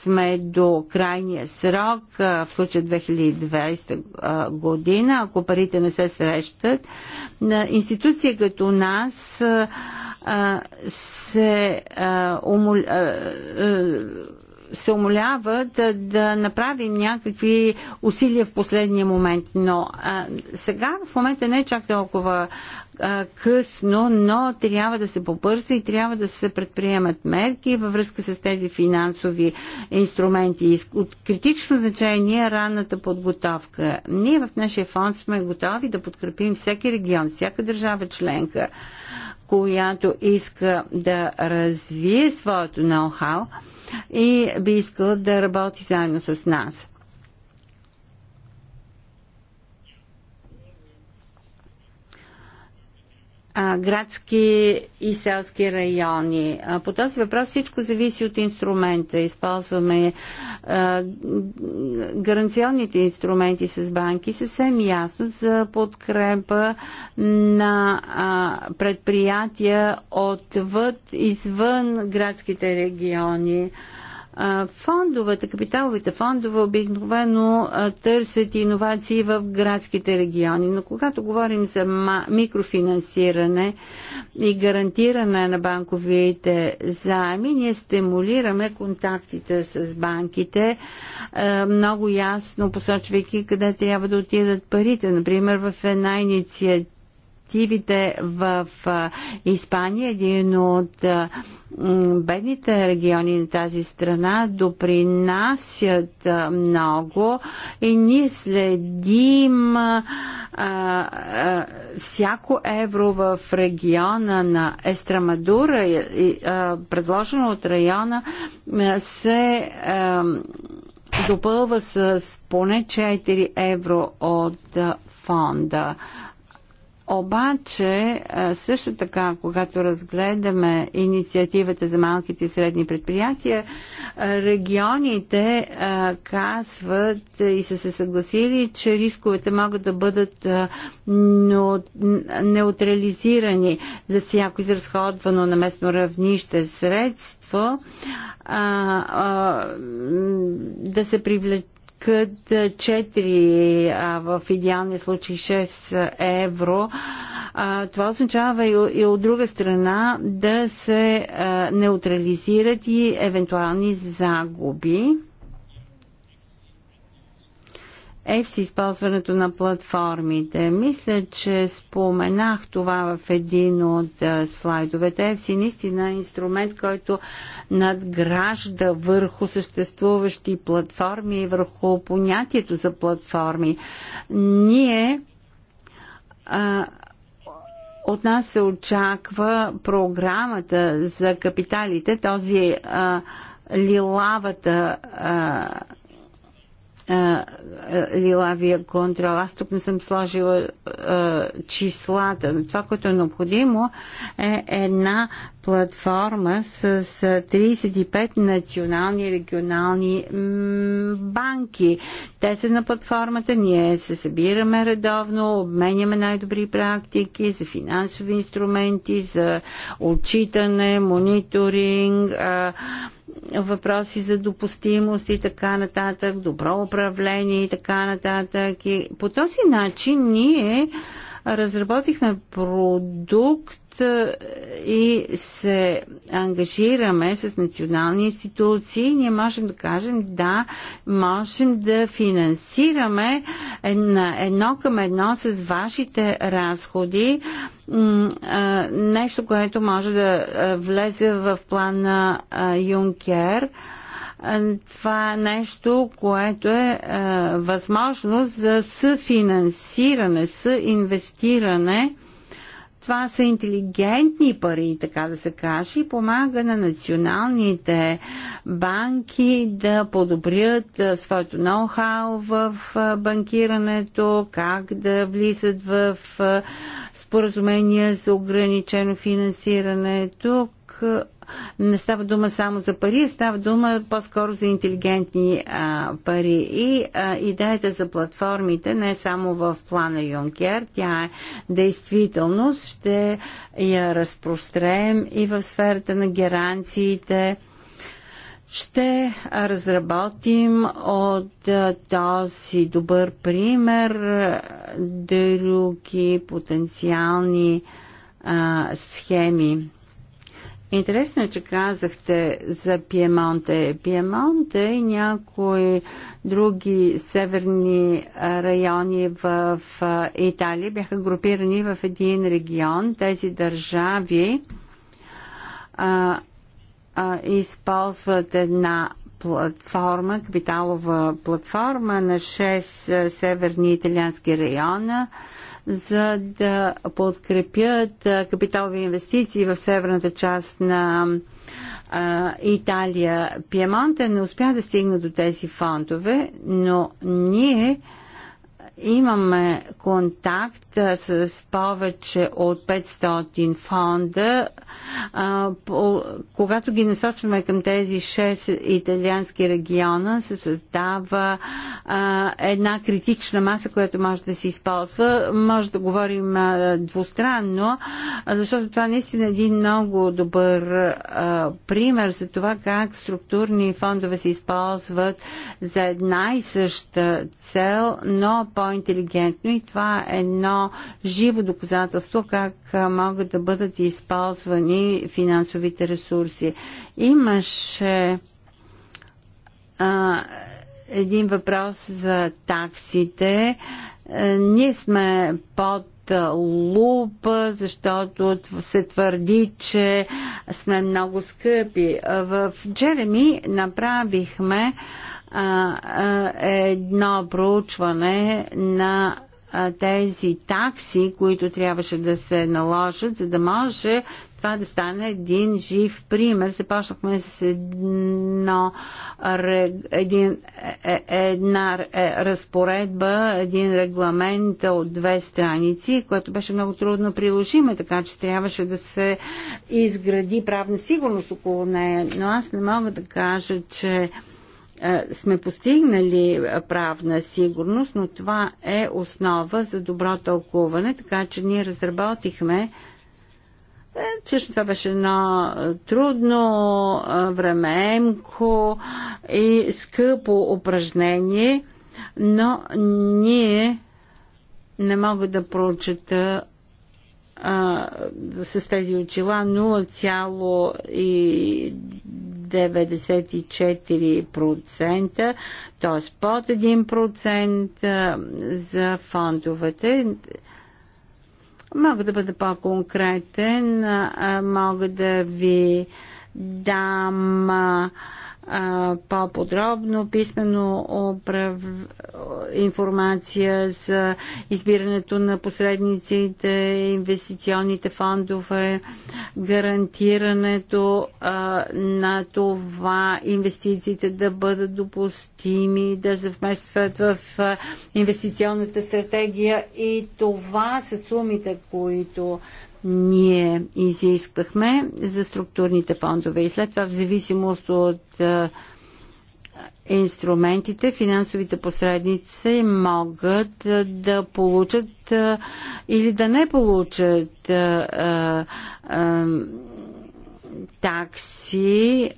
сме до крайния срок, в случая 2020 година, ако парите не се срещат, институция като нас се се умолява да, да направим някакви усилия в последния момент. Но а, сега в момента не е чак толкова а, късно, но трябва да се побърза и трябва да се предприемат мерки във връзка с тези финансови инструменти. От критично значение е ранната подготовка. Ние в нашия фонд сме готови да подкрепим всеки регион, всяка държава членка, която иска да развие своето ноу-хау и би искала да работи заедно с нас. а, градски и селски райони. А, по този въпрос всичко зависи от инструмента. Използваме а, гаранционните инструменти с банки съвсем ясно за подкрепа на а, предприятия отвъд, извън градските региони. А, Фондовете, капиталовите фондове обикновено търсят иновации в градските региони, но когато говорим за микрофинансиране и гарантиране на банковите заеми, ние стимулираме контактите с банките, много ясно посочвайки къде трябва да отидат парите. Например, в една инициатива активите в Испания, един от бедните региони на тази страна допринасят много и ние следим а, а, всяко евро в региона на Естрамадура, и, а, предложено от района, се а, допълва с поне 4 евро от фонда. А, обаче, също така, когато разгледаме инициативата за малките и средни предприятия, регионите казват и са се съгласили, че рисковете могат да бъдат неутрализирани за всяко изразходвано на местно равнище средства да се привлече искат 4, а в идеалния случай 6 евро. А, това означава и, и от друга страна да се а, неутрализират и евентуални загуби. ЕФС използването на платформите. Мисля, че споменах това в един от слайдовете. ЕФС си е наистина е инструмент, който надгражда върху съществуващи платформи и върху понятието за платформи. Ние а, от нас се очаква програмата за капиталите, този а, лилавата а, лилавия контрол. Аз тук не съм сложила а, числата, това, което е необходимо е една платформа с, с 35 национални и регионални банки. Те са на платформата, ние се събираме редовно, обменяме най-добри практики за финансови инструменти, за отчитане, мониторинг, а, въпроси за допустимост и така нататък, добро управление и така нататък. И по този начин ние разработихме продукт, и се ангажираме с национални институции, ние можем да кажем да, можем да финансираме е, на едно към едно с вашите разходи нещо, което може да влезе в плана Юнкер това е нещо, което е, е възможност за съфинансиране, съинвестиране това са интелигентни пари, така да се каже, и помага на националните банки да подобрят своето ноу-хау в банкирането, как да влизат в споразумения за ограничено финансиране. Тук не става дума само за пари, става дума по-скоро за интелигентни а, пари. И а, идеята за платформите не е само в плана Юнкер, тя е действителност, ще я разпростреем и в сферата на гаранциите ще разработим от този добър пример други потенциални а, схеми. Интересно е, че казахте за Пиемонте. Пиемонте и някои други северни райони в Италия бяха групирани в един регион. Тези държави а, а, използват една платформа, капиталова платформа на 6 северни италиански района за да подкрепят капиталови инвестиции в северната част на Италия. Пиемонта не успя да стигне до тези фондове, но ние имаме контакт с повече от 500 фонда. Когато ги насочваме към тези 6 италиански региона, се създава една критична маса, която може да се използва. Може да говорим двустранно, защото това наистина е един много добър пример за това как структурни фондове се използват за една и съща цел, но по по-интелигентно и това е едно живо доказателство как могат да бъдат използвани финансовите ресурси. Имаше един въпрос за таксите. А, ние сме под лупа, защото се твърди, че сме много скъпи. В Джереми направихме а, едно проучване на тези такси, които трябваше да се наложат, за да може това да стане един жив пример. Започнахме с едно, един, е, е, една е, разпоредба, един регламент от две страници, което беше много трудно приложиме, така че трябваше да се изгради правна сигурност около нея. Но аз не мога да кажа, че е, сме постигнали е, правна сигурност, но това е основа за добро тълкуване, така че ние разработихме е, Всъщност това беше едно трудно, времеемко и скъпо упражнение, но ние не мога да прочета а, с тези очила 94%, т.е. под 1% за фондовете. Мога да бъда по-конкретен, мога да ви дам по-подробно писмено управ... информация за избирането на посредниците, инвестиционните фондове, гарантирането а, на това инвестициите да бъдат допустими, да се вместват в инвестиционната стратегия и това са сумите, които ние изисквахме за структурните фондове. И след това, в зависимост от инструментите, финансовите посредници могат да получат или да не получат такси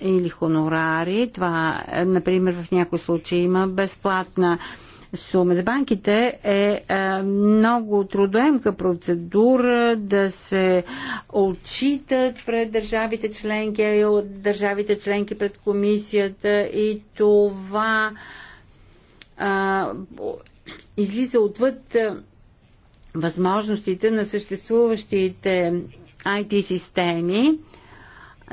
или хонорари. Това, например, в някои случаи има безплатна а, сума. За банките е, е много трудоемка процедура да се отчитат пред държавите членки и от държавите членки пред комисията и това излиза отвъд възможностите на съществуващите IT системи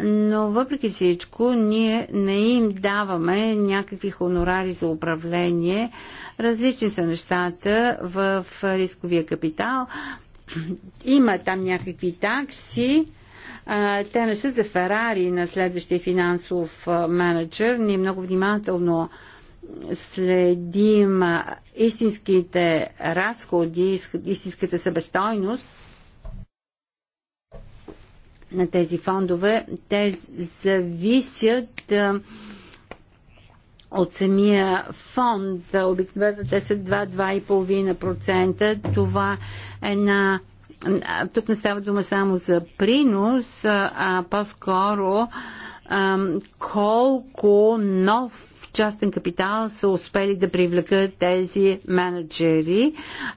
но въпреки всичко ние не им даваме някакви хонорари за управление. Различни са нещата в рисковия капитал. Има там някакви такси. Те не са за Ферари на следващия финансов менеджер. Ние много внимателно следим истинските разходи, истинската събестойност на тези фондове, те зависят а, от самия фонд. Обикновено те са 2-2,5%. Това е на тук не става дума само за принос, а по-скоро колко нов частен капитал са успели да привлекат тези менеджери.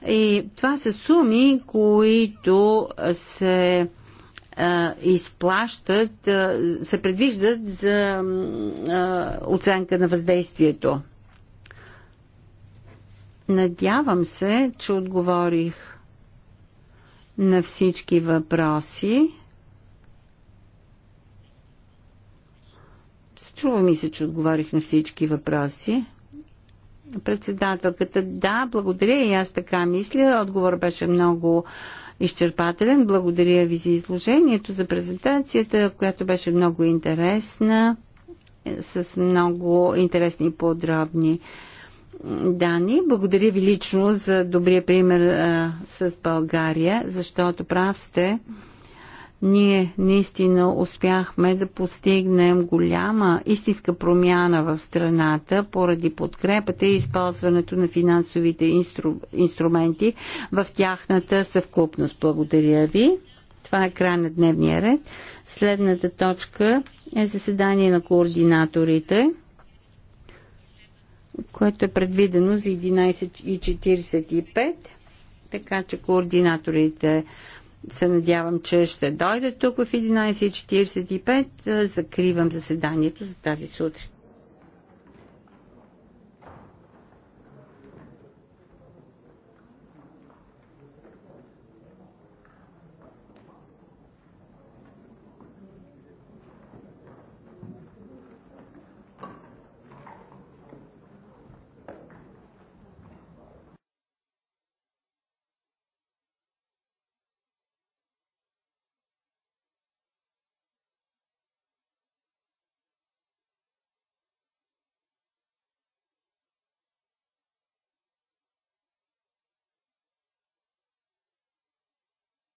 И това са суми, които се изплащат, се предвиждат за оценка на въздействието. Надявам се, че отговорих на всички въпроси. Струва ми се, че отговорих на всички въпроси. Председателката, да, благодаря и аз така мисля. Отговор беше много изчерпателен. Благодаря ви за изложението, за презентацията, която беше много интересна, е, с много интересни и подробни данни. Благодаря ви лично за добрия пример а, с България, защото прав сте ние наистина успяхме да постигнем голяма истинска промяна в страната поради подкрепата и използването на финансовите инстру... инструменти в тяхната съвкупност. Благодаря ви. Това е край на дневния ред. Следната точка е заседание на координаторите, което е предвидено за 11.45, така че координаторите се надявам, че ще дойде тук в 11.45. Закривам заседанието за тази сутрин.